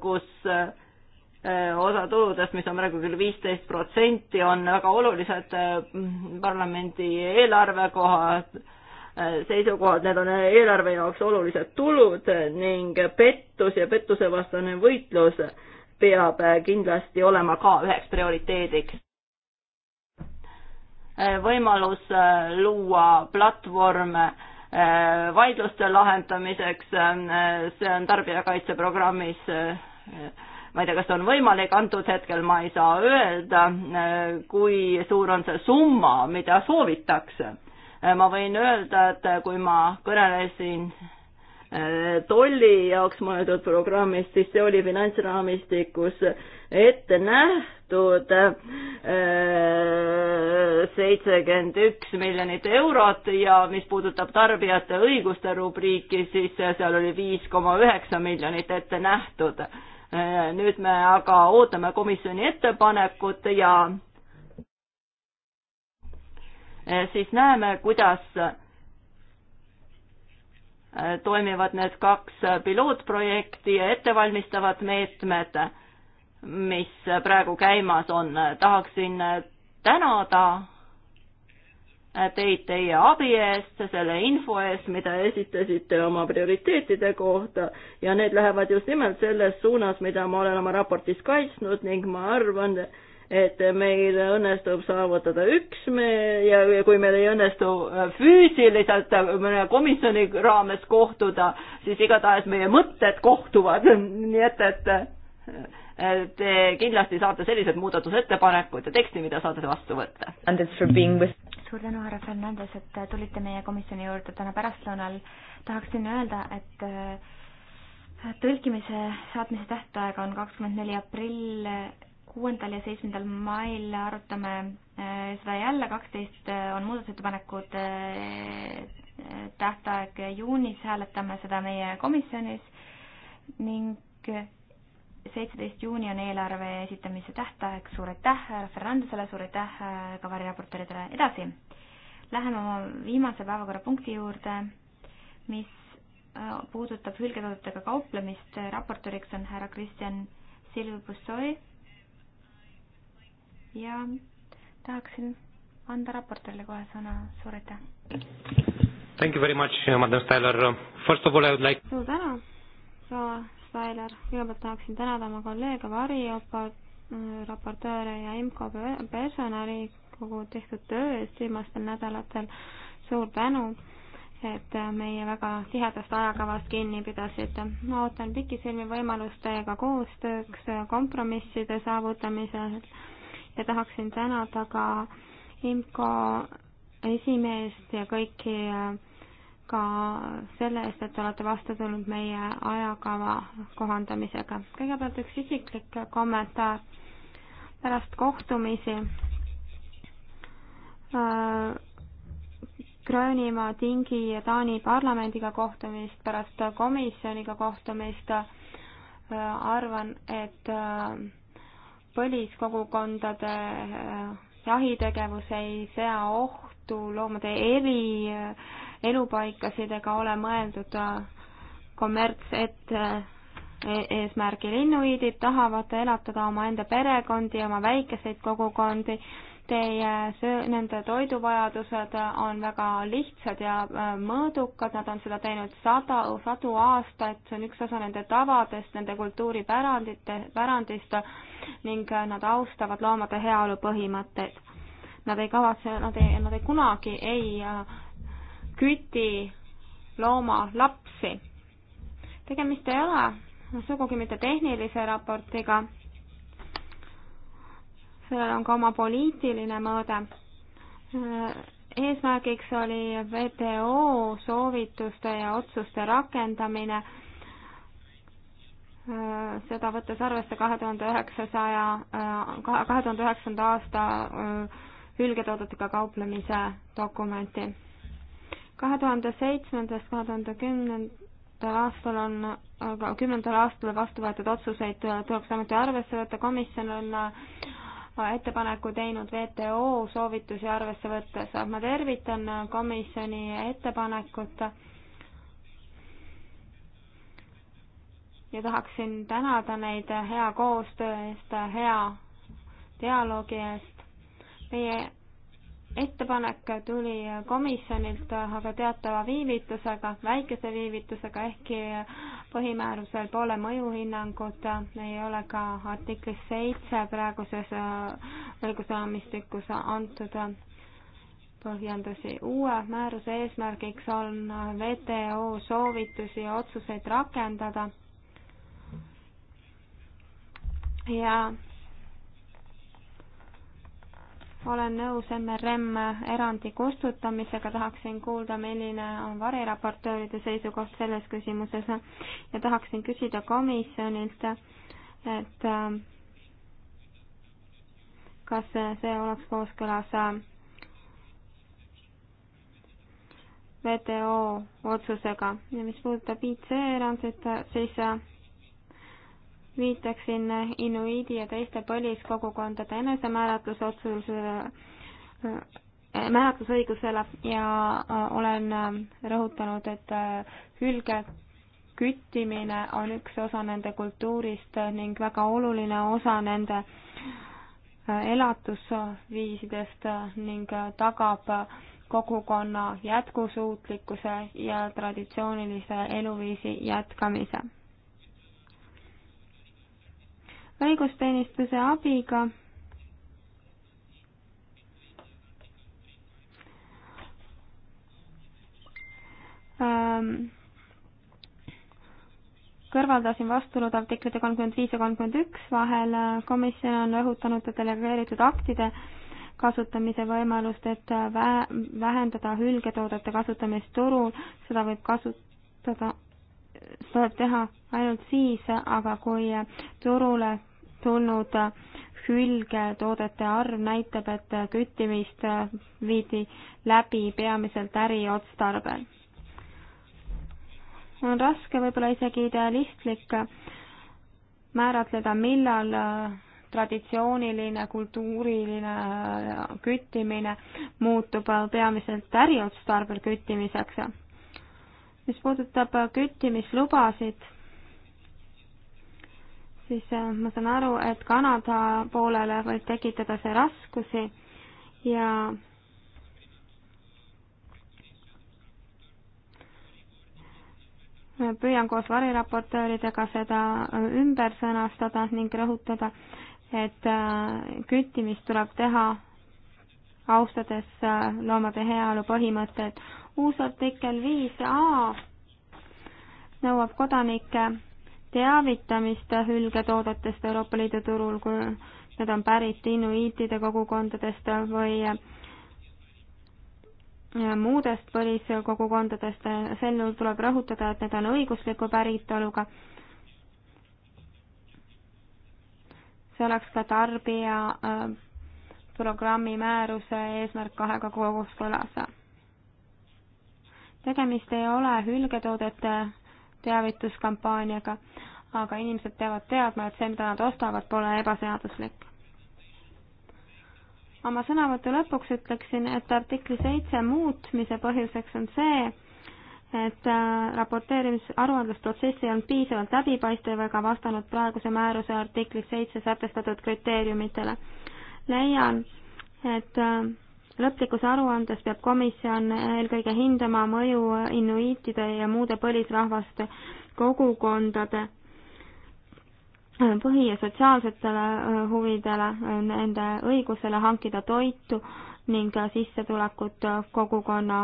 kus eh, osa tuludest, mis on praegu küll viisteist protsenti, on väga olulised mm, parlamendi eelarve kohad, Äh, seisukohad, need on eelarve jaoks olulised tulud ning pettus ja pettusevastane võitlus peab äh, kindlasti olema ka üheks prioriteediks. Äh, võimalus luua platvorm vaidluste lahendamiseks, see on tarbijakaitseprogrammis ma ei tea, kas on võimalik, antud hetkel ma ei saa öelda, kui suur on see summa, mida soovitakse ma võin öelda, et kui ma kõnelesin eh, tolli jaoks mõeldud programmist, siis see oli finantsraamistikus ette nähtud eh, seitsekümmend üks miljonit eurot ja mis puudutab tarbijate õiguste rubriiki, siis seal oli viis koma üheksa miljonit ette nähtud. Eh, nüüd me aga ootame komisjoni ettepanekut ja Eh, siis näeme, kuidas eh, toimivad need kaks pilootprojekti ja ettevalmistavad meetmed, mis praegu käimas on. tahaksin tänada eh, teid teie abi eest, selle info eest, mida esitasite oma prioriteetide kohta ja need lähevad just nimelt selles suunas, mida ma olen oma raportis kaitsnud ning ma arvan, et et meil õnnestub saavutada üksmeel ja, ja kui meil ei õnnestu äh, füüsiliselt mõne komisjoni raames kohtuda, siis igatahes meie mõtted kohtuvad, nii et, et äh, te kindlasti saate sellised muudatusettepanekud ja teksti, mida saate vastu võtta. suur tänu, härra Fernandes, et tulite meie komisjoni juurde täna pärastlõunal. tahaksin öelda, et äh, tõlkimise saatmise tähtaeg on kakskümmend neli aprill kuuendal ja seitsmendal mail arutame äh, seda jälle, kaksteist äh, on muudatusettepanekud äh, tähtaeg juunis, hääletame seda meie komisjonis ning seitseteist juuni on eelarve esitamise tähtaeg, suur aitäh härra Fernandesele, suur aitäh ka variraportööridele, edasi. Läheme oma viimase päevakorrapunkti juurde, mis puudutab hülgetoodetega kauplemist, raportööriks on härra Kristjan Silvi Bussoi ja tahaksin anda raportöörile kohe sõna, suur aitäh! Thank you very much, madam Styler, first of all I would like suur tänu, proua Styler, kõigepealt tahaksin tänada oma kolleege, Vari, raportööre ja IMCO personali kogu tehtud töö eest viimastel nädalatel, suur tänu, et meie väga tihedast ajakavast kinni pidasite. ma ootan pikisilmi võimalust teiega koostööks kompromisside saavutamisel ja tahaksin tänada ka IMCO esimeest ja kõiki äh, ka selle eest, et olete vastu tulnud meie ajakava kohandamisega. kõigepealt üks isiklik kommentaar. pärast kohtumisi äh, Gröönimaa, Tingi ja Taani parlamendiga kohtumist, pärast komisjoniga kohtumist äh, arvan, et äh, põliskogukondade äh, jahitegevus ei sea ohtu loomade evi äh, elupaikasid ega ole mõeldud äh, kommerts, et e-, eesmärgi linnuiidid tahavad elatada omaenda perekondi, oma väikeseid kogukondi teie söö-, nende toiduvajadused on väga lihtsad ja äh, mõõdukad, nad on seda teinud sada, sadu aastaid, see on üks osa nende tavadest, nende kultuuripärandite, pärandist ning äh, nad austavad loomade heaolu põhimõtteid. Nad ei kavatse, nad ei, nad ei kunagi ei äh, küti looma lapsi. tegemist ei ole sugugi mitte tehnilise raportiga sellel on ka oma poliitiline mõõde. eesmärgiks oli WTO soovituste ja otsuste rakendamine, seda võttes arvesse kahe tuhande üheksasaja, kahe tuhande üheksanda aasta hülgetoodetega kauplemise dokumenti. kahe tuhande seitsmendast kahe tuhande kümnendal aastal on, kümnendal aastal vastu võetud otsuseid tuleks samuti arvesse võtta, komisjon on ettepaneku teinud WTO soovitusi arvesse võttes. ma tervitan komisjoni ettepanekut ja tahaksin tänada neid hea koostöö eest, hea dialoogi eest. meie ettepanek tuli komisjonilt aga teatava viivitusega, väikese viivitusega, ehkki põhimäärusel pole mõjuhinnangut, ei ole ka artiklis seitse praeguses äh, õigusraamistikus antud äh, põhjendusi. uue määruse eesmärgiks on WTO soovitusi ja otsuseid rakendada ja olen nõus MRM erandi kustutamisega, tahaksin kuulda, milline on variraportööride seisukoht selles küsimuses ja tahaksin küsida komisjonilt, et äh, kas see oleks kooskõlas WTO äh, otsusega ja mis puudutab IC erandit, siis äh, viitaksin inuiidi ja teiste põliskogukondade enesemääratlusotsusele, äh, määratlusõigusele ja äh, olen äh, rõhutanud, et hülge küttimine on üks osa nende kultuurist ning väga oluline osa nende elatusviisidest ning tagab kogukonna jätkusuutlikkuse ja traditsioonilise eluviisi jätkamise õigusteenistuse abiga ehm, kõrvaldasin vastuolud artiklite kolmkümmend viis ja kolmkümmend üks vahel. komisjon on rõhutanud delegeeritud aktide kasutamise võimalust, et vähendada hülgetoodete kasutamist turul, seda võib kasutada, seda tuleb teha ainult siis, aga kui turule tulnud hülgetoodete arv näitab, et küttimist viidi läbi peamiselt äriotstarbel. on raske, võib-olla isegi idealistlik määratleda, millal traditsiooniline kultuuriline küttimine muutub peamiselt äriotstarbel küttimiseks. mis puudutab küttimislubasid, siis äh, ma saan aru, et Kanada poolele võib tekitada see raskusi ja püüan koos variraportööridega seda ümber sõnastada ning rõhutada, et äh, küttimist tuleb teha austades äh, loomade heaolu põhimõtteid. uus artikkel viis A nõuab kodanike teavitamist hülgetoodetest Euroopa Liidu turul, kui need on pärit inuiitide kogukondadest või muudest põliskogukondadest, sel juhul tuleb rõhutada, et need on õigusliku päritoluga. see oleks ka tarbija äh, programmi määruse eesmärk kahega kooskõlas. tegemist ei ole hülgetoodete teavituskampaaniaga, aga inimesed peavad teadma, et see, mida nad ostavad, pole ebaseaduslik. oma sõnavõtu lõpuks ütleksin, et artikli seitse muutmise põhjuseks on see, et äh, raporteerimis-, aruandlusprotsess ei olnud piisavalt läbipaistev ega vastanud praeguse määruse artiklis seitse sätestatud kriteeriumitele. leian, et äh, lõplikus aruandes peab komisjon eelkõige hindama mõju inuiitide ja muude põlisrahvaste kogukondade põhi- ja sotsiaalsetele äh, huvidele, äh, nende õigusele hankida toitu ning äh, sissetulekut kogukonna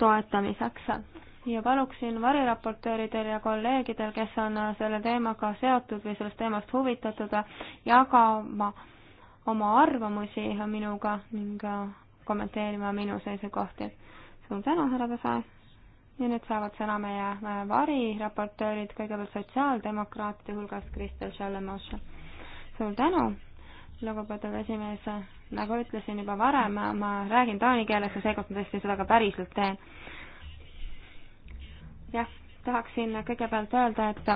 toetamiseks. ja paluksin variraportööridel ja kolleegidel, kes on selle teemaga seotud või sellest teemast huvitatud, jagama oma arvamusi minuga ning kommenteerima minu seisukohti. suur tänu, härra Tase! ja nüüd saavad sõna meie äh, variraportöörid, kõigepealt sotsiaaldemokraatide hulgast Kristel Šallemoša. suur tänu, lugupeetud esimees, nagu ütlesin juba varem, ma räägin taani keeles ja seekord ma tõesti seda ka päriselt teen. jah, tahaksin kõigepealt öelda, et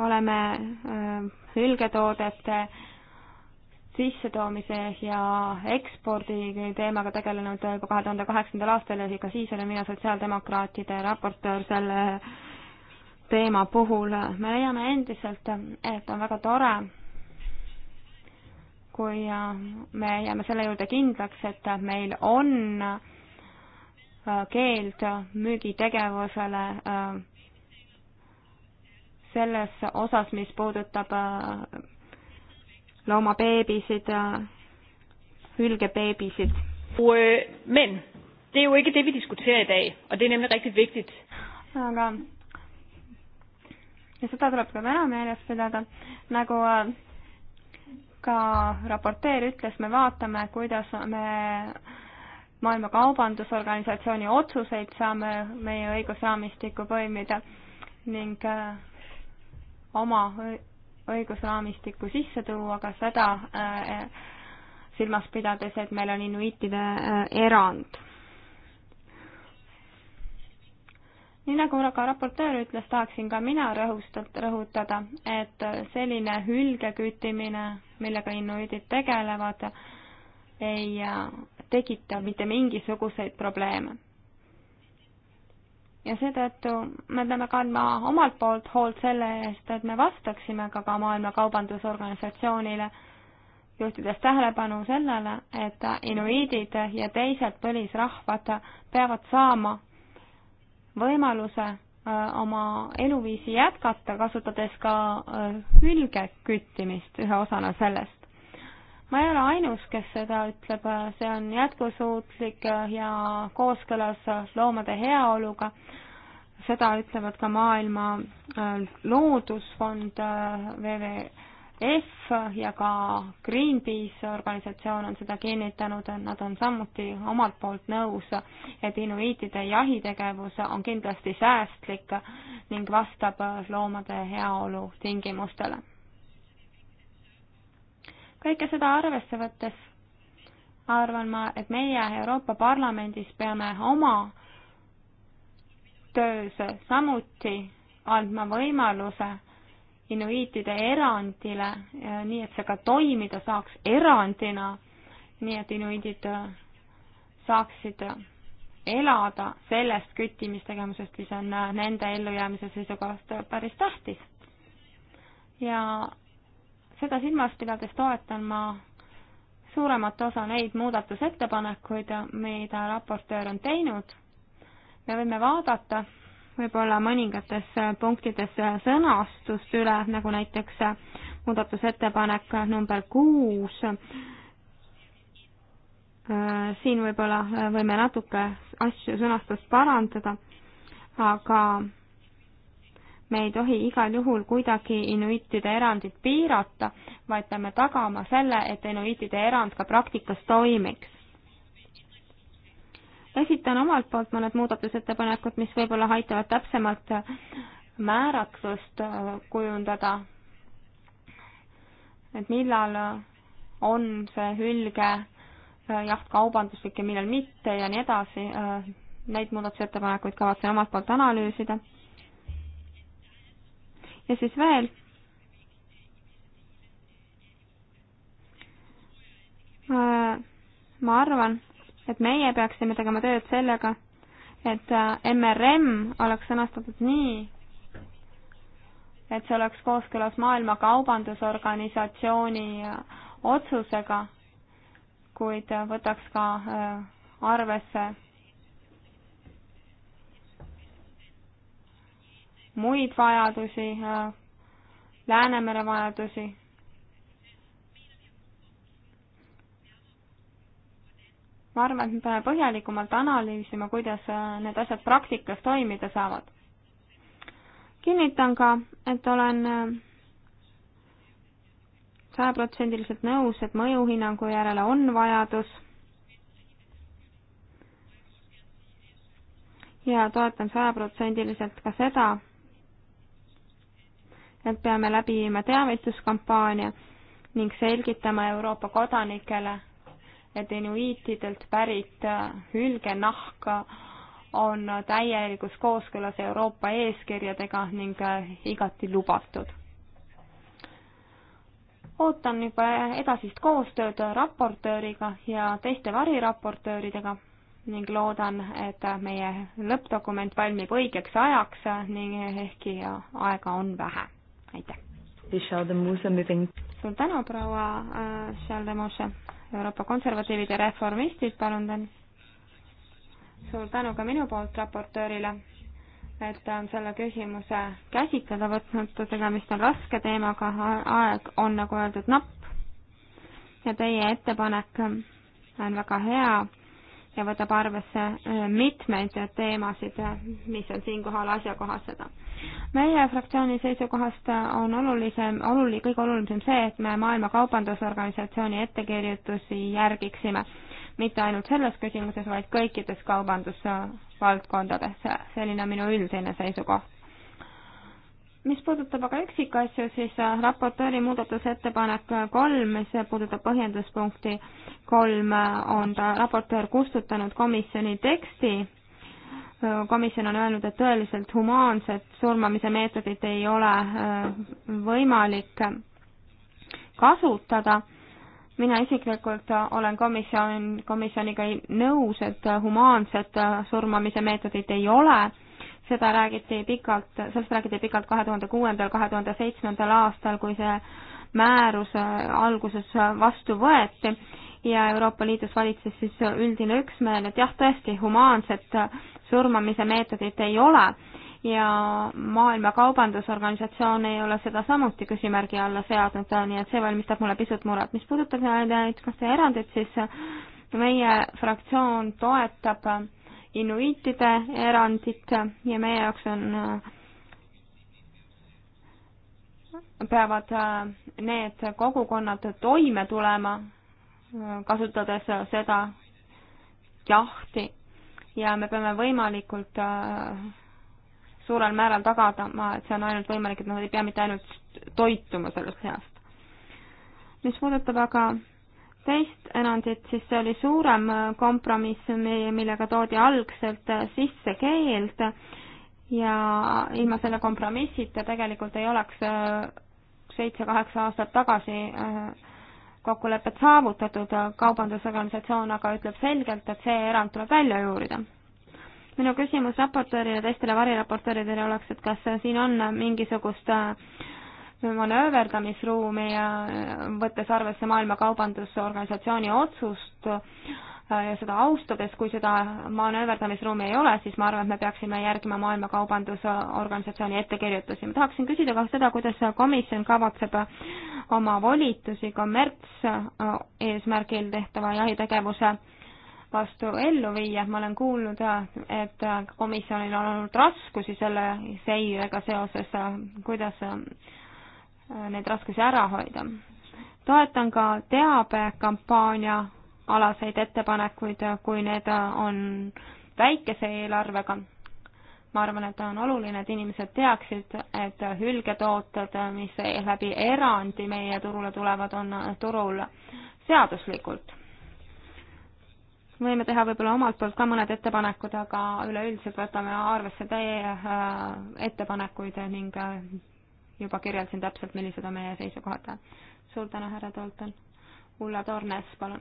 oleme äh, hülgetoodete äh, sissetoomise ja ekspordi teemaga tegelenud juba kahe tuhande kaheksandal aastal ja ka siis olin mina sotsiaaldemokraatide raportöör selle teema puhul. me leiame endiselt, et on väga tore, kui me jääme selle juurde kindlaks, et meil on äh, keeld müügitegevusele äh, selles osas, mis puudutab äh, loomabeebisid, hülgebeebisid. Øh, men det er jo ikke det, vi diskuterer i dag, og det er nemlig rigtig vigtigt. aga ja seda tuleb ka täna meeles pidada, nagu äh, ka raporteer ütles, me vaatame, kuidas me maailma Kaubandusorganisatsiooni otsuseid saame meie õigusraamistikku põimida ning äh, oma õigusraamistikku sisse tuua ka seda äh, silmas pidades, et meil on inuitide äh, erand. nii nagu ka raportöör ütles, tahaksin ka mina rõhustada, rõhutada, et selline hülgeküttimine, millega inuidid tegelevad, ei äh, tekita mitte mingisuguseid probleeme ja seetõttu me peame kandma omalt poolt hoolt selle eest, et me vastaksime ka, ka Maailma Kaubandusorganisatsioonile, juhtides tähelepanu sellele, et inuiidid ja teised põlisrahvad peavad saama võimaluse äh, oma eluviisi jätkata, kasutades ka äh, hülge küttimist ühe osana sellest ma ei ole ainus, kes seda ütleb, see on jätkusuutlik ja kooskõlas loomade heaoluga. seda ütlevad ka Maailma äh, Loodusfond, äh, WWF ja ka Greenpeace organisatsioon on seda kinnitanud, nad on samuti omalt poolt nõus, et inuiitide jahitegevus on kindlasti säästlik ning vastab loomade heaolu tingimustele kõike seda arvesse võttes arvan ma, et meie Euroopa Parlamendis peame oma töös samuti andma võimaluse inuiitide erandile, nii et see ka toimida saaks erandina, nii et inuiidid saaksid elada sellest küttimistegevusest, mis on nende ellujäämise seisukohast päris tähtis. ja seda silmas pidades toetan ma suuremat osa neid muudatusettepanekuid, mida raportöör on teinud. me võime vaadata võib-olla mõningates punktides sõnastust üle, nagu näiteks muudatusettepanek number kuus. siin võib-olla võime natuke asju, sõnastust parandada, aga me ei tohi igal juhul kuidagi inuitide erandit piirata, vaid peame tagama selle, et inuitide erand ka praktikas toimiks. esitan omalt poolt mõned muudatusettepanekud, mis võib-olla aitavad täpsemalt määratlust äh, kujundada, et millal on see hülge äh, jaht kaubanduslik ja millal mitte ja nii edasi, äh, neid muudatusettepanekuid kavatsen omalt poolt analüüsida ja siis veel. Äh, ma arvan, et meie peaksime tegema tööd sellega, et MRM äh, oleks sõnastatud nii, et see oleks kooskõlas Maailma Kaubandusorganisatsiooni äh, otsusega, kuid võtaks ka arvesse muid vajadusi, äh, Läänemere vajadusi. ma arvan, et me peame põhjalikumalt analüüsima, kuidas äh, need asjad praktikas toimida saavad. kinnitan ka, et olen äh, sajaprotsendiliselt nõus, et mõjuhinnangu järele on vajadus ja toetan sajaprotsendiliselt ka seda, et peame läbi viima teavituskampaania ning selgitama Euroopa kodanikele, et inuiitidelt pärit äh, hülgenahk on täielikus kooskõlas Euroopa eeskirjadega ning äh, igati lubatud. ootan juba edasist koostööd raportööriga ja teiste variraportööridega ning loodan, et meie lõppdokument valmib õigeks ajaks ning ehkki aega on vähe aitäh! suur tänu, proua äh, Šaldemose, Euroopa konservatiivid ja reformistid, palun teid! suur tänu ka minu poolt raportöörile, et ta on selle küsimuse käsitleda võtnud, tegemist on raske teemaga, aeg on nagu öeldud napp ja teie ettepanek on väga hea ja võtab arvesse äh, mitmeid teemasid, mis on siinkohal asjakohased. meie fraktsiooni seisukohast on olulisem, oluline, kõige olulisem see, et me Maailma Kaubandusorganisatsiooni ettekirjutusi järgiksime. mitte ainult selles küsimuses, vaid kõikides kaubandusvaldkondades. selline on minu üldine seisukoht mis puudutab aga üksikasju, siis äh, raportööri muudatusettepanek kolm, see puudutab põhjenduspunkti kolm, äh, on ta raportöör kustutanud komisjoni teksti. Äh, komisjon on öelnud, et tõeliselt humaanset surmamise meetodit ei ole võimalik kasutada mina isiklikult olen komisjon, komisjoniga nõus, et humaanset surmamise meetodit ei ole seda räägiti pikalt, sellest räägiti pikalt kahe tuhande kuuendal, kahe tuhande seitsmendal aastal, kui see määrus äh, alguses äh, vastu võeti ja Euroopa Liidus valitses siis üldine üksmeel, et jah, tõesti, humaanset äh, surmamise meetodit ei ole ja Maailma Kaubandusorganisatsioon ei ole seda samuti küsimärgi alla seadnud, nii et see valmistab mulle pisut muret. mis puudutab neid kas või erandeid, siis meie fraktsioon toetab inuitide erandit ja meie jaoks on, peavad äh, need kogukonnad toime tulema, äh, kasutades seda jahti ja me peame võimalikult äh, suurel määral tagadama, et see on ainult võimalik, et nad ei pea mitte ainult toituma sellest seast. mis puudutab aga teist erandit, siis see oli suurem kompromiss, millega toodi algselt sisse keeld ja ilma selle kompromissita tegelikult ei oleks äh, seitse-kaheksa aastat tagasi äh, kokkulepet saavutatud, kaubandusorganisatsioon aga ütleb selgelt, et see erand tuleb välja juurida. minu küsimus raportöörile, teistele variraportööridele oleks, et kas siin on mingisugust äh, manööverdamisruumi, võttes arvesse Maailma Kaubandusorganisatsiooni otsust äh, ja seda austades, kui seda manööverdamisruumi ei ole, siis ma arvan, et me peaksime järgima Maailma Kaubandusorganisatsiooni ettekirjutusi. ma tahaksin küsida ka seda, kuidas komisjon kavatseb oma volitusi kommertseesmärgil äh, tehtava jahitegevuse vastu ellu viia, ma olen kuulnud, et komisjonil on olnud raskusi selle seirega seoses, kuidas Äh, neid raskusi ära hoida. toetan ka teabekampaania alaseid ettepanekuid, kui need äh, on väikese eelarvega. ma arvan, et on oluline, et inimesed teaksid, et hülgetooted, mis läbi erandi meie turule tulevad, on turul seaduslikult. võime teha võib-olla omalt poolt ka mõned ettepanekud, aga üleüldiselt võtame arvesse teie äh, ettepanekuid ning juba kirjeldasin täpselt, millised on meie seisukohad. suur tänu, härra Tolton. Ulla Tornes, palun.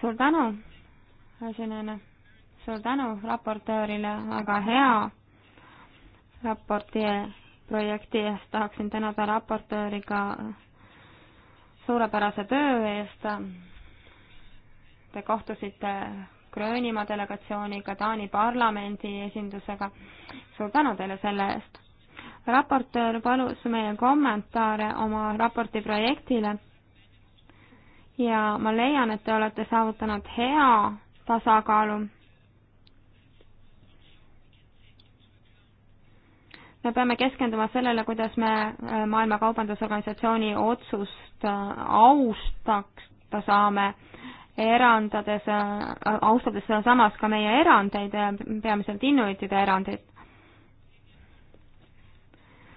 suur tänu, esinejana. suur tänu raportöörile, väga hea raporti projekti eest. tahaksin tänada raportööri ka suurepärase töö eest. Te kohtusite Gröönimaa delegatsiooniga, Taani parlamendi esindusega. suur tänu teile selle eest raportöör palus meie kommentaare oma raporti projektile ja ma leian, et te olete saavutanud hea tasakaalu. me peame keskenduma sellele, kuidas me äh, Maailma Kaubandusorganisatsiooni otsust äh, austada saame, erandades, äh, austades samas ka meie erandeid, peamiselt innuitide erandeid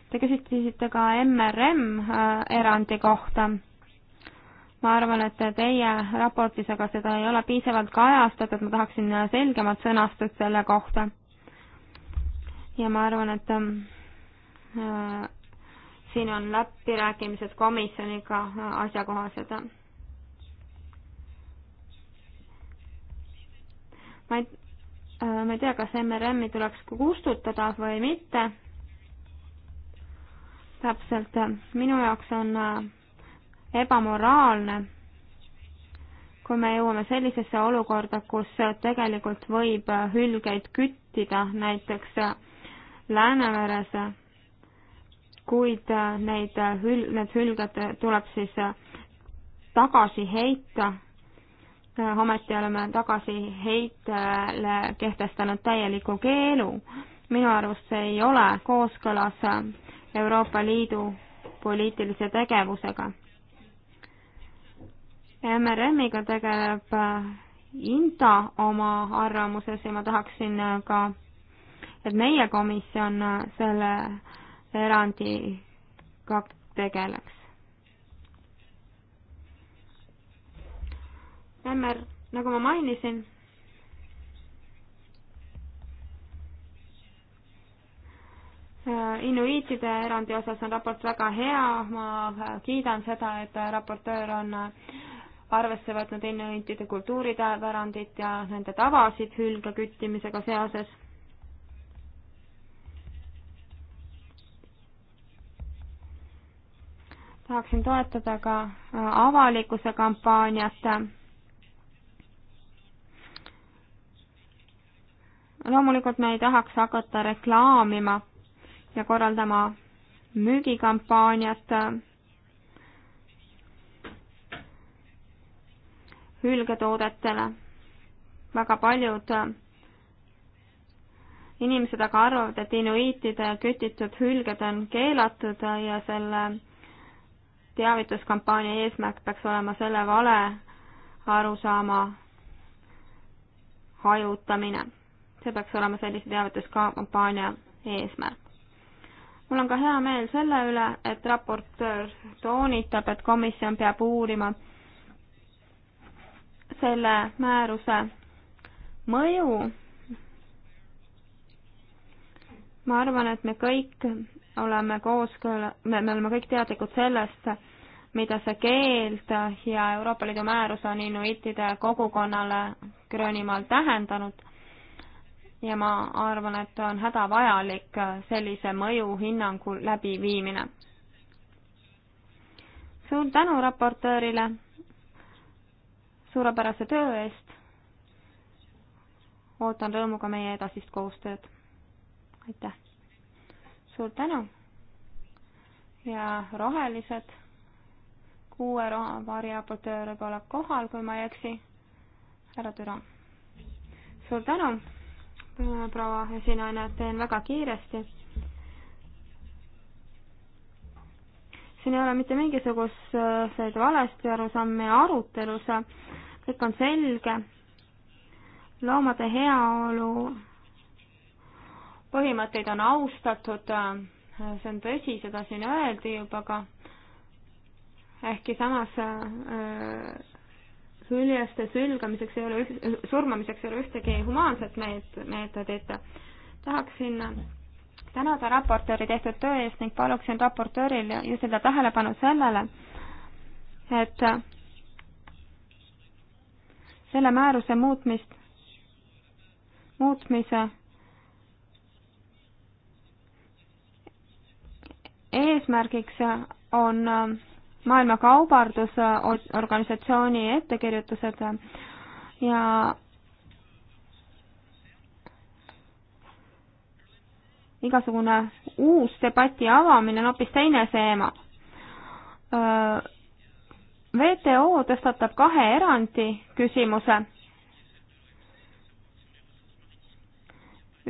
Te küsitlesite ka MRM äh, erandi kohta. ma arvan, et teie raportis aga seda ei ole piisavalt kajastatud, ma tahaksin selgemat sõnastust selle kohta. ja ma arvan, et äh, siin on läbirääkimised komisjoniga äh, asjakohased. ma ei, äh, ma ei tea, kas MRM-i tuleks kustutada või mitte täpselt, minu jaoks on äh, ebamoraalne, kui me jõuame sellisesse olukorda, kus tegelikult võib äh, hülgeid küttida näiteks äh, Läänemeres, kuid neid hül-, need hülged tuleb siis tagasi heita, ometi oleme tagasiheitele kehtestanud täieliku keelu. minu arust see ei ole kooskõlas Euroopa Liidu poliitilise tegevusega. MRM-iga tegeleb äh, INTA oma arvamuses ja ma tahaksin äh, ka, et meie komisjon äh, selle erandiga tegeleks. MR, nagu ma mainisin Äh, inuiitide erandi osas on raport väga hea, ma äh, kiidan seda, et äh, raportöör on arvesse võtnud inuiitide kultuuripärandit ja nende tavasid hülge küttimisega seoses tahaksin toetada ka avalikkuse kampaaniat. loomulikult me ei tahaks hakata reklaamima ja korraldama müügikampaaniat hülgetoodetele. väga paljud inimesed aga arvavad, et inuiitide kütitud hülged on keelatud ja selle teavituskampaania eesmärk peaks olema selle vale arusaama hajutamine. see peaks olema sellise teavituskampaania eesmärk mul on ka hea meel selle üle, et raportöör toonitab, et komisjon peab uurima selle määruse mõju. ma arvan, et me kõik oleme kooskõla-, me, me oleme kõik teadlikud sellest, mida see keeld ja Euroopa Liidu määrus on inuitide kogukonnale Gröönimaal tähendanud ja ma arvan, et on hädavajalik äh, sellise mõjuhinnangu läbiviimine. suur tänu raportöörile suurepärase töö eest. ootan rõõmuga meie edasist koostööd. aitäh. suur tänu. ja rohelised, kuue roha, variraportöör võib olla kohal, kui ma ei eksi. härra Türa. suur tänu proua esinaine, teen väga kiiresti. siin ei ole mitte mingisuguseid valesti arusamme ja arutelus, kõik on selge. loomade heaolu põhimõtteid on austatud, see on tõsi, seda siin öeldi juba, aga ehkki samas öö, hüljeste sülgamiseks ei ole, surmamiseks ei ole ühtegi humaanset meet-, meetodit. tahaksin tänada raportööri tehtud töö eest ning paluksin raportööril juhtida tähelepanu sellele, et selle määruse muutmist, muutmise eesmärgiks on Maailma Kaubardusorganisatsiooni ettekirjutused ja igasugune uus debati avamine on hoopis teine teema. WTO tõstatab kahe erandi küsimuse.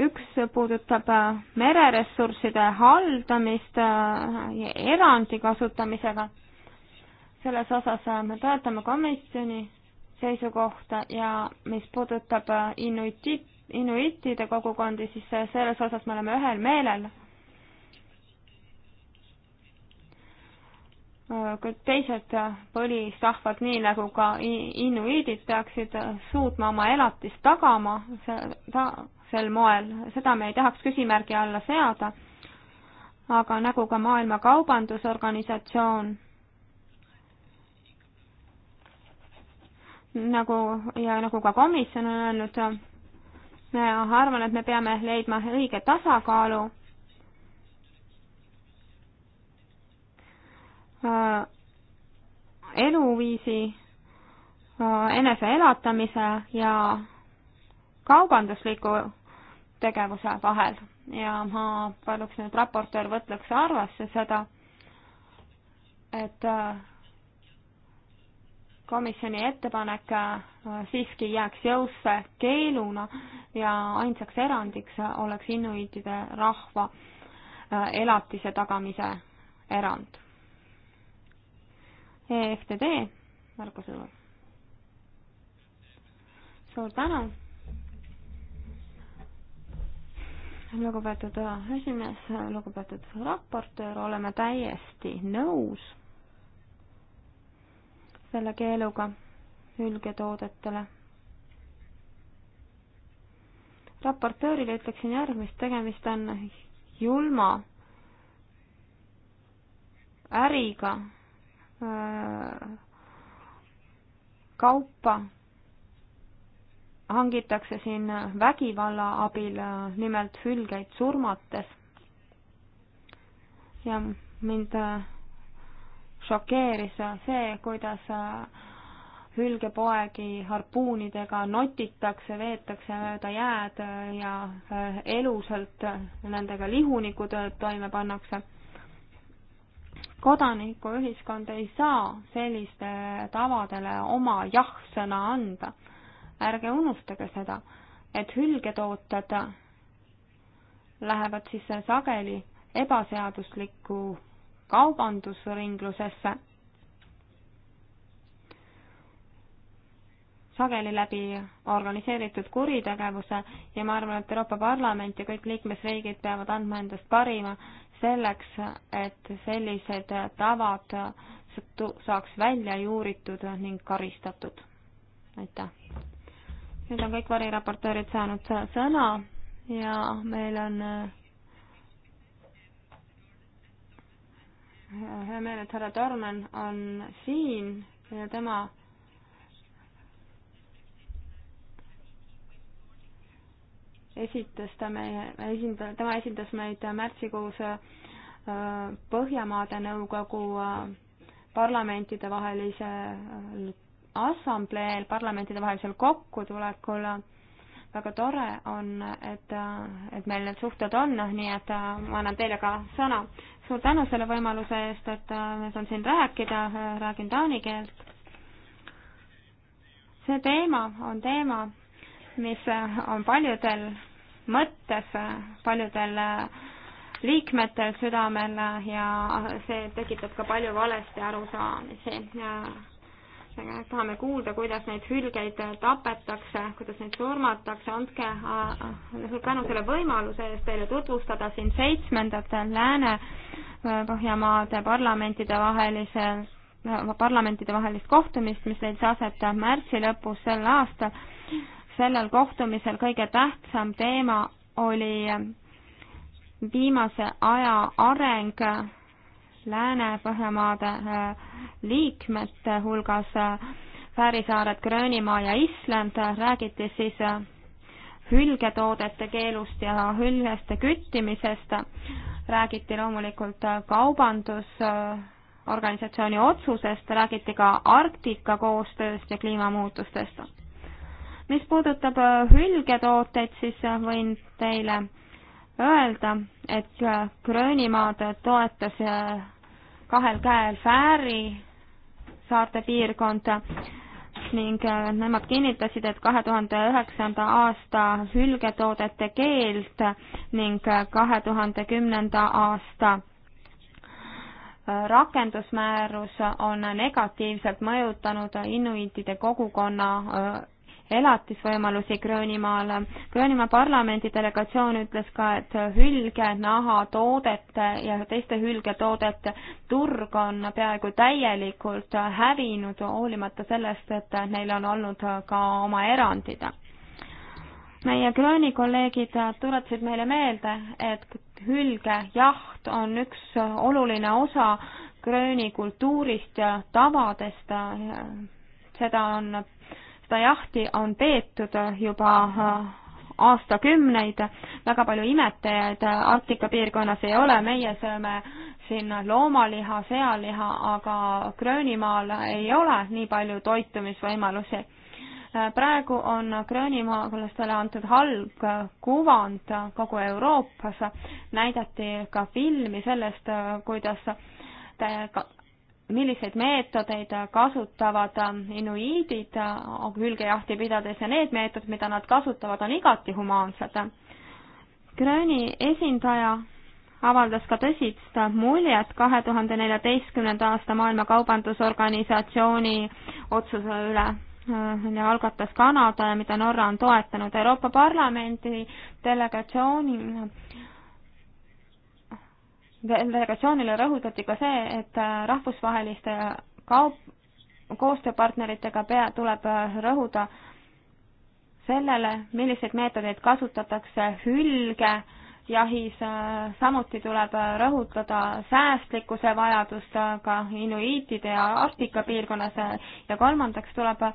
üks puudutab mereressursside haldamist erandi kasutamisega selles osas äh, me toetame komisjoni seisukohta ja mis puudutab äh, inuiti, inuitide kogukondi, siis äh, selles osas me oleme ühel meelel. kui teised põlisrahvad, nii nagu ka inuiidid, peaksid suutma oma elatist tagama ta, sel moel, seda me ei tahaks küsimärgi alla seada. aga nagu ka Maailma Kaubandusorganisatsioon nagu ja nagu ka komisjon on öelnud, arvan, et me peame leidma õige tasakaalu äh, eluviisi äh, enese elatamise ja kaubandusliku tegevuse vahel ja ma paluksin, et raportöör võtaks arvesse seda, et äh, komisjoni ettepanek äh, siiski jääks jõusse keeluna ja ainsaks erandiks oleks inuitide rahva äh, elatise tagamise erand. EFTD, Margus Õlu. suur tänu, lugupeetud äh, esimees, lugupeetud raportöör, oleme täiesti nõus selle keeluga hülgetoodetele. raportöörile ütleksin järgmist, tegemist on julma äriga äh, kaupa hangitakse siin vägivalla abil, äh, nimelt hülgeid surmates. ja mind äh, šokeeris see, kuidas äh, hülgepoegi harpuunidega notitakse, veetakse mööda jääd ja äh, elusalt nendega lihunikud toime pannakse. kodanikuühiskond ei saa selliste tavadele oma jah-sõna anda. ärge unustage seda, et hülgetooted lähevad siis sageli ebaseadusliku kaubandusringlusesse, sageli läbi organiseeritud kuritegevuse ja ma arvan, et Euroopa Parlament ja kõik liikmesriigid peavad andma endast parima selleks, et sellised tavad saaks välja juuritud ning karistatud. aitäh! nüüd on kõik variraportöörid saanud sõna ja meil on hea meel, et härra Tormen on siin ja tema esitas ta meie, esinda-, tema esindas meid märtsikuus äh, Põhjamaade Nõukogu äh, parlamentidevahelisel äh, assambleel, parlamentidevahelisel kokkutulekul. väga tore on, et, et meil need suhted on, nii et ma annan teile ka sõna suur tänu selle võimaluse eest, et äh, ma saan siin rääkida, äh, räägin taani keelt. see teema on teema, mis äh, on paljudel mõttes, paljudel liikmetel südamel ja see tekitab ka palju valesti arusaamisi tahame kuulda, kuidas neid hülgeid tapetakse, kuidas neid surmatakse, andke suur tänu selle võimaluse eest teile tutvustada siin seitsmendat Lääne-Põhjamaade äh, parlamentide vahelise, äh, parlamentide vahelist kohtumist, mis leidis aset märtsi lõpus sel aastal. sellel kohtumisel kõige tähtsam teema oli äh, viimase aja areng Lääne-Põhjamaade äh, liikmete hulgas, äh, Fäärisaared, Gröönimaa ja Island, äh, räägiti siis hülgetoodete keelust ja hülgeste küttimisest, räägiti loomulikult kaubandusorganisatsiooni otsusest, räägiti ka Arktika koostööst ja kliimamuutustest. mis puudutab hülgetooteid, siis võin teile öelda, et Gröönimaad toetas kahel käel Fääri saarte piirkonda ning äh, nemad kinnitasid, et kahe tuhande üheksanda aasta hülgetoodete keeld ning äh, kahe tuhande kümnenda aasta äh, rakendusmäärus on negatiivselt mõjutanud inuitide kogukonna elatisvõimalusi Gröönimaal. Gröönimaa parlamendi delegatsioon ütles ka, et hülge, nahatoodete ja teiste hülgetoodete turg on peaaegu täielikult hävinud, hoolimata sellest, et neil on olnud ka oma erandid. meie Grööni kolleegid tuletasid meile meelde, et hülgejaht on üks oluline osa Grööni kultuurist ja tavadest, seda on seda jahti on peetud äh, juba äh, aastakümneid, väga palju imetajaid äh, Arktika piirkonnas ei ole, meie sööme siin loomaliha, sealiha, aga Gröönimaal ei ole nii palju toitumisvõimalusi. praegu on gröönimaalastele antud halb kuvand kogu Euroopas, näidati ka filmi sellest, kuidas milliseid meetodeid kasutavad inuiidid hülgejahti pidades ja need meetodid, mida nad kasutavad, on igati humaansed. Gröni esindaja avaldas ka tõsist muljet kahe tuhande neljateistkümnenda aasta Maailma Kaubandusorganisatsiooni otsuse üle ja algatas Kanada ja mida Norra on toetanud Euroopa Parlamendi delegatsiooni delegatsioonile rõhutati ka see, et äh, rahvusvaheliste kaup, koostööpartneritega pea, tuleb äh, rõhuda sellele, milliseid meetodeid kasutatakse hülge jahis, äh, samuti tuleb rõhutada säästlikkuse vajadust ka inuiitide ja Arktika piirkonnas ja kolmandaks tuleb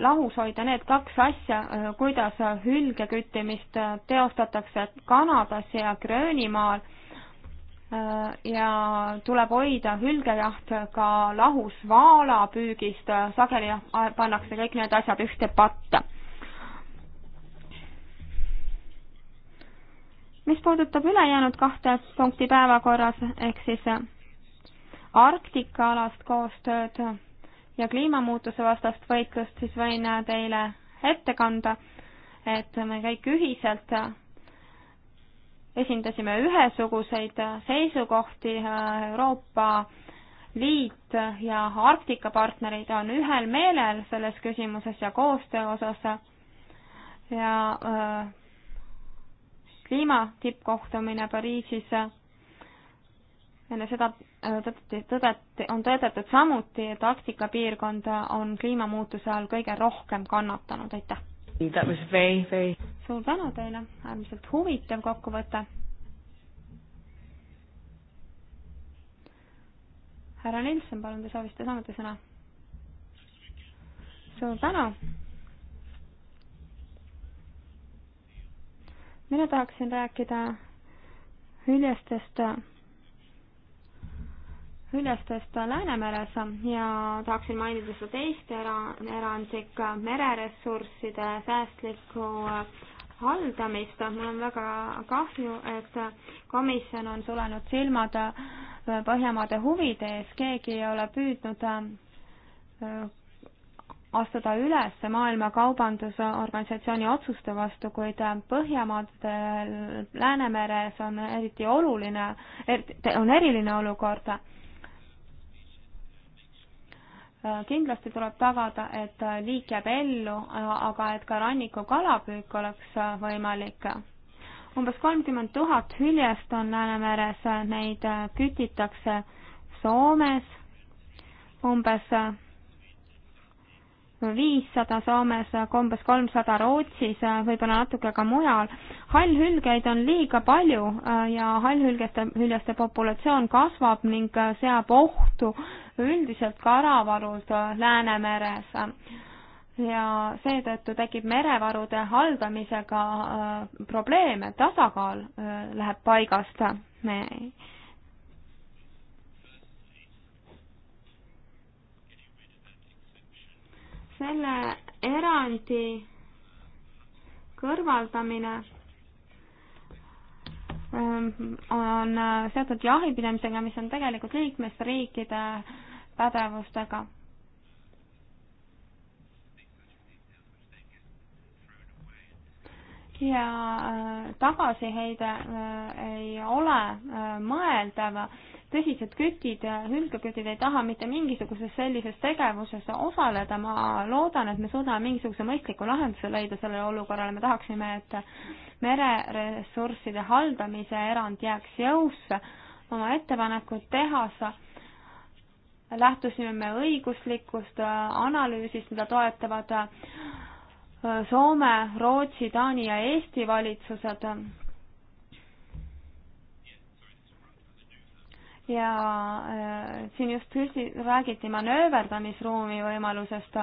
lahus hoida need kaks asja, kuidas hülgeküttimist teostatakse Kanadas ja Gröönimaal Äh, ja tuleb hoida hülgejaht ka lahus vaalapüügist, sageli pannakse kõik need asjad ühte patta. mis puudutab ülejäänud kahte punkti päevakorras, ehk siis Arktika-alast koostööd ja kliimamuutuse vastast võitlust, siis võin teile ette kanda, et me kõik ühiselt esindasime ühesuguseid seisukohti, Euroopa Liit ja Arktika partnerid on ühel meelel selles küsimuses ja koostöö osas ja äh, kliima tippkohtumine Pariisis enne seda äh, tõdeti, tõdeti, on tõdetud samuti, et Arktika piirkond on kliimamuutuse all kõige rohkem kannatanud, aitäh! That was very, very suur tänu teile, äärmiselt huvitav kokkuvõte. härra Nilsson, palun, te soovisite samuti sõna? suur tänu. mina tahaksin rääkida hüljestest ülestõst Läänemeres ja tahaksin mainida seda teist era-, erandit, mereressursside säästlikku äh, haldamist. mul on väga kahju, et komisjon on sulenud silmad äh, Põhjamaade huvide ees, keegi ei ole püüdnud äh, astuda üles Maailma Kaubandusorganisatsiooni otsuste vastu, kuid Põhjamaadel Läänemeres on eriti oluline, on eriline olukord Äh, kindlasti tuleb tagada, et äh, liik jääb ellu, äh, aga et ka ranniku kalapüük oleks võimalik. umbes kolmkümmend tuhat hüljest on Läänemeres, neid kütitakse Soomes, umbes viissada Soomes, umbes kolmsada Rootsis, võib-olla natuke ka mujal. hallhülgeid on liiga palju ja hallhülgeste, hüljeste populatsioon kasvab ning seab ohtu üldiselt karavarud Läänemeres ja seetõttu tekib merevarude haldamisega äh, probleeme, tasakaal äh, läheb paigast. me selle erandi kõrvaldamine ähm, on äh, seotud jahipidamisega, mis on tegelikult liikmesriikide pädevustega. ja äh, tagasiheide äh, ei ole äh, mõeldav, tõsised kütid, hülgekütid ei taha mitte mingisuguses sellises tegevuses osaleda, ma loodan, et me suudame mingisuguse mõistliku lahenduse leida sellele olukorrale, me tahaksime, et mereressursside haldamise erand jääks jõusse, oma ettepanekud tehas lähtusime me õiguslikust äh, analüüsist, mida toetavad äh, Soome, Rootsi, Taani ja Eesti valitsused. ja äh, siin just küsi-, räägiti manööverdamisruumi võimalusest,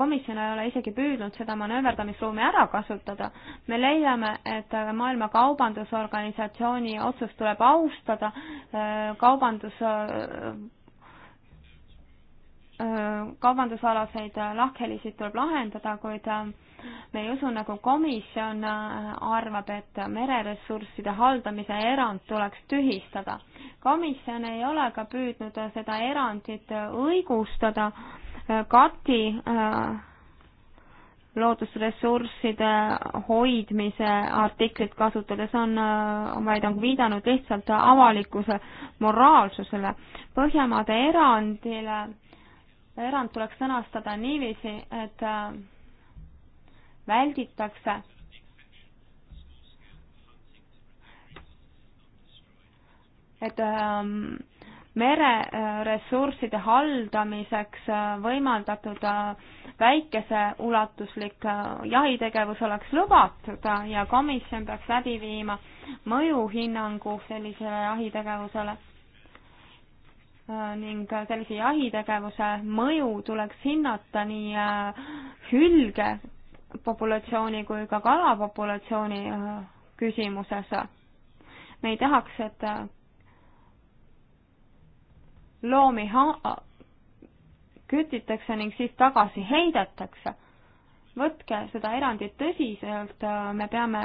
komisjon ei ole isegi püüdnud seda manööverdamisruumi ära kasutada. me leiame, et Maailma Kaubandusorganisatsiooni otsust tuleb austada, kaubandus Äh, kaubandusalaseid äh, lahkhelisid tuleb lahendada, kuid äh, me ei usu, nagu komisjon arvab, et mereressursside haldamise erand tuleks tühistada. komisjon ei ole ka püüdnud seda erandit õigustada. Kati loodusressursside hoidmise artiklit kasutades on, vaid on viidanud lihtsalt avalikkuse moraalsusele. Põhjamaade erandile erand tuleks sõnastada niiviisi, et äh, välditakse et ähm, mereressursside haldamiseks äh, võimaldatud äh, väikeseulatuslik jahitegevus oleks lubatud ja komisjon peaks läbi viima mõjuhinnangu sellisele jahitegevusele Äh, ning sellise jahitegevuse mõju tuleks hinnata nii äh, hülge populatsiooni kui ka kalapopulatsiooni äh, küsimuses. me ei tahaks, et loomi ha-, kütitakse ning siis tagasi heidetakse. võtke seda erandit tõsiselt, me peame,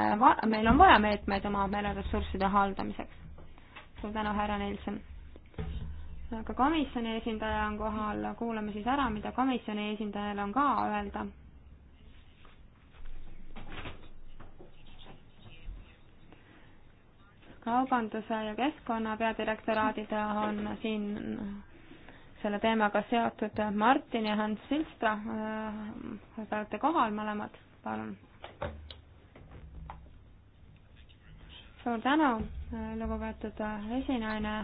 meil on vaja meetmeid oma mereressursside haldamiseks. suur tänu, härra Nilsson ka komisjoni esindaja on kohal, kuulame siis ära, mida komisjoni esindajal on ka öelda. kaubanduse ja keskkonna peadirektoraadid on siin selle teemaga seotud Martin ja Hans Silstra. Äh, te olete kohal mõlemad, palun. suur tänu, lugupeetud esinaine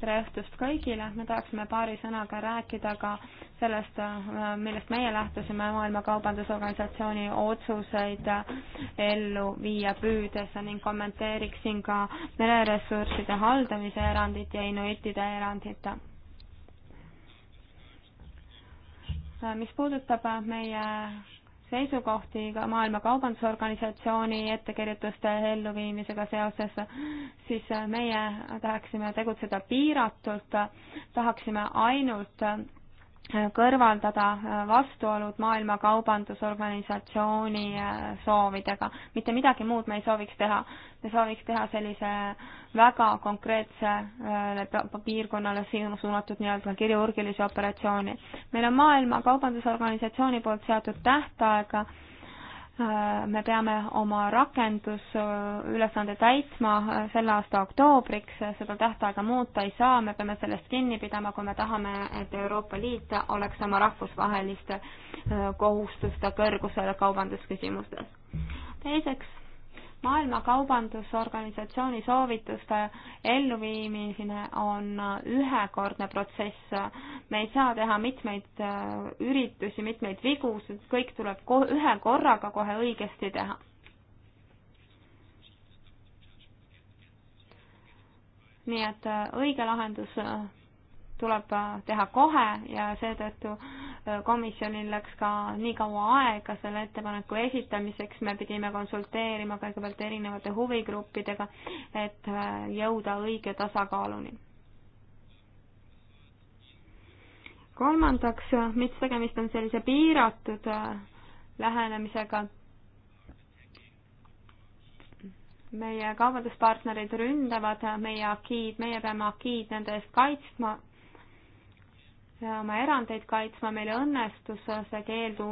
tere õhtust kõigile, me tahaksime paari sõnaga rääkida ka sellest, millest meie lähtusime Maailma Kaubandusorganisatsiooni otsuseid ellu viia püüdes ning kommenteeriksin ka mereressursside haldamise erandit ja inuitide erandit. mis puudutab meie seisukohti ka Maailma Kaubandusorganisatsiooni ettekirjutuste elluviimisega seoses, siis meie tahaksime tegutseda piiratult, tahaksime ainult kõrvaldada äh, vastuolud Maailma Kaubandusorganisatsiooni äh, soovidega. mitte midagi muud me ei sooviks teha. me sooviks teha sellise väga konkreetsele äh, piirkonnale suunatud nii-öelda kirurgilisi operatsioone. meil on Maailma Kaubandusorganisatsiooni poolt seatud tähtaeg Äh, me peame oma rakendusülesande täitma äh, selle aasta oktoobriks, seda tähtaega muuta ei saa, me peame sellest kinni pidama, kui me tahame, et Euroopa Liit oleks oma rahvusvaheliste äh, kohustuste kõrgusel kaubandusküsimustes. teiseks maailma Kaubandusorganisatsiooni soovituste elluviimine on ühekordne protsess. me ei saa teha mitmeid äh, üritusi, mitmeid vigu, sest kõik tuleb ühe korraga kohe õigesti teha. nii et äh, õige lahendus äh, tuleb teha kohe ja seetõttu komisjonil läks ka nii kaua aega selle ettepaneku esitamiseks, me pidime konsulteerima kõigepealt erinevate huvigruppidega, et äh, jõuda õige tasakaaluni. kolmandaks, miks tegemist on sellise piiratud äh, lähenemisega? meie kaubanduspartnerid ründavad äh, meie akiid, meie peame akiid nende eest kaitsma oma erandeid kaitsma, meil õnnestus see keeldu,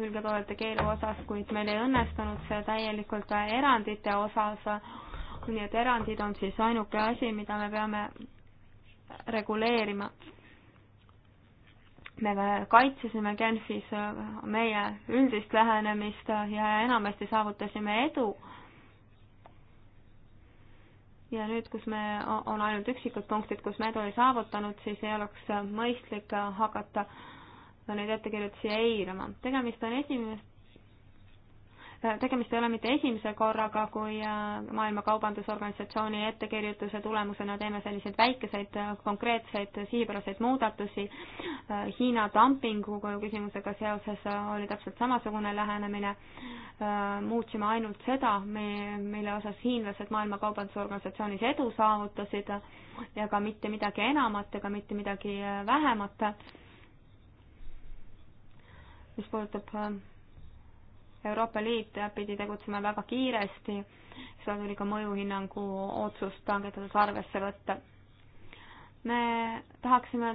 hülgetoodete keelu osas, kuid meil ei õnnestunud see täielikult erandite osas. nii et erandid on siis ainuke asi, mida me peame reguleerima. me kaitsesime Genfis meie üldist lähenemist ja enamasti saavutasime edu ja nüüd, kus me, on ainult üksikud punktid, kus me edu ei saavutanud, siis ei oleks mõistlik hakata neid ettekirjutusi eirama. tegemist on esimest Äh, tegemist ei ole mitte esimese korraga, kui äh, Maailma Kaubandusorganisatsiooni ettekirjutuse tulemusena teeme selliseid väikeseid äh, konkreetseid sihipäraseid muudatusi. Hiina dumpingu küsimusega seoses oli täpselt samasugune lähenemine. muutsime ainult seda, mille osas hiinlased Maailma Kaubandusorganisatsioonis edu saavutasid ja ka mitte midagi enamat ega mitte midagi vähemat. mis puudutab Euroopa Liit pidi tegutsema väga kiiresti, seda tuli ka mõjuhinnangu otsust langetades arvesse võtta. me tahaksime,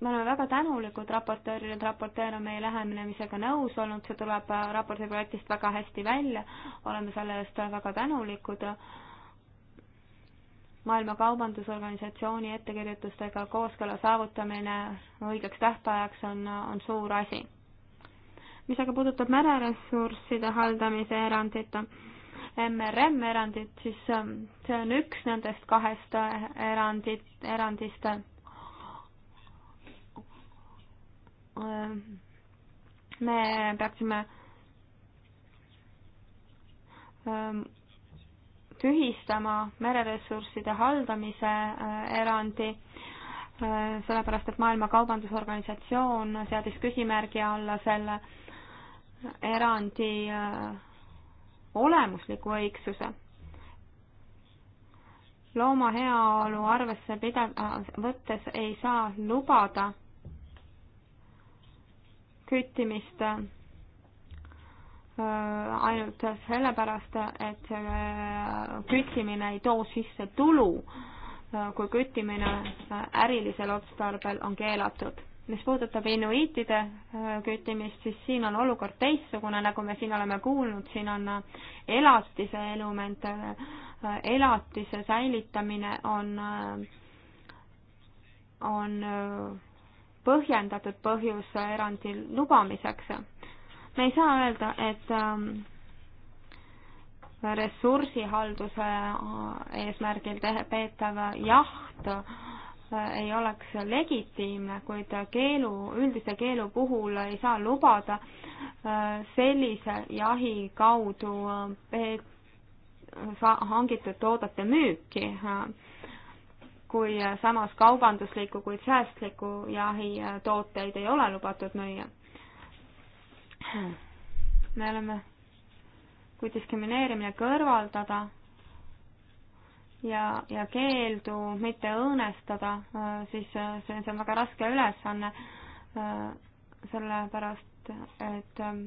me oleme väga tänulikud raportöörile, et raportöör on meie lähenemisega nõus olnud, see tuleb raporti projektist väga hästi välja, oleme selle eest väga tänulikud maailma Kaubandusorganisatsiooni ettekirjutustega kooskõla saavutamine õigeks tähtajaks on, on suur asi mis aga puudutab mereressursside haldamise erandit, MRM erandit, siis ähm, see on üks nendest kahest äh, erandit, erandist. Ähm, me peaksime ähm, tühistama mereressursside haldamise äh, erandi, äh, sellepärast et Maailma Kaubandusorganisatsioon seadis küsimärgi alla selle erandi äh, olemusliku õigsuse. looma heaolu arvesse pida-, äh, võttes ei saa lubada küttimist äh, ainult sellepärast, et küttimine ei too sisse tulu, kui küttimine ärilisel otstarbel on keelatud mis puudutab inuiitide äh, küttimist, siis siin on olukord teistsugune, nagu me siin oleme kuulnud, siin on äh, elatise element, äh, elatise säilitamine on, on põhjendatud põhjus erandi lubamiseks. me ei saa öelda, et ähm, ressursihalduse eesmärgil peetav jaht ei oleks legitiimne, kuid keelu, üldise keelu puhul ei saa lubada äh, sellise jahi kaudu äh, hangitud toodete müüki, äh, kui samas kaubandusliku, kuid säästliku jahi tooteid ei ole lubatud müüa. me oleme, kui diskrimineerimine kõrvaldada ja, ja keeldu mitte õõnestada, äh, siis äh, see, see on väga raske ülesanne, äh, sellepärast et ähm,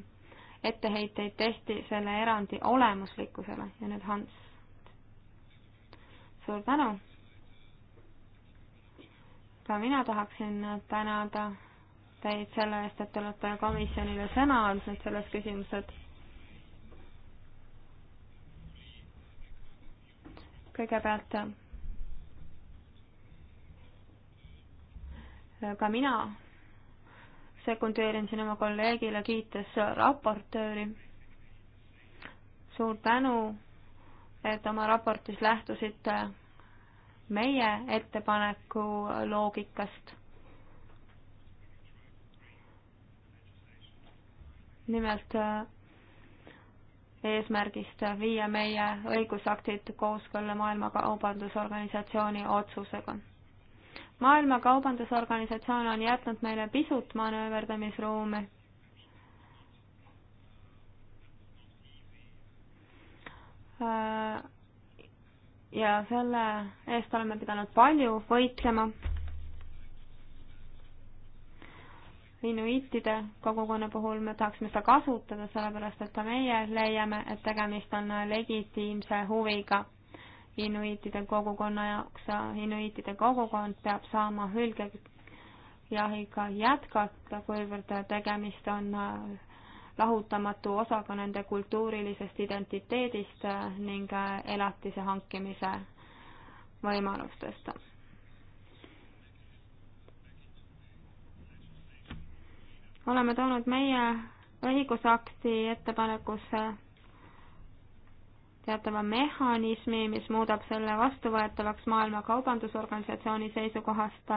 etteheiteid tehti selle erandi olemuslikkusele ja nüüd Hans. suur tänu! ka mina tahaksin tänada teid selle eest, et te olete komisjonile sõna andnud selles küsimuses kõigepealt ka mina sekundeerin siin oma kolleegile, kiites raportööri. suur tänu, et oma raportis lähtusite meie ettepaneku loogikast. nimelt eesmärgist viia meie õigusaktid kooskõlla Maailma Kaubandusorganisatsiooni otsusega. maailma Kaubandusorganisatsioon on jätnud meile pisut manööverdamisruumi. Äh, ja selle eest oleme pidanud palju võitlema inuitide kogukonna puhul me tahaksime seda kasutada, sellepärast et ka meie leiame, et tegemist on legitiimse huviga inuitide kogukonna jaoks. inuitide kogukond peab saama hülgejahiga jätkata, kuivõrd tegemist on lahutamatu osaga nende kultuurilisest identiteedist ning elatise hankimise võimalustest oleme toonud meie õigusakti ettepanekusse teatava mehhanismi, mis muudab selle vastuvõetavaks Maailma Kaubandusorganisatsiooni seisukohast.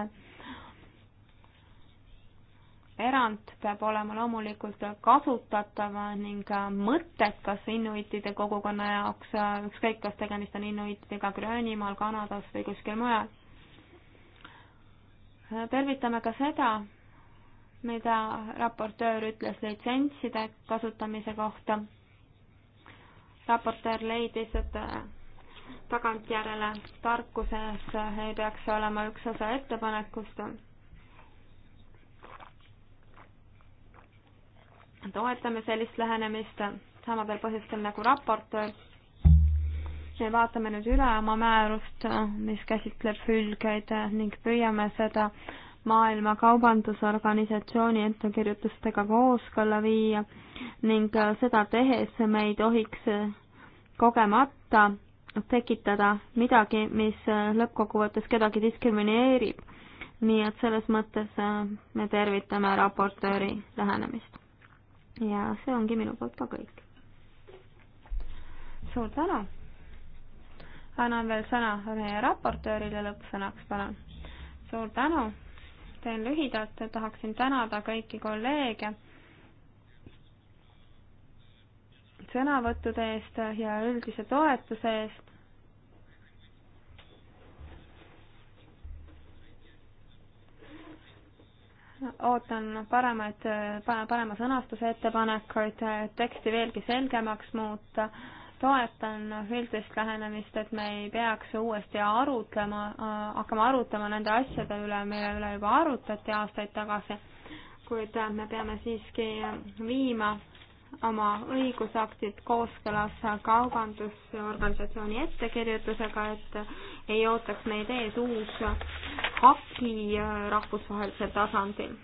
erand peab olema loomulikult kasutatav ning mõttekas inuitide kogukonna jaoks, ükskõik, kas tegemist on inuitidega Gröönimaal, Kanadas või kuskil mujal. tervitame ka seda, mida raportöör ütles litsentside kasutamise kohta. raportöör leidis, et tagantjärele tarkuses ei peaks olema üks osa ettepanekust. toetame sellist lähenemist samadel põhjustel nagu raportöör. me vaatame nüüd üle oma määrust, mis käsitleb hülgeid ning püüame seda äh, Maailma Kaubandusorganisatsiooni ettekirjutustega kooskõlla viia ning äh, seda tehes me ei tohiks äh, kogemata tekitada midagi, mis äh, lõppkokkuvõttes kedagi diskrimineerib. nii et selles mõttes me tervitame raportööri lähenemist. ja see ongi minu poolt ka kõik. suur tänu! annan veel sõna meie raportöörile lõppsõnaks, palun. suur tänu! teen lühidalt, tahaksin tänada kõiki kolleege sõnavõttude eest ja üldise toetuse eest. ootan paremaid, parema sõnastuse ettepanekuid, teksti veelgi selgemaks muuta toetan üldist lähenemist, et me ei peaks uuesti arutlema, hakkama arutama nende asjade üle, mille üle juba arutati aastaid tagasi, kuid me peame siiski viima oma õigusaktid kooskõlas kaubandusorganisatsiooni ettekirjutusega, et ei ootaks meid ees uus haki rahvusvahelisel tasandil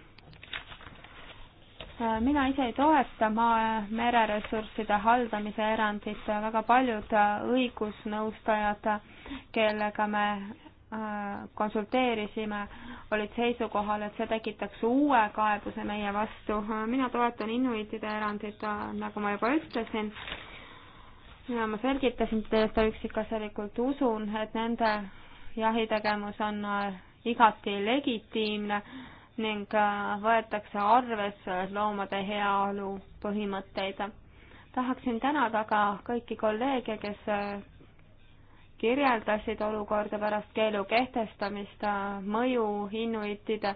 Äh, mina ise ei toeta maa, mereressursside haldamise erandit, väga paljud äh, õigusnõustajad, kellega me äh, konsulteerisime, olid seisukohal, et see tekitaks uue kaebuse meie vastu. mina toetan inuitide erandit, nagu ma juba ütlesin, ja ma selgitasin seda üksikasjalikult, usun, et nende jahitegevus on igati legitiimne ning äh, võetakse arvesse loomade heaolu põhimõtteid. tahaksin tänada ka kõiki kolleege, kes äh, kirjeldasid olukorda pärast keelu kehtestamist, äh, mõju inuitide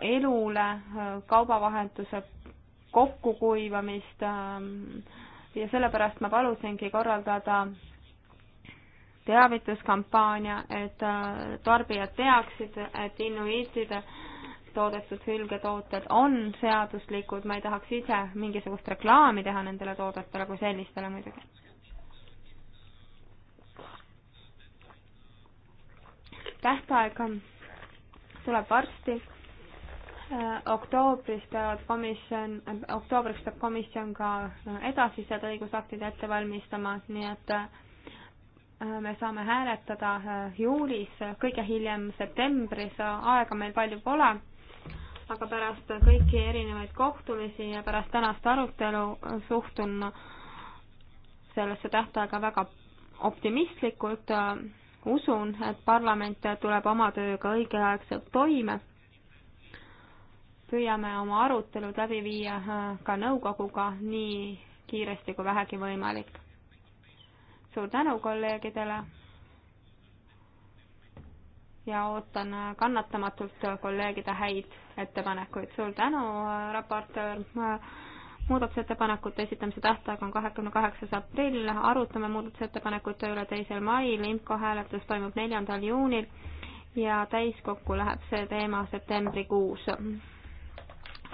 elule, kaubavahetuse kokkukuivamist ähm, ja sellepärast ma palusingi korraldada teavituskampaania, et äh, tarbijad teaksid, et inuiitide toodetud hülgetooted on seaduslikud, ma ei tahaks ise mingisugust reklaami teha nendele toodetele kui sellistele muidugi. tähtaeg tuleb varsti äh, oktoobris peavad komisjon, äh, oktoobriks peab komisjon ka edasised õigusaktid ette valmistama, nii et Äh, me saame hääletada äh, juulis, äh, kõige hiljem septembris, aega meil palju pole, aga pärast kõiki erinevaid kohtumisi ja pärast tänast arutelu suhtun sellesse tähtaega väga optimistlikult, usun, et parlament tuleb oma tööga õigeaegselt toime. püüame oma arutelud läbi viia ka nõukoguga nii kiiresti kui vähegi võimalik suur tänu kolleegidele ja ootan kannatamatult kolleegide häid ettepanekuid. suur tänu, raportöör. muudatusettepanekute esitamise tähtaeg on kahekümne kaheksas aprill, arutame muudatusettepanekute üle teisel mail, IMCO hääletus toimub neljandal juunil ja täiskokku läheb see teema septembrikuus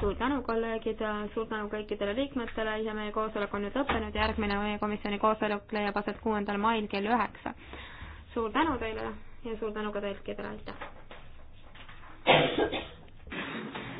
suur tänu, kolleegid, suur tänu kõikidele liikmetele ja meie koosolek on nüüd lõppenud, järgmine meie komisjoni koosolek leiab aset kuuendal mail kell üheksa. suur tänu teile ja suur tänu ka teile, aitäh!